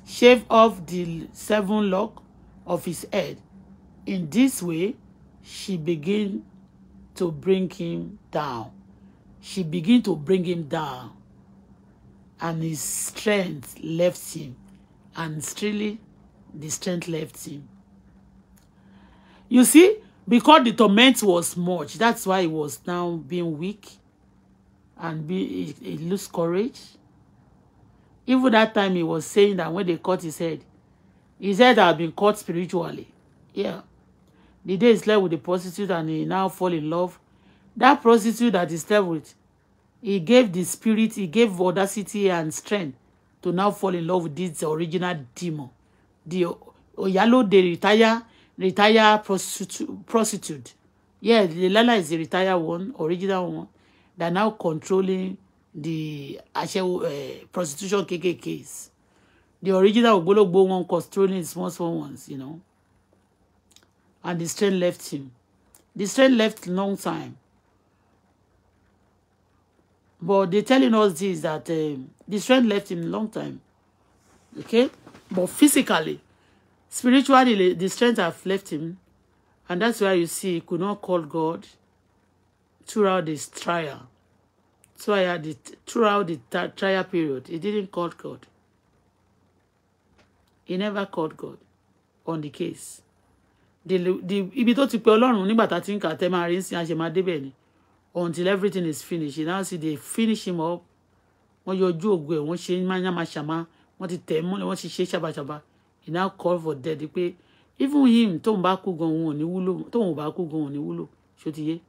Speaker 1: shave off the seven lock of his head in this way she began to bring him down. She began to bring him down. And his strength left him. And really, the strength left him. You see, because the torment was much, that's why he was now being weak and be, he, he lose courage. Even that time he was saying that when they cut his head, he said, I've been cut spiritually. Yeah the day he slept with the prostitute and he now fall in love that prostitute that he slept with he gave the spirit he gave audacity and strength to now fall in love with this original demon the Oyalo, the retire retire prostitute prostitute yeah Lala is the retire one original one that now controlling the aṣẹ́wó uh, eh, prostitution kkks the original ògbólógbòó one controlling small small ones you know and the strain left him. The strain left long time. But they telling us this that um, the strain left him long time. Okay? But physically, spiritually, the strength have left him. And that's why you see he could not call God throughout this trial. So I had it throughout the trial period. He didn't call God. He never called God on the case the the ibi tó ti pẹ́ ọlọ́run nígbà tá a ti ń kà tẹ́ máa rí sí àṣẹ máa débẹ̀ ni until everything is finished you now see they finish him up wọ́n yọjú ògùn ẹ̀ wọ́n ṣe máyámáṣàmá wọ́n ti tẹ̀ mọ́lẹ̀ wọ́n ti ṣe ṣàbàṣàbà he now call for death pé even him tóun bá kú gan òun ò ní wúlò tóun ò bá kú gan òun ò ní wúlò ṣó ti yé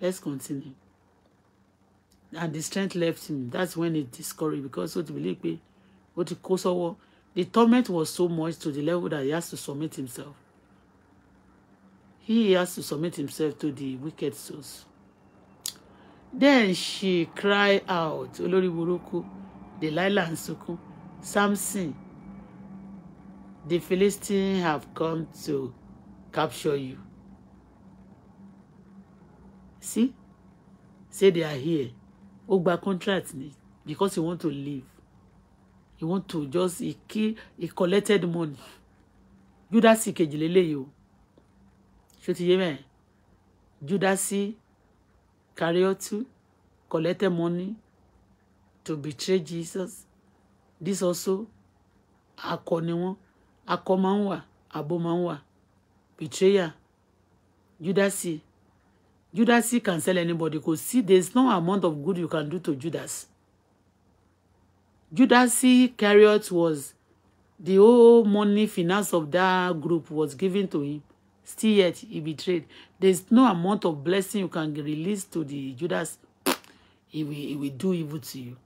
Speaker 1: let's continue and the strength left him that's when he discouraged because ó ti believe pé ó ti kó sọ́wọ́ the torment was so much to the level that he has to submit himself He has to submit himself to the wicked souls. Then she cried out, Olórí burúkú, Delilah ń sunkún, Samson, the Philistines have come to capture you. See? Say they are here. Ó gba contract ni because he want to leave. He want to just, he, kill, he collected money. Judas ìkejì lélẹ́yìí o ṣó ti yé mẹ́rin judasi kariotu collected money to betray jesus this also akọ ni wọn akọ máa ń wà abo máa ń wà betrayer judasi judasi can sell anybody kò see, there is no amount of good you can do to judas judasi carriot was the whole money finance of that group was given to him still yet he betrayed. There's no amount of blessing you can release to the Judas. He will, he will do evil to you.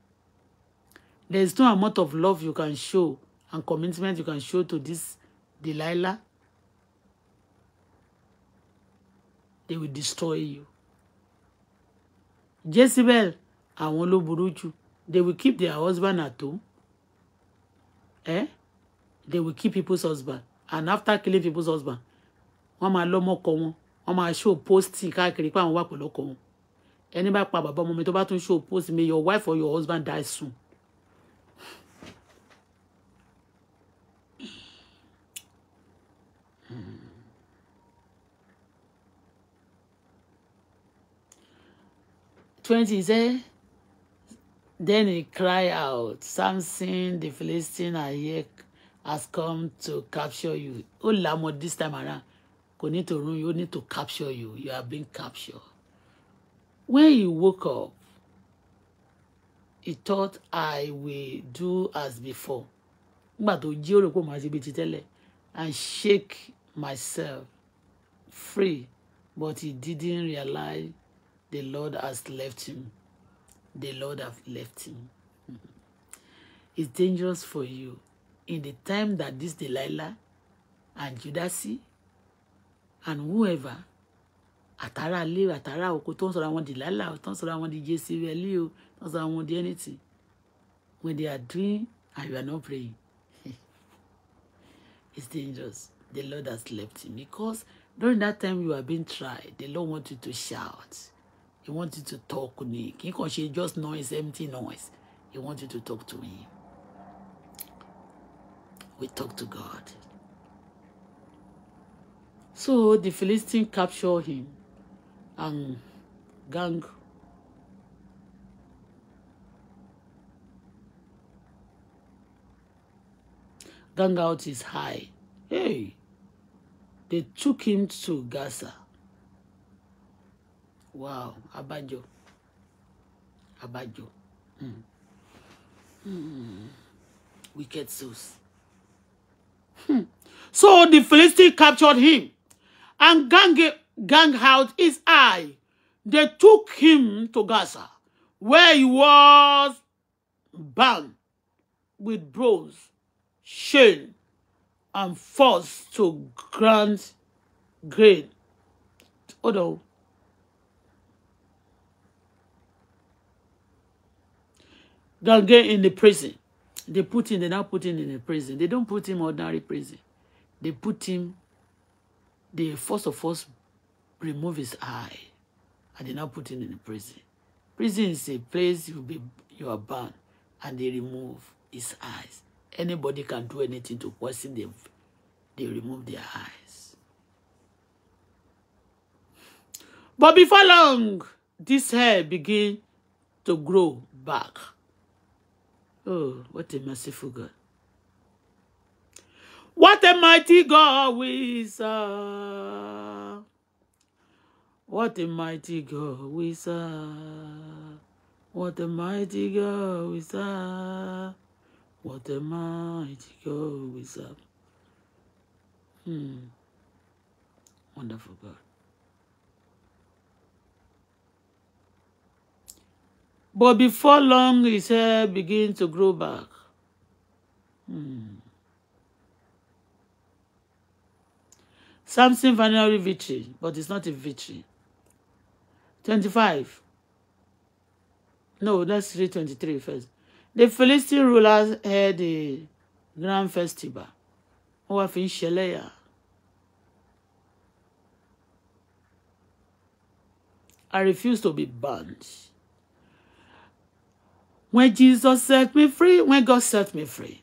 Speaker 1: There's no amount of love you can show and commitment you can show to this Delilah. They will destroy you. Jezebel, àwọn ló burú jù. They will keep their husband at home. Eh? They will keep people's husband. And after killing people's husband, wọ́n máa lọ́mọ́kọ wọn wọ́n máa show post káàkiri pé àwọn wà pẹ̀lú ọkọ wọn ẹni bá pa bàbá ọmọ mi tó bá tún show post may your wife or your husband die soon. twenty he then he cry out Samson the Philistine I hear has come to capture you ó làmọ this time around kò ní to run you need to capture you you are being captured when he woke up he thought I will do as before nígbà tó jí ó rò pé màá ṣe bí ti tẹ́lẹ̀ and shake myself free but he didn't realize the Lord has left him the Lord have left him mm-hmm. it's dangerous for you in the time that this Delilah and Judasi and whoever atara ilé atara, oko tó ń sọ̀rọ̀ àwọn di lálà tó ń sọ̀rọ̀ àwọn di jésì rẹ̀ o tó ń sọ̀rọ̀ àwọn di anything when they are doing and you are not praying <laughs> it's dangerous the Lord has left him because during that time you are being tried the Lord wanted to shout he wanted to talk ni kì í kàn ṣe just noise empty noise he wanted to talk to him we talk to God So the Philistine capture him and gang gang out his high. Hey, they took him to Gaza. Wow, abajo, abajo, mm. Mm. wicked souls. Hmm. So the Philistine captured him and gang, gang out his eye. They took him to Gaza, where he was bound with bronze, shame, and forced to grant grain. Hold on. Gangan in the prison. They put him, they now put him in a prison. They don't put him ordinary prison. They put him they first of all remove his eye and they now put him in prison. Prison is a place you be you are bound and they remove his eyes. Anybody can do anything to poison them. They remove their eyes. But before long, this hair begin to grow back. Oh, what a merciful God. What a mighty God we serve. What a mighty God we serve. What a mighty God we serve. What a mighty God we serve. Hmm. Wonderful God. But before long, his hair begins to grow back. Hmm. Something finally victory, but it's not a victory. 25. No, let's read 23 first. The Philistine rulers held a grand festival. Wọ́n wá fi ń I refuse to be banned. When Jesus set me free, when God set me free,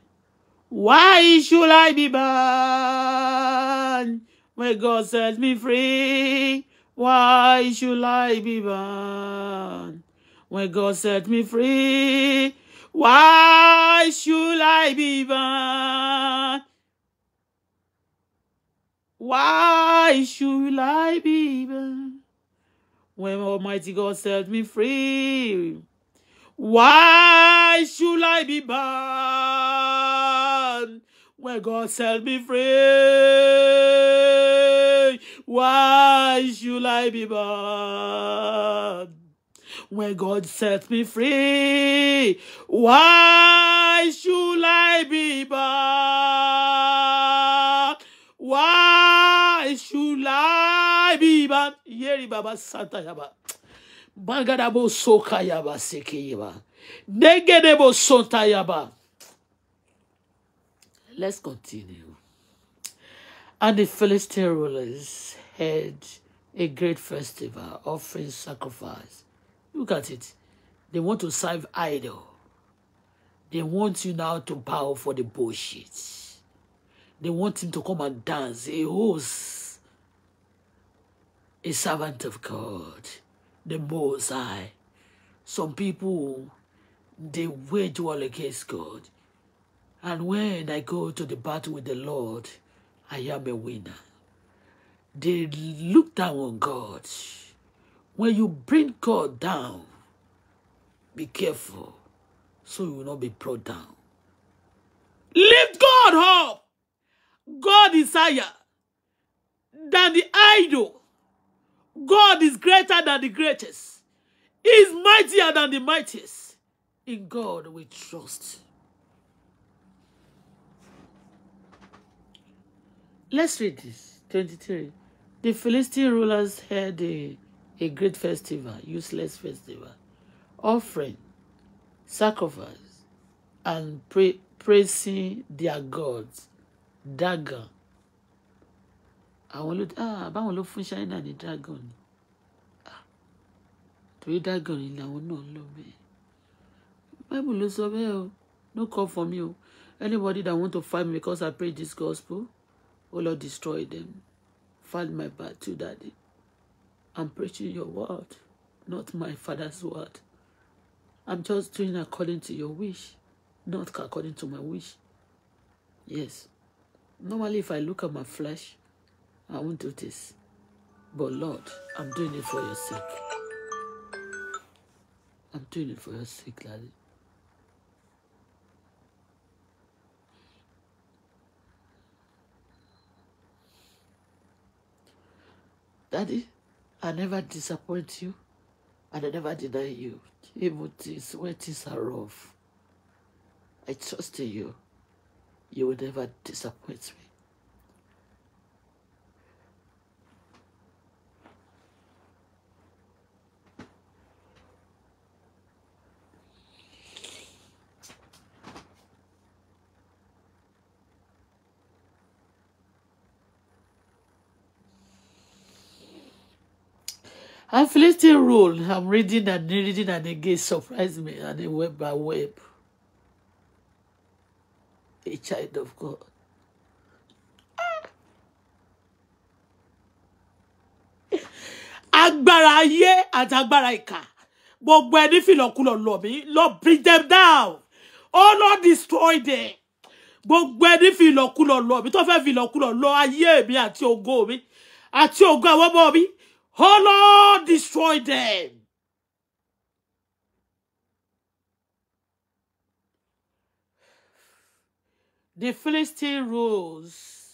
Speaker 1: why should I be banned? When God set me free, why should I be bound? When God set me free, why should I be bound? Why should I be bound? When Almighty God set me free, why should I be bound? Where God set me free, why should I be bound? When God set me free, why should I be bad? Why should I be bad? Yeri baba santa yaba. bangada bo soka yaba seke yaba. negede bo santa yaba. Let's continue. And the Philistine rulers had a great festival, offering sacrifice. Look at it. They want to serve idol. They want you now to bow for the bullshit. They want him to come and dance. A host, a servant of God, the Most High. Some people, they wage war against God. And when I go to the battle with the Lord, I am a winner. They look down on God. When you bring God down, be careful so you will not be brought down. Lift God up. God is higher than the idol. God is greater than the greatest. He is mightier than the mightiest. In God we trust. Let's read this. 23. The Philistine rulers held a, a great festival, useless festival, offering, sacrifice, and pra praising their gods, Dagon. Àwọn ló ah báwọn ló fún China ní Dagon ni. Ah, torí Dagon ni làwọn náà lọ bẹ́ẹ̀. Bible ló sọ bẹ́ẹ̀ o, no call for me o. Anybody that want to fight me because I preach this gospel. Oh Lord, destroy them. Find my path, battle, Daddy. I'm preaching your word, not my father's word. I'm just doing according to your wish, not according to my wish. Yes. Normally, if I look at my flesh, I won't do this. But Lord, I'm doing it for your sake. I'm doing it for your sake, Daddy. Daddy, I never disappoint you and I never deny you. Even things when things are rough. I trust in you. You will never disappoint me. Affiliated roll. I'm reading and reading and again surprised me and then web by web. A child of God. agbára ayé àti agbára ìkà gbogbo ẹni fìlọkulọ lọ mí lọ bring them down oh Lord destroy them gbogbo ẹni fìlọkulọ lọ mí tó fẹ́ fìlọkulọ lọ ayé mi àti ògo mi àti ògo àwọn ọmọ mi Oh Lord, destroy them. The Philistine rules.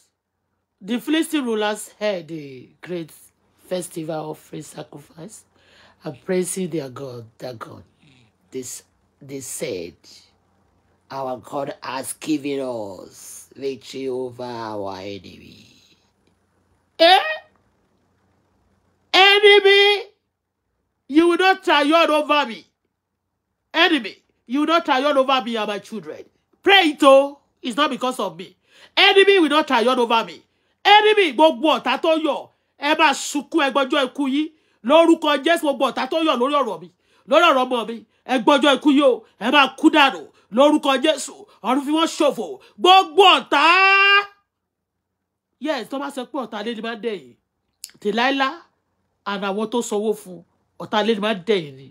Speaker 1: The Philistine rulers held a great festival of free sacrifice and praising their God, their God. This they said, Our God has given us victory over our enemy. Eh? Enemy, you will not tired over me. Enemy, you will not tired over me and my children. Pray it oh, it's not because of me. Enemy will not tired over me. Enemy, gbogbo ọ̀tá tó yọ̀, ẹ máa sunkún ẹgbọ́jọ́ ikú yín lórúkọ Jésù gbogbo ọ̀tá tó yọ̀ lórí ọ̀rọ̀ mi, lórí ọ̀rọ̀ ọmọ mi, ẹgbọ́jọ́ ikú yín o, ẹ máa kú dànù lórúkọ Jésù, ọ̀run fi wọ́n ṣòfò, gbogbo ọ̀tá. Yes, tó bá sọ pé ọ̀tá lé ní máa ń dẹ̀yìn, tìláìlá and àwọn tó sanwó fún ọ̀tá lè má dẹ̀yìn ni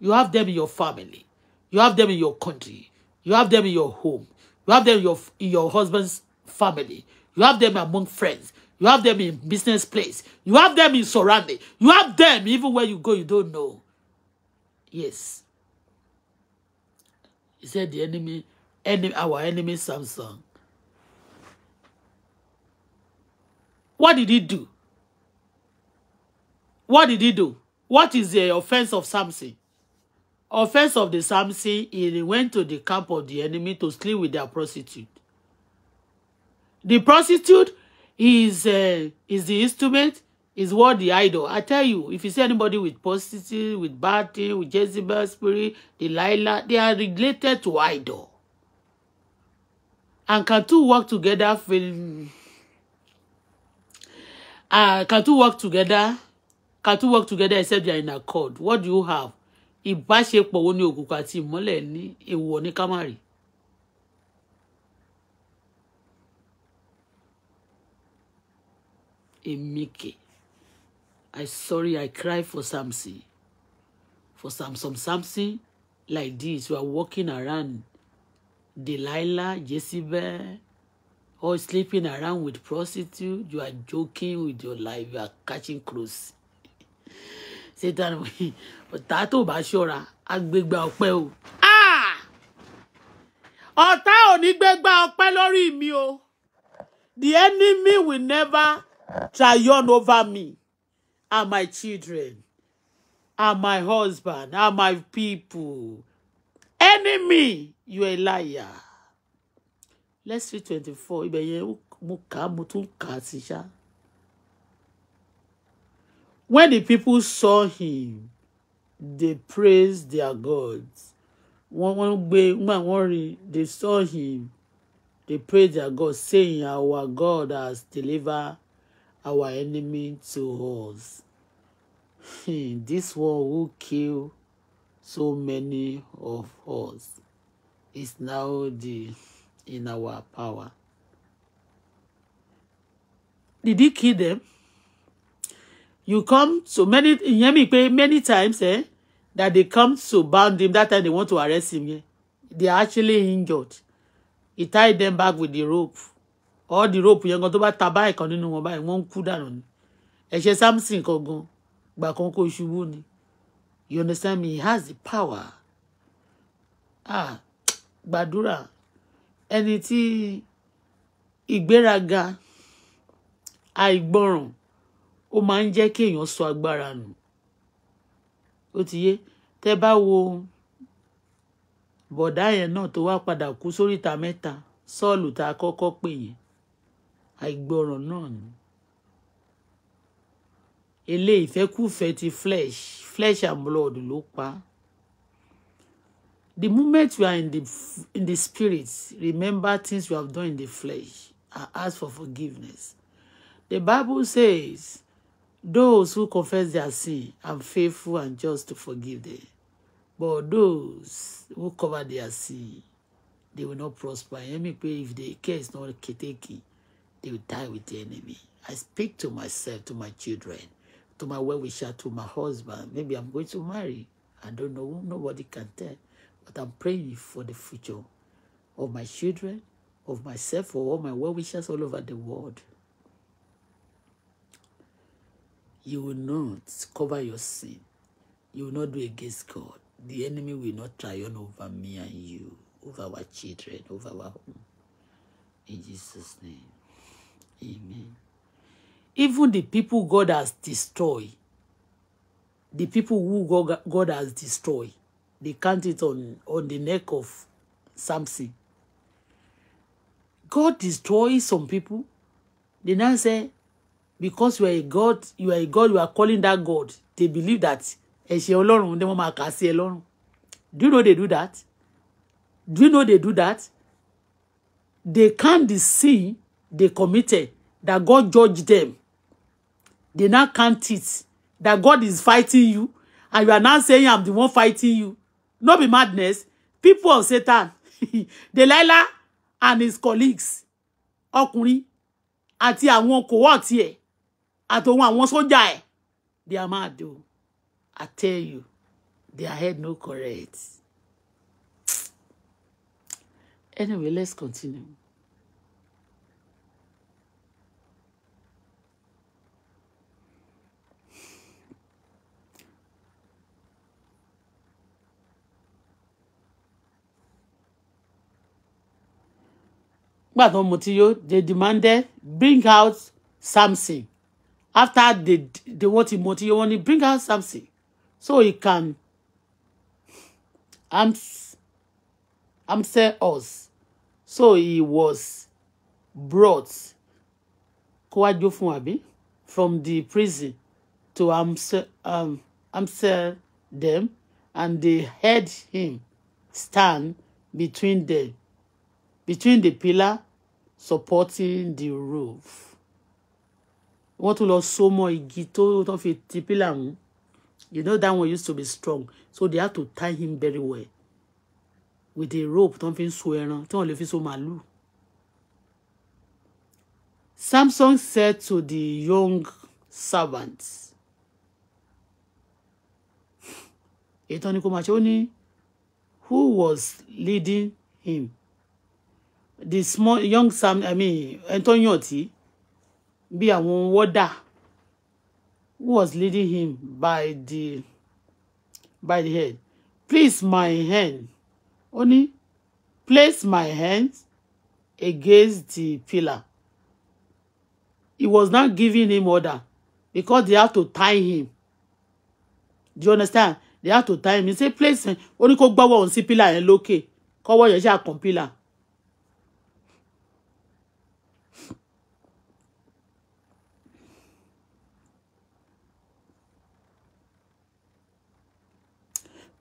Speaker 1: you have them in your family you have them in your country you have them in your home you have them in your, in your husband's family you have them among friends you have them in business place you have them in surrounding you have them even where you go you don't know yes he said the enemy enemy our enemy Samson what did he do What did he do? What is the offense of Samson? Offense of the Samson, he went to the camp of the enemy to sleep with their prostitute. The prostitute is uh, is the instrument, is what the idol. I tell you, if you see anybody with prostitute, with bad with Jezebel spirit, Delilah, they are related to idol. And can two work together? Uh, can two work together can two work together except they are in accord what do you have ìbáṣepọ̀ wo ni òkùnkùn àti ìmọ́lẹ̀ ní èèwọ̀ ní kámárì. Emike I sorry I cry for Samson for Samson Samson like this you are walking around Delilah Jezebel or sleeping around with prostitute you are joking with your life you are catching close sẹ́tàn <laughs> ọ̀tá tó bá ṣọ́ra agbègbà ọpẹ́ o. Ah! ọ̀tá ò ní gbégbá ọpẹ́ lórí mi o the enemy will never triumph over me and my children and my husband and my people enemy you a liar let's read twenty four ibẹ̀ yẹn mo kà á mo tún kà á sí ṣáá. When the people saw him, they praised their gods. Wọ́n wọ́n gbé they saw him, they praised their God saying our God has delivered our enemy to us. Hmm, this one who killed so many of us is now the in our power. Did he kill them? you come so many you hear me, pay many times eh, that they come to bound him that time they want to arrest him yeah. they are actually injured he tied them back with the rope all the rope yẹn gan tó bá ta báyìí kan nínú wọn báyìí wọn ń kú dànù ni ẹ̀ṣẹ̀ Samson kan gan you understand me he has the power ah badura. gbàdúrà he tí I àìgbọràn ó máa ń jẹ́ kí èèyàn sọ agbára nù ó ti yé tẹ́ bá wo bọ̀dá yẹn náà tó wá padà kú sóríta mẹ́ta sọ́ọ̀lù tá a kọ́kọ́ pè yẹn àìgbọràn náà ni eléyìí ìfẹ́kùfẹ́ ti flesh flesh and blood ló pa the moment you are in the in the spirit remember things you have done in the flesh and ask for forgiveness the bible says Those who confess their sin, I'm faithful and just to forgive them. But those who cover their sin, they will not prosper. I mean, if the case is not taken, they will die with the enemy. I speak to myself, to my children, to my well-wisher, to my husband. Maybe I'm going to marry. I don't know. Nobody can tell. But I'm praying for the future of my children, of myself, for all my well-wishers all over the world. You will not cover your sin. You will not do against God. The enemy will not triumph over me and you, over our children, over our home. In Jesus' name. Amen. Even the people God has destroyed, the people who God, has destroyed, they count it on, on the neck of Samson. God destroys some people. They now say, because you are a god you are a god you are calling that god they believe that ẹ̀ṣẹ̀ ọlọ́run ni wọ́n máa kà sí ẹ lọ́rùn do you know they do that do you know they do that they count the sin they committed that God judge them they now count it that God is fighting you and you are now saying I'm the one fighting you no be madness people of Satan <laughs> Delilah and his colleagues ọkùnrin àti àwọn kòwọ́ tiẹ̀ àtòun àwọn sójà ẹ̀ they are mad do I tell you their head no correct anyway let's continue. gbàtàn mo ti yó they demanded bring out Samson after they they want Timothy, you want to bring out something so he can I'm, I'm say us. So he was brought kówájú fún àbí from the prison to um um, them, and they heard him stand between the, between the pillar supporting the roof wọ́n tún lọ so mọ́ igi tó tó fi ti pílà mú you know that one used to be strong so they had to tie him very well with a rope tó fi ń so ẹran tí wọ́n lè fi so màálù. Samson said to the young servants ètò ni kò máa ṣe ó ní who was leading him the small young sam i mean ẹni tó yàn tí bí àwọn wọ́dà who was leading him by the by the head place my hand ó ní place my hand against the pillar he was not giving him order because they had to tie him do you understand they had to tie him he say place ó ní kó gbọ́wọ́ òun sí pillar yẹn lókè kọ́wọ́ yẹn ṣáà kàn pillar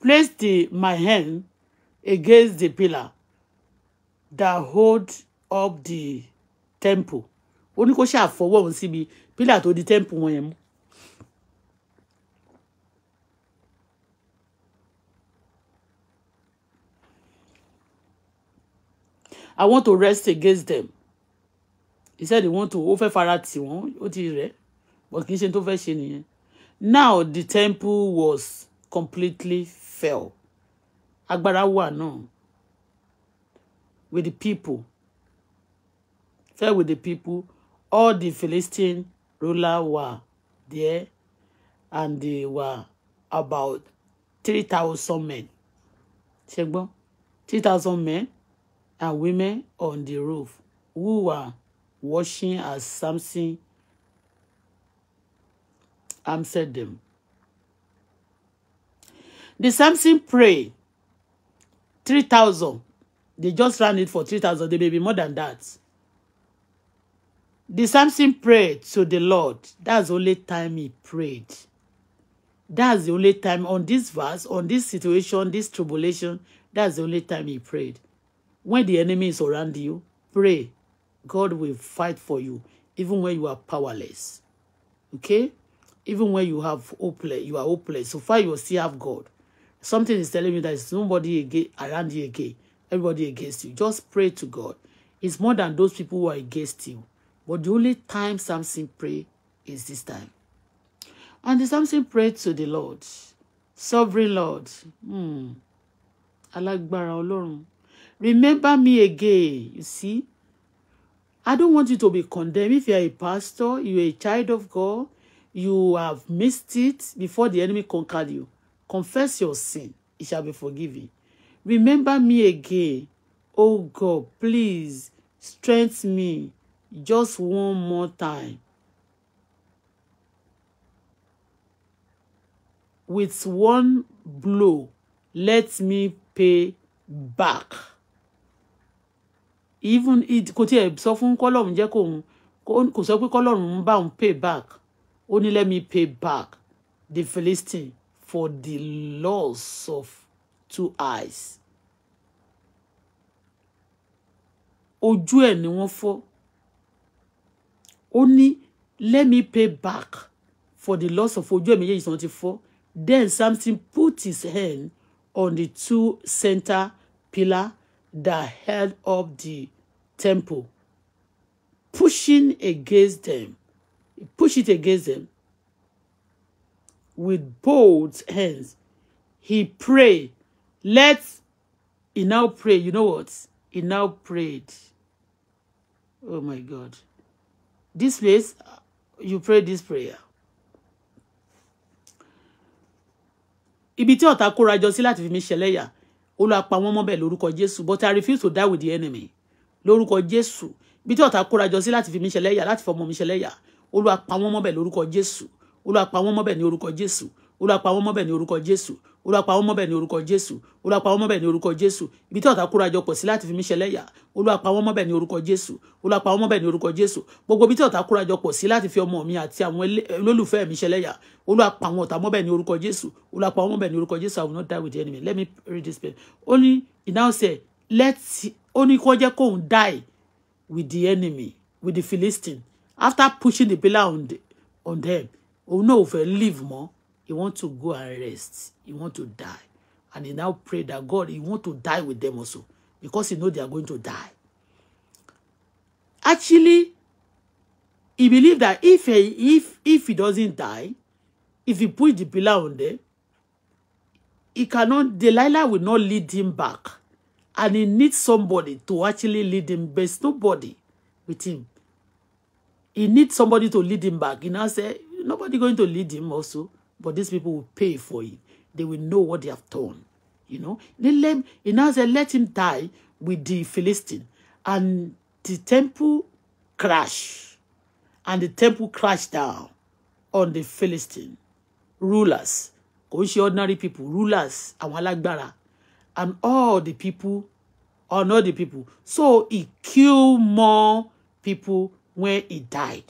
Speaker 1: Place the, my hand against the pillar that hold up the temple ó ní kó ṣàfọwọ́ òun síbi pílà tó di temple wọn yẹn mú. I want to rest against them. He said he want to ó fẹ́ fara tì wọ́n ó ti rẹ̀ but kì í ṣe tó fẹ́ ṣe nìyẹn. Now the temple was completely fell. Agbara wà náà with the people. Fell with the people. All the Philistine ruler were there and they were about three thousand men. three thousand men and women on the roof who were watching as Samson answered them. The Samson pray 3,000. They just ran it for 3,000. They may be more than that. The Samson prayed to the Lord. That's the only time he prayed. That's the only time on this verse, on this situation, this tribulation, that's the only time he prayed. When the enemy is around you, pray. God will fight for you, even when you are powerless. Okay? Even when you have hopeless, you are hopeless. So far, you still have God. Something is telling you that it's nobody again, around you again. Everybody against you. Just pray to God. It's more than those people who are against you. But the only time Samson prayed is this time. And the Samson prayed to the Lord. Sovereign Lord. Hmm. Alágbára Ọlọ́run. Remember me again. You see? I don't want you to be condemned. If you are a pastor, you are a child of God, you have missed it before the enemy conquered you. Confess your sin, it shall be forgiven. Remember me again. Oh God, please strengthen me just one more time. With one blow, let me pay back. Even it kò tiẹ̀ sọ fún kọ́lọ́run jẹ́ kóun kò sọ pé kọ́lọ́run ń bá òun pay back. Only let me pay back the Philistine for the loss of two eyes. Ojú ẹ̀ ni wọ́n fọ́. Ó ní let me pay back for the loss of ojú ẹ̀ méjèèjì tí wọ́n ti fọ́. Then something put his hand on the two center pillar that held up the temple, pushing against them, push it against them, with both hands. He pray. Let's, he now pray. You know what? He now prayed. Oh my God. This place, you pray this prayer. Ibiti otakura josi lati jọ sí láti fi mi ṣẹlẹ́yà, Olúwa but I refuse to die with the enemy. Lórúkọ Jésù, Ibiti otakura josi lati jọ sí láti fi mi ṣẹlẹ́yà, láti fọmọ mi ṣẹlẹ́yà, Olúwa olúwa pa wọ́n mọ́ bẹ́ẹ̀ ní orúkọ jésù olúwa pa wọ́n mọ́ bẹ́ẹ̀ ní orúkọ jésù olúwa pa wọ́n mọ́ ní orúkọ jésù olúwa pa wọ́n mọ́ ní orúkọ jésù ibi tí ọ̀tá kóra jọpọ̀ sí láti fi mí ṣẹlẹ́yà olúwa pa wọ́n mọ́ bẹ́ẹ̀ ní orúkọ jésù olúwa pa wọ́n mọ́ ní orúkọ jésù gbogbo ibi tí ọ̀tá kóra jọpọ̀ sí láti fi ọmọ mi àti àwọn olólùfẹ́ mi ṣẹlẹ́yà olúwa pa wọ́n ọ̀tá mọ́ bẹ́ẹ̀ ní orúkọ jésù olúwa pa wọ́n mọ́ ní orúkọ jésù i will not die with the enemy let me read this bit. ó ní he now said let ó ní die with the enemy with the philistine after pushing the pillar on them Oh no, ò fẹ́ live mọ́ he want to go and rest he want to die and he now pray that God he want to die with them also because he know they are going to die actually he believe that if he if if he doesn't die if he put the pillar on there he cannot Delilah will not lead him back and he needs somebody to actually lead him there's nobody with him he needs somebody to lead him back he now say nobody going to lead him also, but these people will pay for it. They will know what they have done. You know, they let, he now said, let him die with the Philistine. And the temple crashed. And the temple crashed down on the Philistine rulers. Kò ordinary people, rulers, àwọn and all the people, all the people. So he killed more people when he died.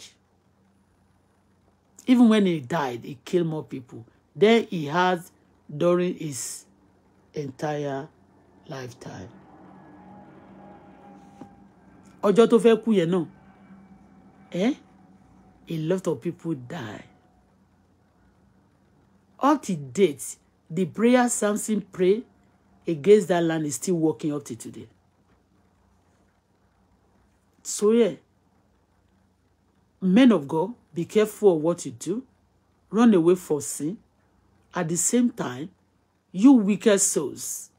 Speaker 1: Even when he died, he killed more people than he has during his entire lifetime. Ọjọ́ tó fẹ́ kú yẹn náà, eh? A lot of people die. Up to date, the prayer Samson pray against that land is still working up to today. So yeah, men of God, Be careful of what you do. Run away from sin. At the same time, you wicked souls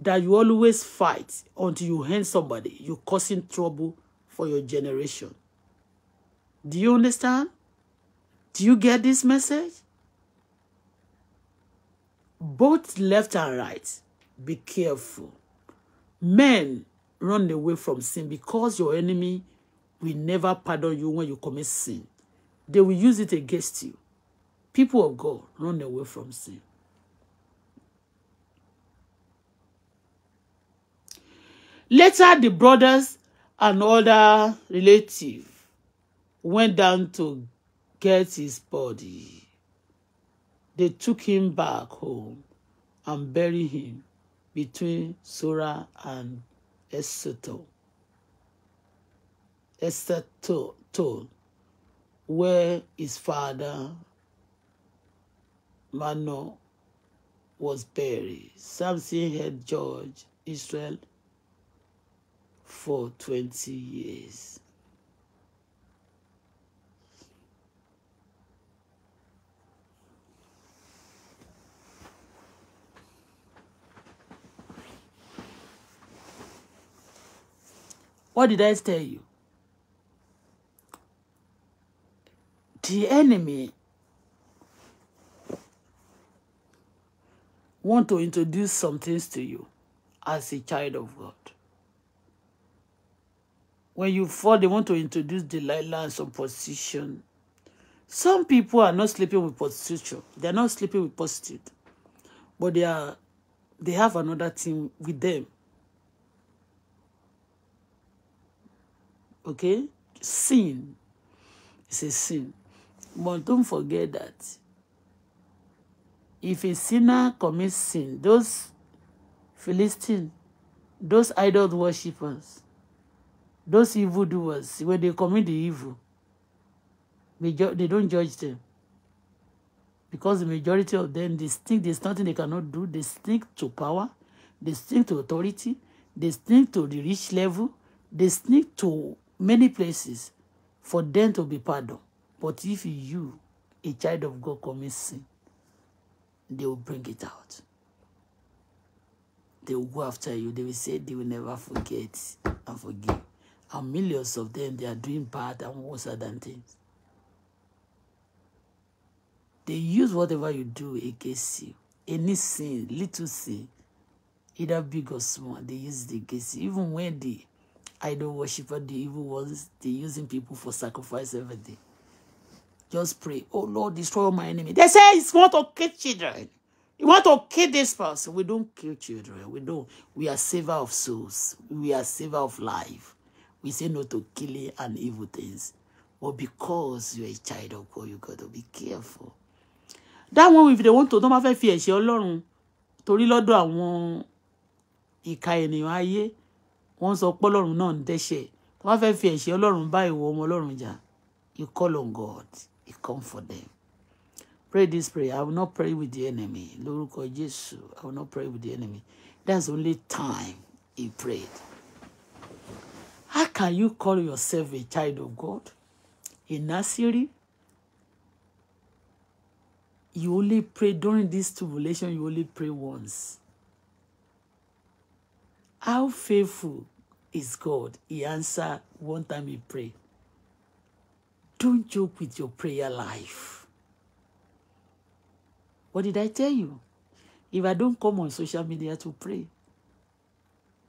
Speaker 1: that you always fight until you hurt somebody, you're causing trouble for your generation. Do you understand? Do you get this message? Both left and right, be careful. Men, run away from sin because your enemy will never pardon you when you commit sin. They will use it against you. People of God, run away from sin. Later, the brothers and other relatives went down to get his body. They took him back home and buried him between Sora and Esoto. Esoto where his father Mano was buried. Samson had George Israel for 20 years. What did I tell you? the enemy want to introduce some things to you as a child of God. When you fall, they want to introduce Delilah and some position. Some people are not sleeping with prostitution. They are not sleeping with prostitute. But they are they have another thing with them. Okay? Sin its a sin. But don't forget that if a sinner commits sin, those Philistines, those idol worshippers, those evildoers, when they commit the evil, they don't judge them. Because the majority of them, they think there's nothing they cannot do. They stick to power. They stick to authority. They stick to the rich level. They stick to many places for them to be pardoned. But if you, a child of God, commit sin, they will bring it out. They will go after you. They will say they will never forget and forgive. And millions of them, they are doing bad and worse than things. They use whatever you do against you. Any sin, little sin, either big or small, they use it against you. Even when the idol worshiper, the evil ones, they're using people for sacrifice every day. Just pray. Oh Lord, destroy my enemy. They say it's want to kill children. You want to kill this person. We don't kill children. We don't. We are saver of souls. We are saver of life. We say no to killing and evil things. But because you're a child of God, you got to be careful. That one, if they want to, don't have a fear. She alone, torí lọ́dọ̀ àwọn ìka ènìyàn ayé wọ́n sọ pé Ọlọ́run náà ń dẹ́ṣẹ̀. Tó bá fẹ́ fear. She alone buy ìwọ ọmọ Ọlọ́run jà, you call on God it come for them. Pray this prayer. I will not pray with the enemy. Lórúkọ Jesus. I will not pray with the enemy. That's only time he prayed. How can you call yourself a child of God? A nursery? You only pray during this tribulation, you only pray once. How faithful is God? He answered one time he prayed. Don't joke with your prayer life. What did I tell you? If I don't come on social media to pray,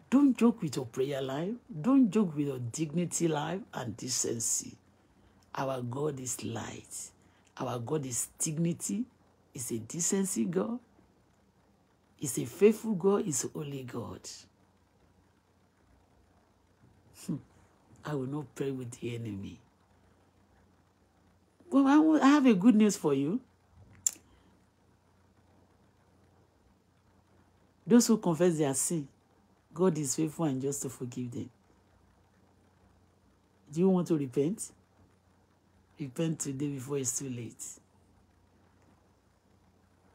Speaker 1: don't joke with your prayer life. Don't joke with your dignity life and decency. Our God is light. Our God is dignity, is a decency God, is a faithful God, is holy God. Hmm. I will not pray with the enemy. Well, I have a good news for you. Those who confess their sin, God is faithful and just to forgive them. Do you want to repent? Repent today before it's too late.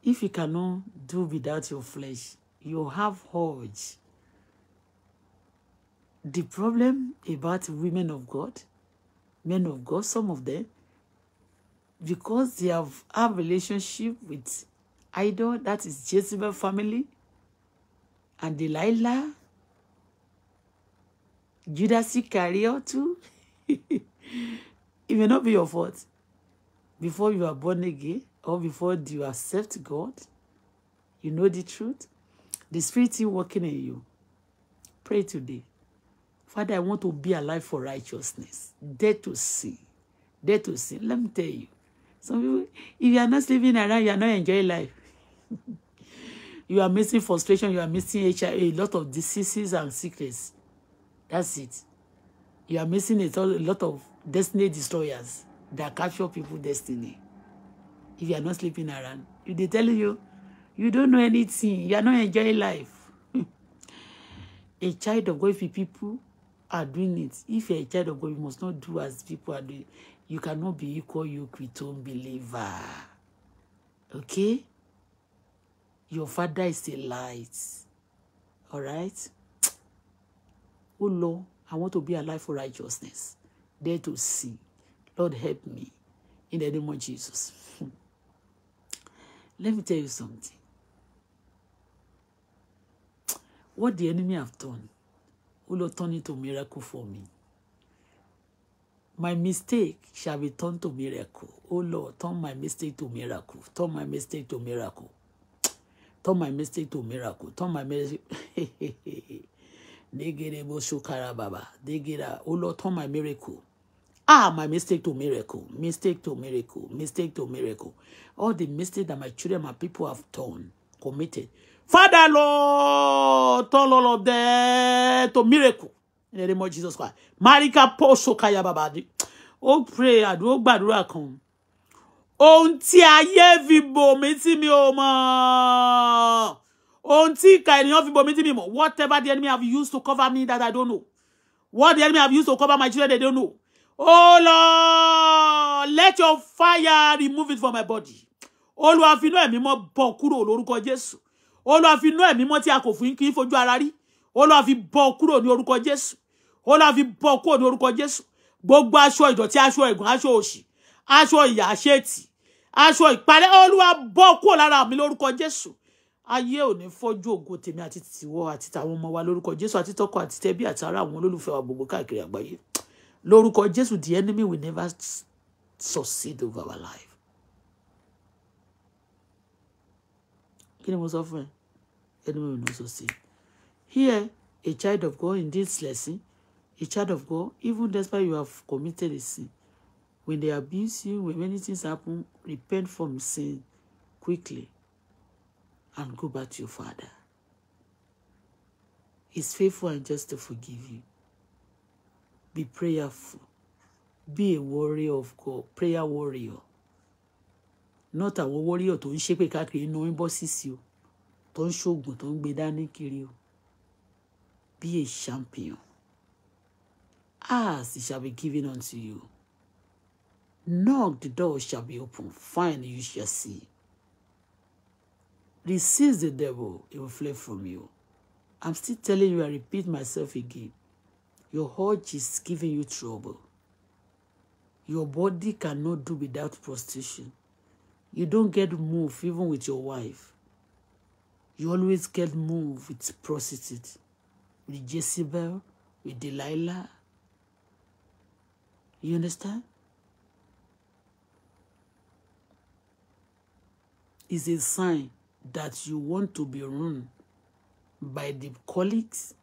Speaker 1: If you cannot do without your flesh, you have urge. The problem about women of God, men of God, some of them, because they have have relationship with idol that is Jezebel family and Delilah Judas Iscariot too <laughs> it may not be your fault before you are born again or before you accept God you know the truth the spirit is working in you pray today Father I want to be alive for righteousness dead to sin dead to sin let me tell you Some people, if you are not sleeping around, you are not enjoying life. you are missing frustration, you are missing HIV, a lot of diseases and sickness. That's it. You are missing a lot of destiny destroyers that capture people's destiny. If you are not sleeping around, if they tell you, you don't know anything, you are not enjoying life. <laughs> a child of God, if people are doing it, if you are a child of God, you must not do as people are doing. You cannot be equal yoke with believer, Okay? Your father is a light. Alright? Oh Lord, I want to be alive for righteousness, there to see. Lord, help me. In the name of Jesus. <laughs> Let me tell you something. What the enemy have done, oh Lord, turn into miracle for me. My mistake shall be turned to miracle. Oh Lord, turn my mistake to miracle. Turn my mistake to miracle. <tsk> Turn my mistake to miracle. Turn my mistake. <laughs> oh Lord, turn my miracle. Ah, my mistake to miracle. Mistake to miracle. Mistake to miracle. All the mistakes that my children, my people have done, committed. Father, Lord, turn all of them to miracle in the name of Jesus Christ marika poso kaya babadi ó prayer, àdúró gbàdúrà kan ohun tí ayé fi bò mí tí mi ò mọ̀ ohun tí ìka ènìyàn fi bò mí tí mi mo. whatever the enemy have used to cover me that I don't know what the enemy have used to cover my children they don't know oh Lord let your fire remove it from my body Olúwa fi iná ẹ̀mí mọ́ bọ́ kúrò lórúkọ Jésù Olúwa fi iná ẹ̀mí mọ́ tí a kò fún kí fojú ara rí Olúwa fi bọ́ kúrò ní orúkọ Jésù ó náà fi bọ́ kúrò ní orúkọ jésù gbogbo aṣọ ìdọ̀tí aṣọ ẹ̀gùn aṣọ òṣì aṣọ ìyà àṣetì aṣọ ìparẹ́ olúwa bọ́ kúrò lára mi lórúkọ jésù ayé ò ní fọ́jú ògo tèmi àti tìwọ àti tàwọn ọmọ wa lórúkọ jésù àti tọkọ àti tẹbí àti ará àwọn olólùfẹ́ wa gbogbo káàkiri àgbáyé lórúkọ jésù the enemy will never succeed over our life. kí ni mo sọ fún ẹ enemy will not succeed here a child of God in this lesson A child of God, even despite you have committed a sin, when they abuse you, when many things happen, repent from sin quickly and go back to your father. He's faithful and just to forgive you. Be prayerful. Be a warrior of God, prayer warrior. Not a warrior to ń a káàkiri inú ń you. Don't show tó don't be tó ń kill you. Be a champion. As it shall be given unto you. Knock, the door shall be open. Find, you shall see. Resist the devil, he will flee from you. I'm still telling you, I repeat myself again. Your heart is giving you trouble. Your body cannot do without prostitution. You don't get moved even with your wife. You always get moved with prostitutes, with Jezebel, with Delilah, You understand? It's a sign that you want to be run by the colleagues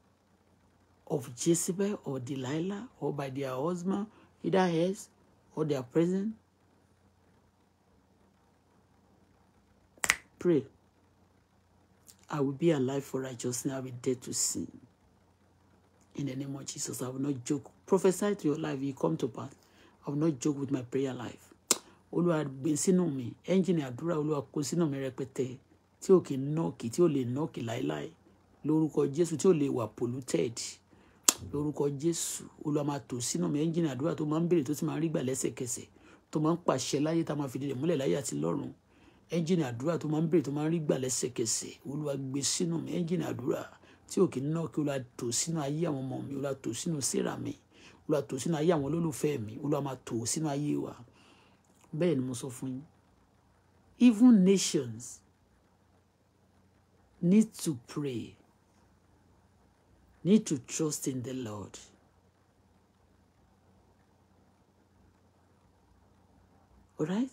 Speaker 1: of Jezebel or Delilah or by their husband, either hers or their present. Pray. I will be alive for righteousness, I will be dead to sin. In the name of Jesus, I will not joke. Prophesy to your life, you come to pass. I will not joke with my prayer life. Olúwa gbé sínú mi ẹ́ńjìnì àdúrà Olúwa kó sínú mi rẹpẹtẹ tí ò kì í nọ́ọ̀kì tí ò lè nọ́ọ̀kì láéláé lórúkọ Jésù tí ò lè wà polluted lórúkọ Jésù Olúwa máa tò sínú mi ẹ́ńjìnì àdúrà tó máa ń béèrè tó sì máa ń rí gbà lẹ́sẹ̀kẹsẹ̀ tó máa ń pàṣẹ láyé tá a máa fi dìde múlẹ̀ láyé àti lọ́run ẹ́ńjìnì àdúrà tó máa ń béèrè tó máa ń rí gbà lẹ́sẹ̀kẹsẹ̀ Olúwa gbé sínú mi ẹ́ńjìnì tí òkè nínú kí olúwa tò sínú ayé àwọn ọmọ mi olúwa tò sínú síra mi olúwa tò sínú ayé àwọn olólùfẹ́ mi olúwa máa tò sínú ayé wa bẹ́ẹ̀ ni mo sọ fún yín even nations need to pray need to trust in the Lord. All right?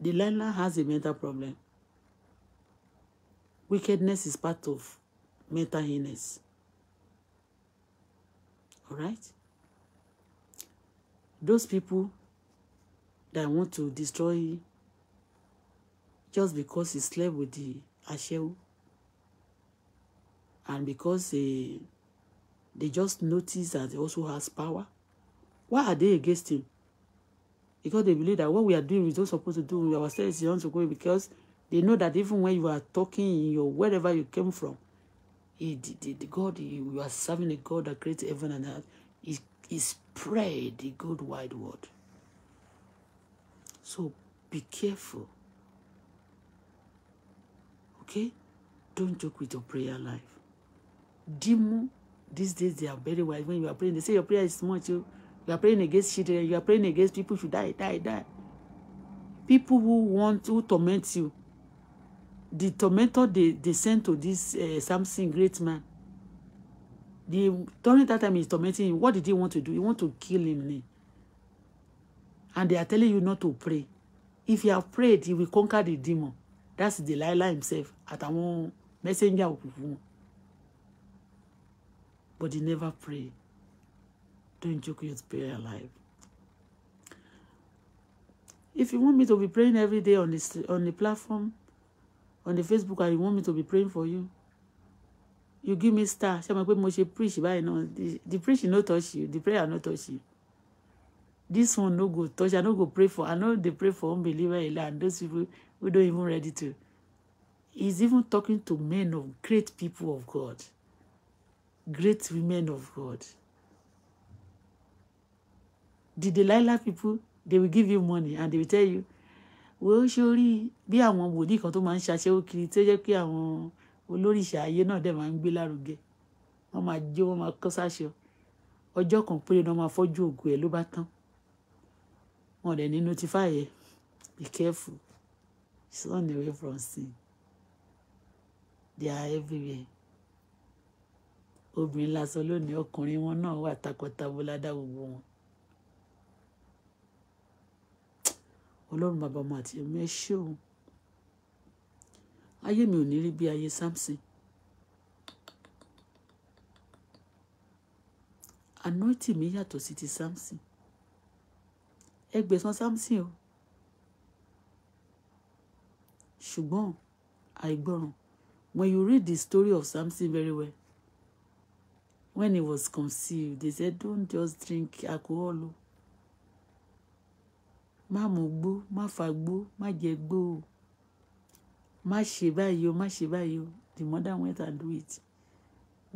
Speaker 1: The learner has a mental problem. Wickedness is part of mental illness. All right? Those people that want to destroy just because he slept with the Ashew and because they, eh, they just notice that he also has power, why are they against him? because they believe that what we are doing we don't supposed to do with ourselves is to go. because they know that even when you are talking in your wherever you came from, he, the, the God you are serving, the God that created heaven and earth, is he spread the good wide world. So be careful. Okay? Don't joke with your prayer life. Demon, these days they are very wise. When you are praying, they say your prayer is small too. Oh. You are praying against children. You are praying against people who should die, die, die. People who want to torment you. The tormentor they, they sent to this uh, eh, Samson great man. The during that time he's tormenting him. What did he want to do? He want to kill him. And they are telling you not to pray. If you have prayed, he will conquer the demon. That's Delilah himself àtàwọn messenger òkùnkùn. But he never prayed. Then Joku is prayer alive. If you want me to be praying every day on the on the platform, on the Facebook, and you want me to be praying for you, you give me star. Ṣé mo pé mo ṣe preach báyìí náà? The, the preaching no touch you, the prayer no touch you. This one no go touch, I no go pray for. I know they pray for unbeliever and those people we don't even ready to. He's even talking to men of great people of God, great women of God the Delilah people they will give you money and they will tell you wo sórí bí àwọn wòlíì kan tó máa ń ṣaṣẹ́wó kiri tó jẹ́ pé àwọn olóríṣà ayé náà dẹ̀ máa ń gbé lárugẹ wọ́n máa jó wọ́n máa kọ́ sáṣọ ọjọ́ kan péré náà máa fọ́jú ògo ẹ̀ ló bá tán wọn dẹ̀ ní notify ẹ̀ be careful run away from sin they are everywhere obìnrin lásán lónìí ọkùnrin wọn náà wà takọtabo ládàá gbogbo wọn ọlọ́run bàbá ọmọ àti ẹ̀mí ẹ̀ ṣé o ayé mi ò ní rí bí ayé Samson anointing mi yàtọ̀ sí ti Samson ẹgbẹ̀sán Samson o ṣùgbọ́n àìgbọràn when you read the story of Samson very well when he was conceived they said don't just drink alcohol o má mu gbó má fa gbó má jẹ gbó o má ṣe báyìí o má ṣe báyìí o the mother went and do it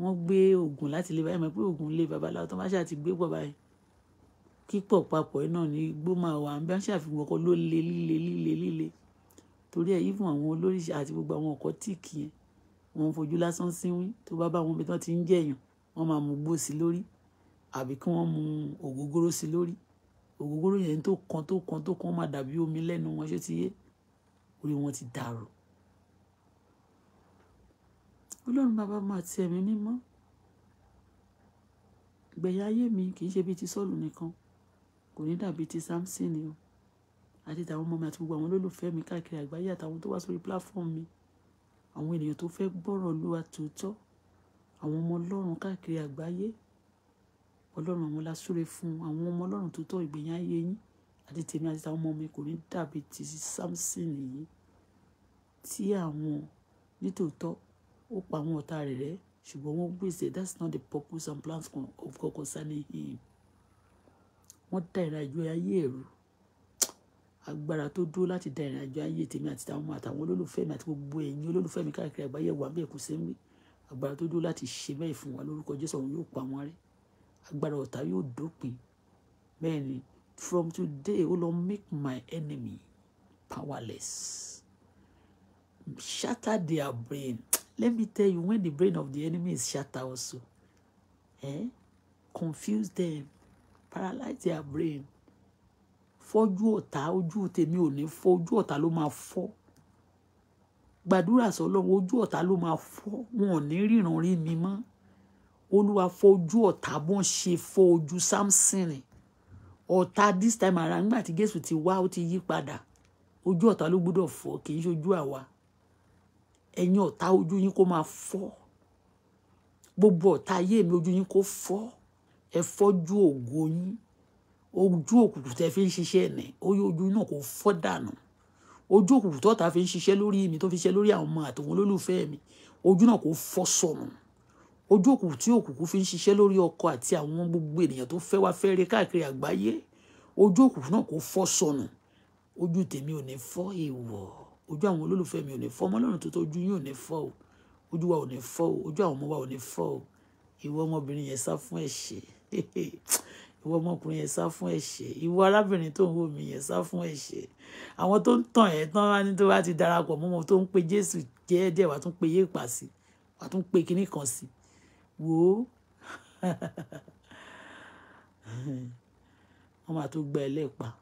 Speaker 1: wọ́n gbé oògùn láti ilé báyìí mọ̀ pé oògùn ilé babaláwo tó má ṣe àti gbé pọ̀ báyìí kípọ̀ papọ̀ ẹ̀ náà ní igbó máa wà bí wọ́n ṣàfihàn ọkọ ló le líle líle líle torí ẹ̀ yífún àwọn olórí àti gbogbo àwọn ọkọ tíìkì yẹn wọ́n ń fojú lásán síwín tó bá bá wọn bí wọ́n ti ń jẹ̀yàn wọ́n máa mú gbó sí lórí àbí kí wọ́n mu ògógóró sí lórí ògógóró yẹn tó kan tó kan tó kan máa dàbí omi lẹ́nu wọn ṣé ti yé orí wọn ti dàrú ọlọ́run bàbá máa ti ẹ̀mí mímọ́ gbẹ̀yà ayé mi kì í ṣe bíi ti sọ́ọ̀lù nìkan kò ní dàbí ti samson o àti tàwọn ọmọ mi àti gbogbo àwọn olólùfẹ́ mi káàkiri àgbáyé àtàwọn tó wá sórí platform mi àwọn ènìyàn tó fẹ́ gbọ́rọ̀ Olúwa tòótọ́ àwọn ọmọ ọlọ́run káàkiri àgbáyé ọlọ́run àwọn lásúre fún àwọn ọmọ ọlọ́run tó tọ́ ìgbẹ̀yìn ayé yín àti tèmi àti àwọn ọmọ mi kò ní dàbí ti Samson yìí tí àwọn nítòótọ́ ó pa àwọn ọ̀tá rẹ̀ rẹ́ ṣùgbọ́n wọ́n gbèsè that's not the purpose and plans of God concerning him wọ́n da ìrìnàjò ayé ẹ̀rù agbára tó dúró láti da ìrìnàjò ayé tèmi àti àwọn ọmọ àtàwọn olólùfẹ́ mi àti gbogbo ẹ̀yin olólùfẹ́ mi káàkiri àgbáyé wà bí ẹ̀kú sẹ́mi agbára tó dúró láti ṣe bẹ́ẹ̀ fún wa lórúkọ Jésù òun yóò pa wọn rẹ́ agbára ọ̀tá yóò dópin bẹ́ẹ̀ ni from today ó lọ make my enemy powerless shatter their brain let me tell you when the brain of the enemy is shattered also eh? confuse them paralyze their brain fọ́jú ọ̀tá ojú tèmi ò ní fọ́ ojú ọ̀tá ló máa fọ́ gbàdúrà sọ́lọ́run ojú ọ̀tá ló máa fọ́ wọn ò ní ríran rí mi mọ́ olúwa fojú ọ̀tá bó ń ṣe fọ ojú samson rìn ọ̀tá this time around nígbà tí jésù ti wá ó ti yí padà ojú ọ̀tá ló gbọ́dọ̀ fọ́ kì í ṣe ojú àwa ẹ̀yin ọ̀tá ojú yín kó máa fọ́ gbogbo ọ̀tá ayé mi ojú yín kó fọ́ ẹ fọ́jú ògo yín ojú òkùnkùn tẹ fi ń ṣiṣẹ́ ẹ̀nẹ̀ oyún ojú náà kò fọ́ dànù ojú òkùnkùn tọ́ta fi ń ṣiṣẹ́ lórí mi tó fi ṣiṣẹ́ lórí àwọn ọmọ àtòwọn olólùfẹ́ mi ojú náà kò fọ́ sọnù. So ojú òkùnkùn tí òkùnkùn fi ń ṣiṣẹ́ lórí ọkọ àti àwọn gbogbo ènìyàn tó fẹ́ wá fẹ́ rẹ káàkiri àgbáyé ojú òkùnkùn náà kò fọ́ sọnù ojú tèmi ò ní fọ́ èèwọ̀ ojú àwọn olólùfẹ́ mi ò ní fọ́ ọmọ Ọlọ́run tó tó ojú yín ò ní fọ́ o ojú wa ò ní fọ́ o ojú àwọn ọmọ wa ò ní fọ́ o ìwọ ọmọbìnrin yẹn sá fún ẹ̀ṣẹ̀ <laughs> ìwọ ọmọkùnrin yẹn sá fún ẹ̀ṣẹ̀ ìwọ arábìnrin tó ń wò mí yẹn sá fún ẹ̀ṣẹ̀ àwọn tó ń tàn ẹ́ tán wá ní tó bá ti darapọ̀ mọ́ wọn tó ń pe Jésù jẹ́ẹ́dẹ́ wàá tún pe yéèpà sí wàá tún pe kinní kan sí i wò ó <laughs> wọ́n máa tó gba ẹlẹ́pa.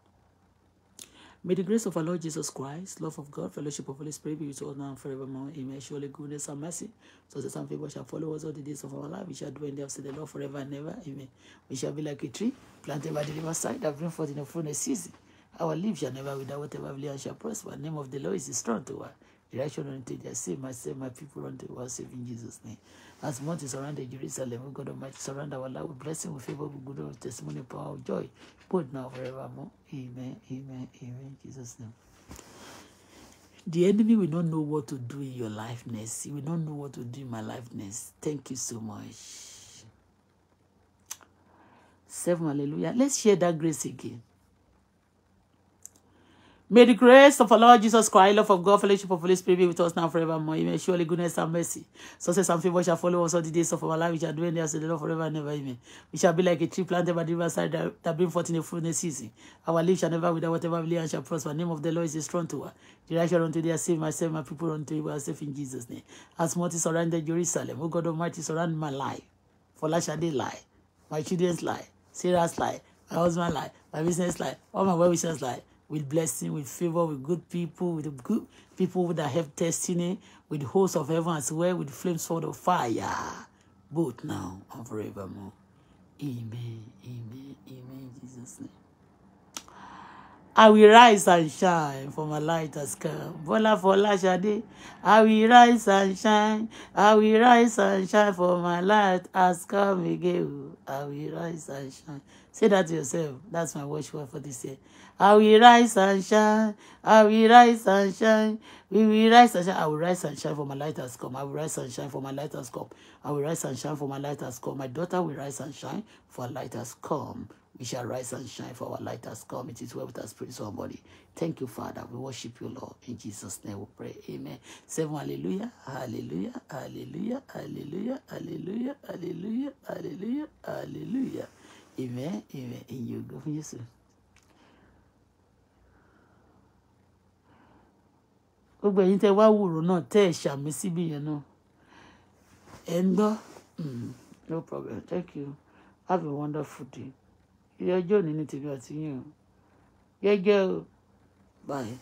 Speaker 1: May the grace of our Lord Jesus Christ, love of God, fellowship of Holy Spirit be with us now and forevermore. Amen. Surely goodness and mercy, so success and people shall follow us all the days of our life. We shall dwell in the house of the Lord forever and ever. Amen. We shall be like a tree planted by the riverside that brings forth in the fullness season. Our leaves shall never wither, whatever we shall prosper. The name of the Lord is strong to us. The righteous unto their save, myself, my people unto us, saving Jesus' name as much as surrounded Jerusalem, we God Almighty, surround our life with blessing, with favor, with good of testimony, power of joy, both now forevermore. Amen, amen, amen. In Jesus' name. The enemy will not know what to do in your life next. He will not know what to do in my life next. Thank you so much. Seven hallelujah. Let's share that grace again. May the grace of our Lord Jesus Christ, love of God, fellowship of Holy Spirit be with us now forevermore. Amen. Surely goodness and mercy, success and favor shall follow us all the days of our life, which are doing us the Lord forever and ever. Amen. We shall be like a tree planted by the riverside that, that bring forth in the fullness season. Our leaves shall never wither, whatever we lay and shall prosper. The name of the Lord is a strong tower. The righteous unto thee, I save myself, my people unto you, I save in Jesus' name. As multi surrounded Jerusalem, O God Almighty, surround my life. For life shall they lie. My children's lie. Sarah's lie. My husband's lie. My business lie. All my well wishes lie with blessing, with favor, with good people, with good people that have destiny, with hosts of heaven as well, with flames sword of fire, both now and forevermore. Amen, amen, amen, Jesus' name. I will rise and shine, for my light has come. Bola Fola Shade. I will rise and shine. I will rise and shine, for my light has come again. I will rise and shine. Say that to yourself. That's my watchword for this year. I will rise and shine. I will rise and shine. We will rise and shine. I will rise and shine for my light has come. I will rise and shine for my light has come. I will rise and shine for my light has come. My daughter will rise and shine for our light has come. We shall rise and shine for our light has come. It is well with our spiritual body. Thank you, Father. We worship you, Lord. In Jesus' name we pray. Amen. Seven hallelujah. Hallelujah. Hallelujah. Hallelujah. Hallelujah. Hallelujah. Hallelujah. Hallelujah. Amen. Amen. In your goodness. gbogbo ẹ̀yin tẹ́ wá wòrò náà tẹ́ ẹ̀ ṣàmì síbi yẹn náà ẹ̀ ń gbọ́ mm-hmm. no problem thank you have a wonderful day ilé ọjọ́ òní ni tèmi àti yín o gẹ́gẹ́ o bye.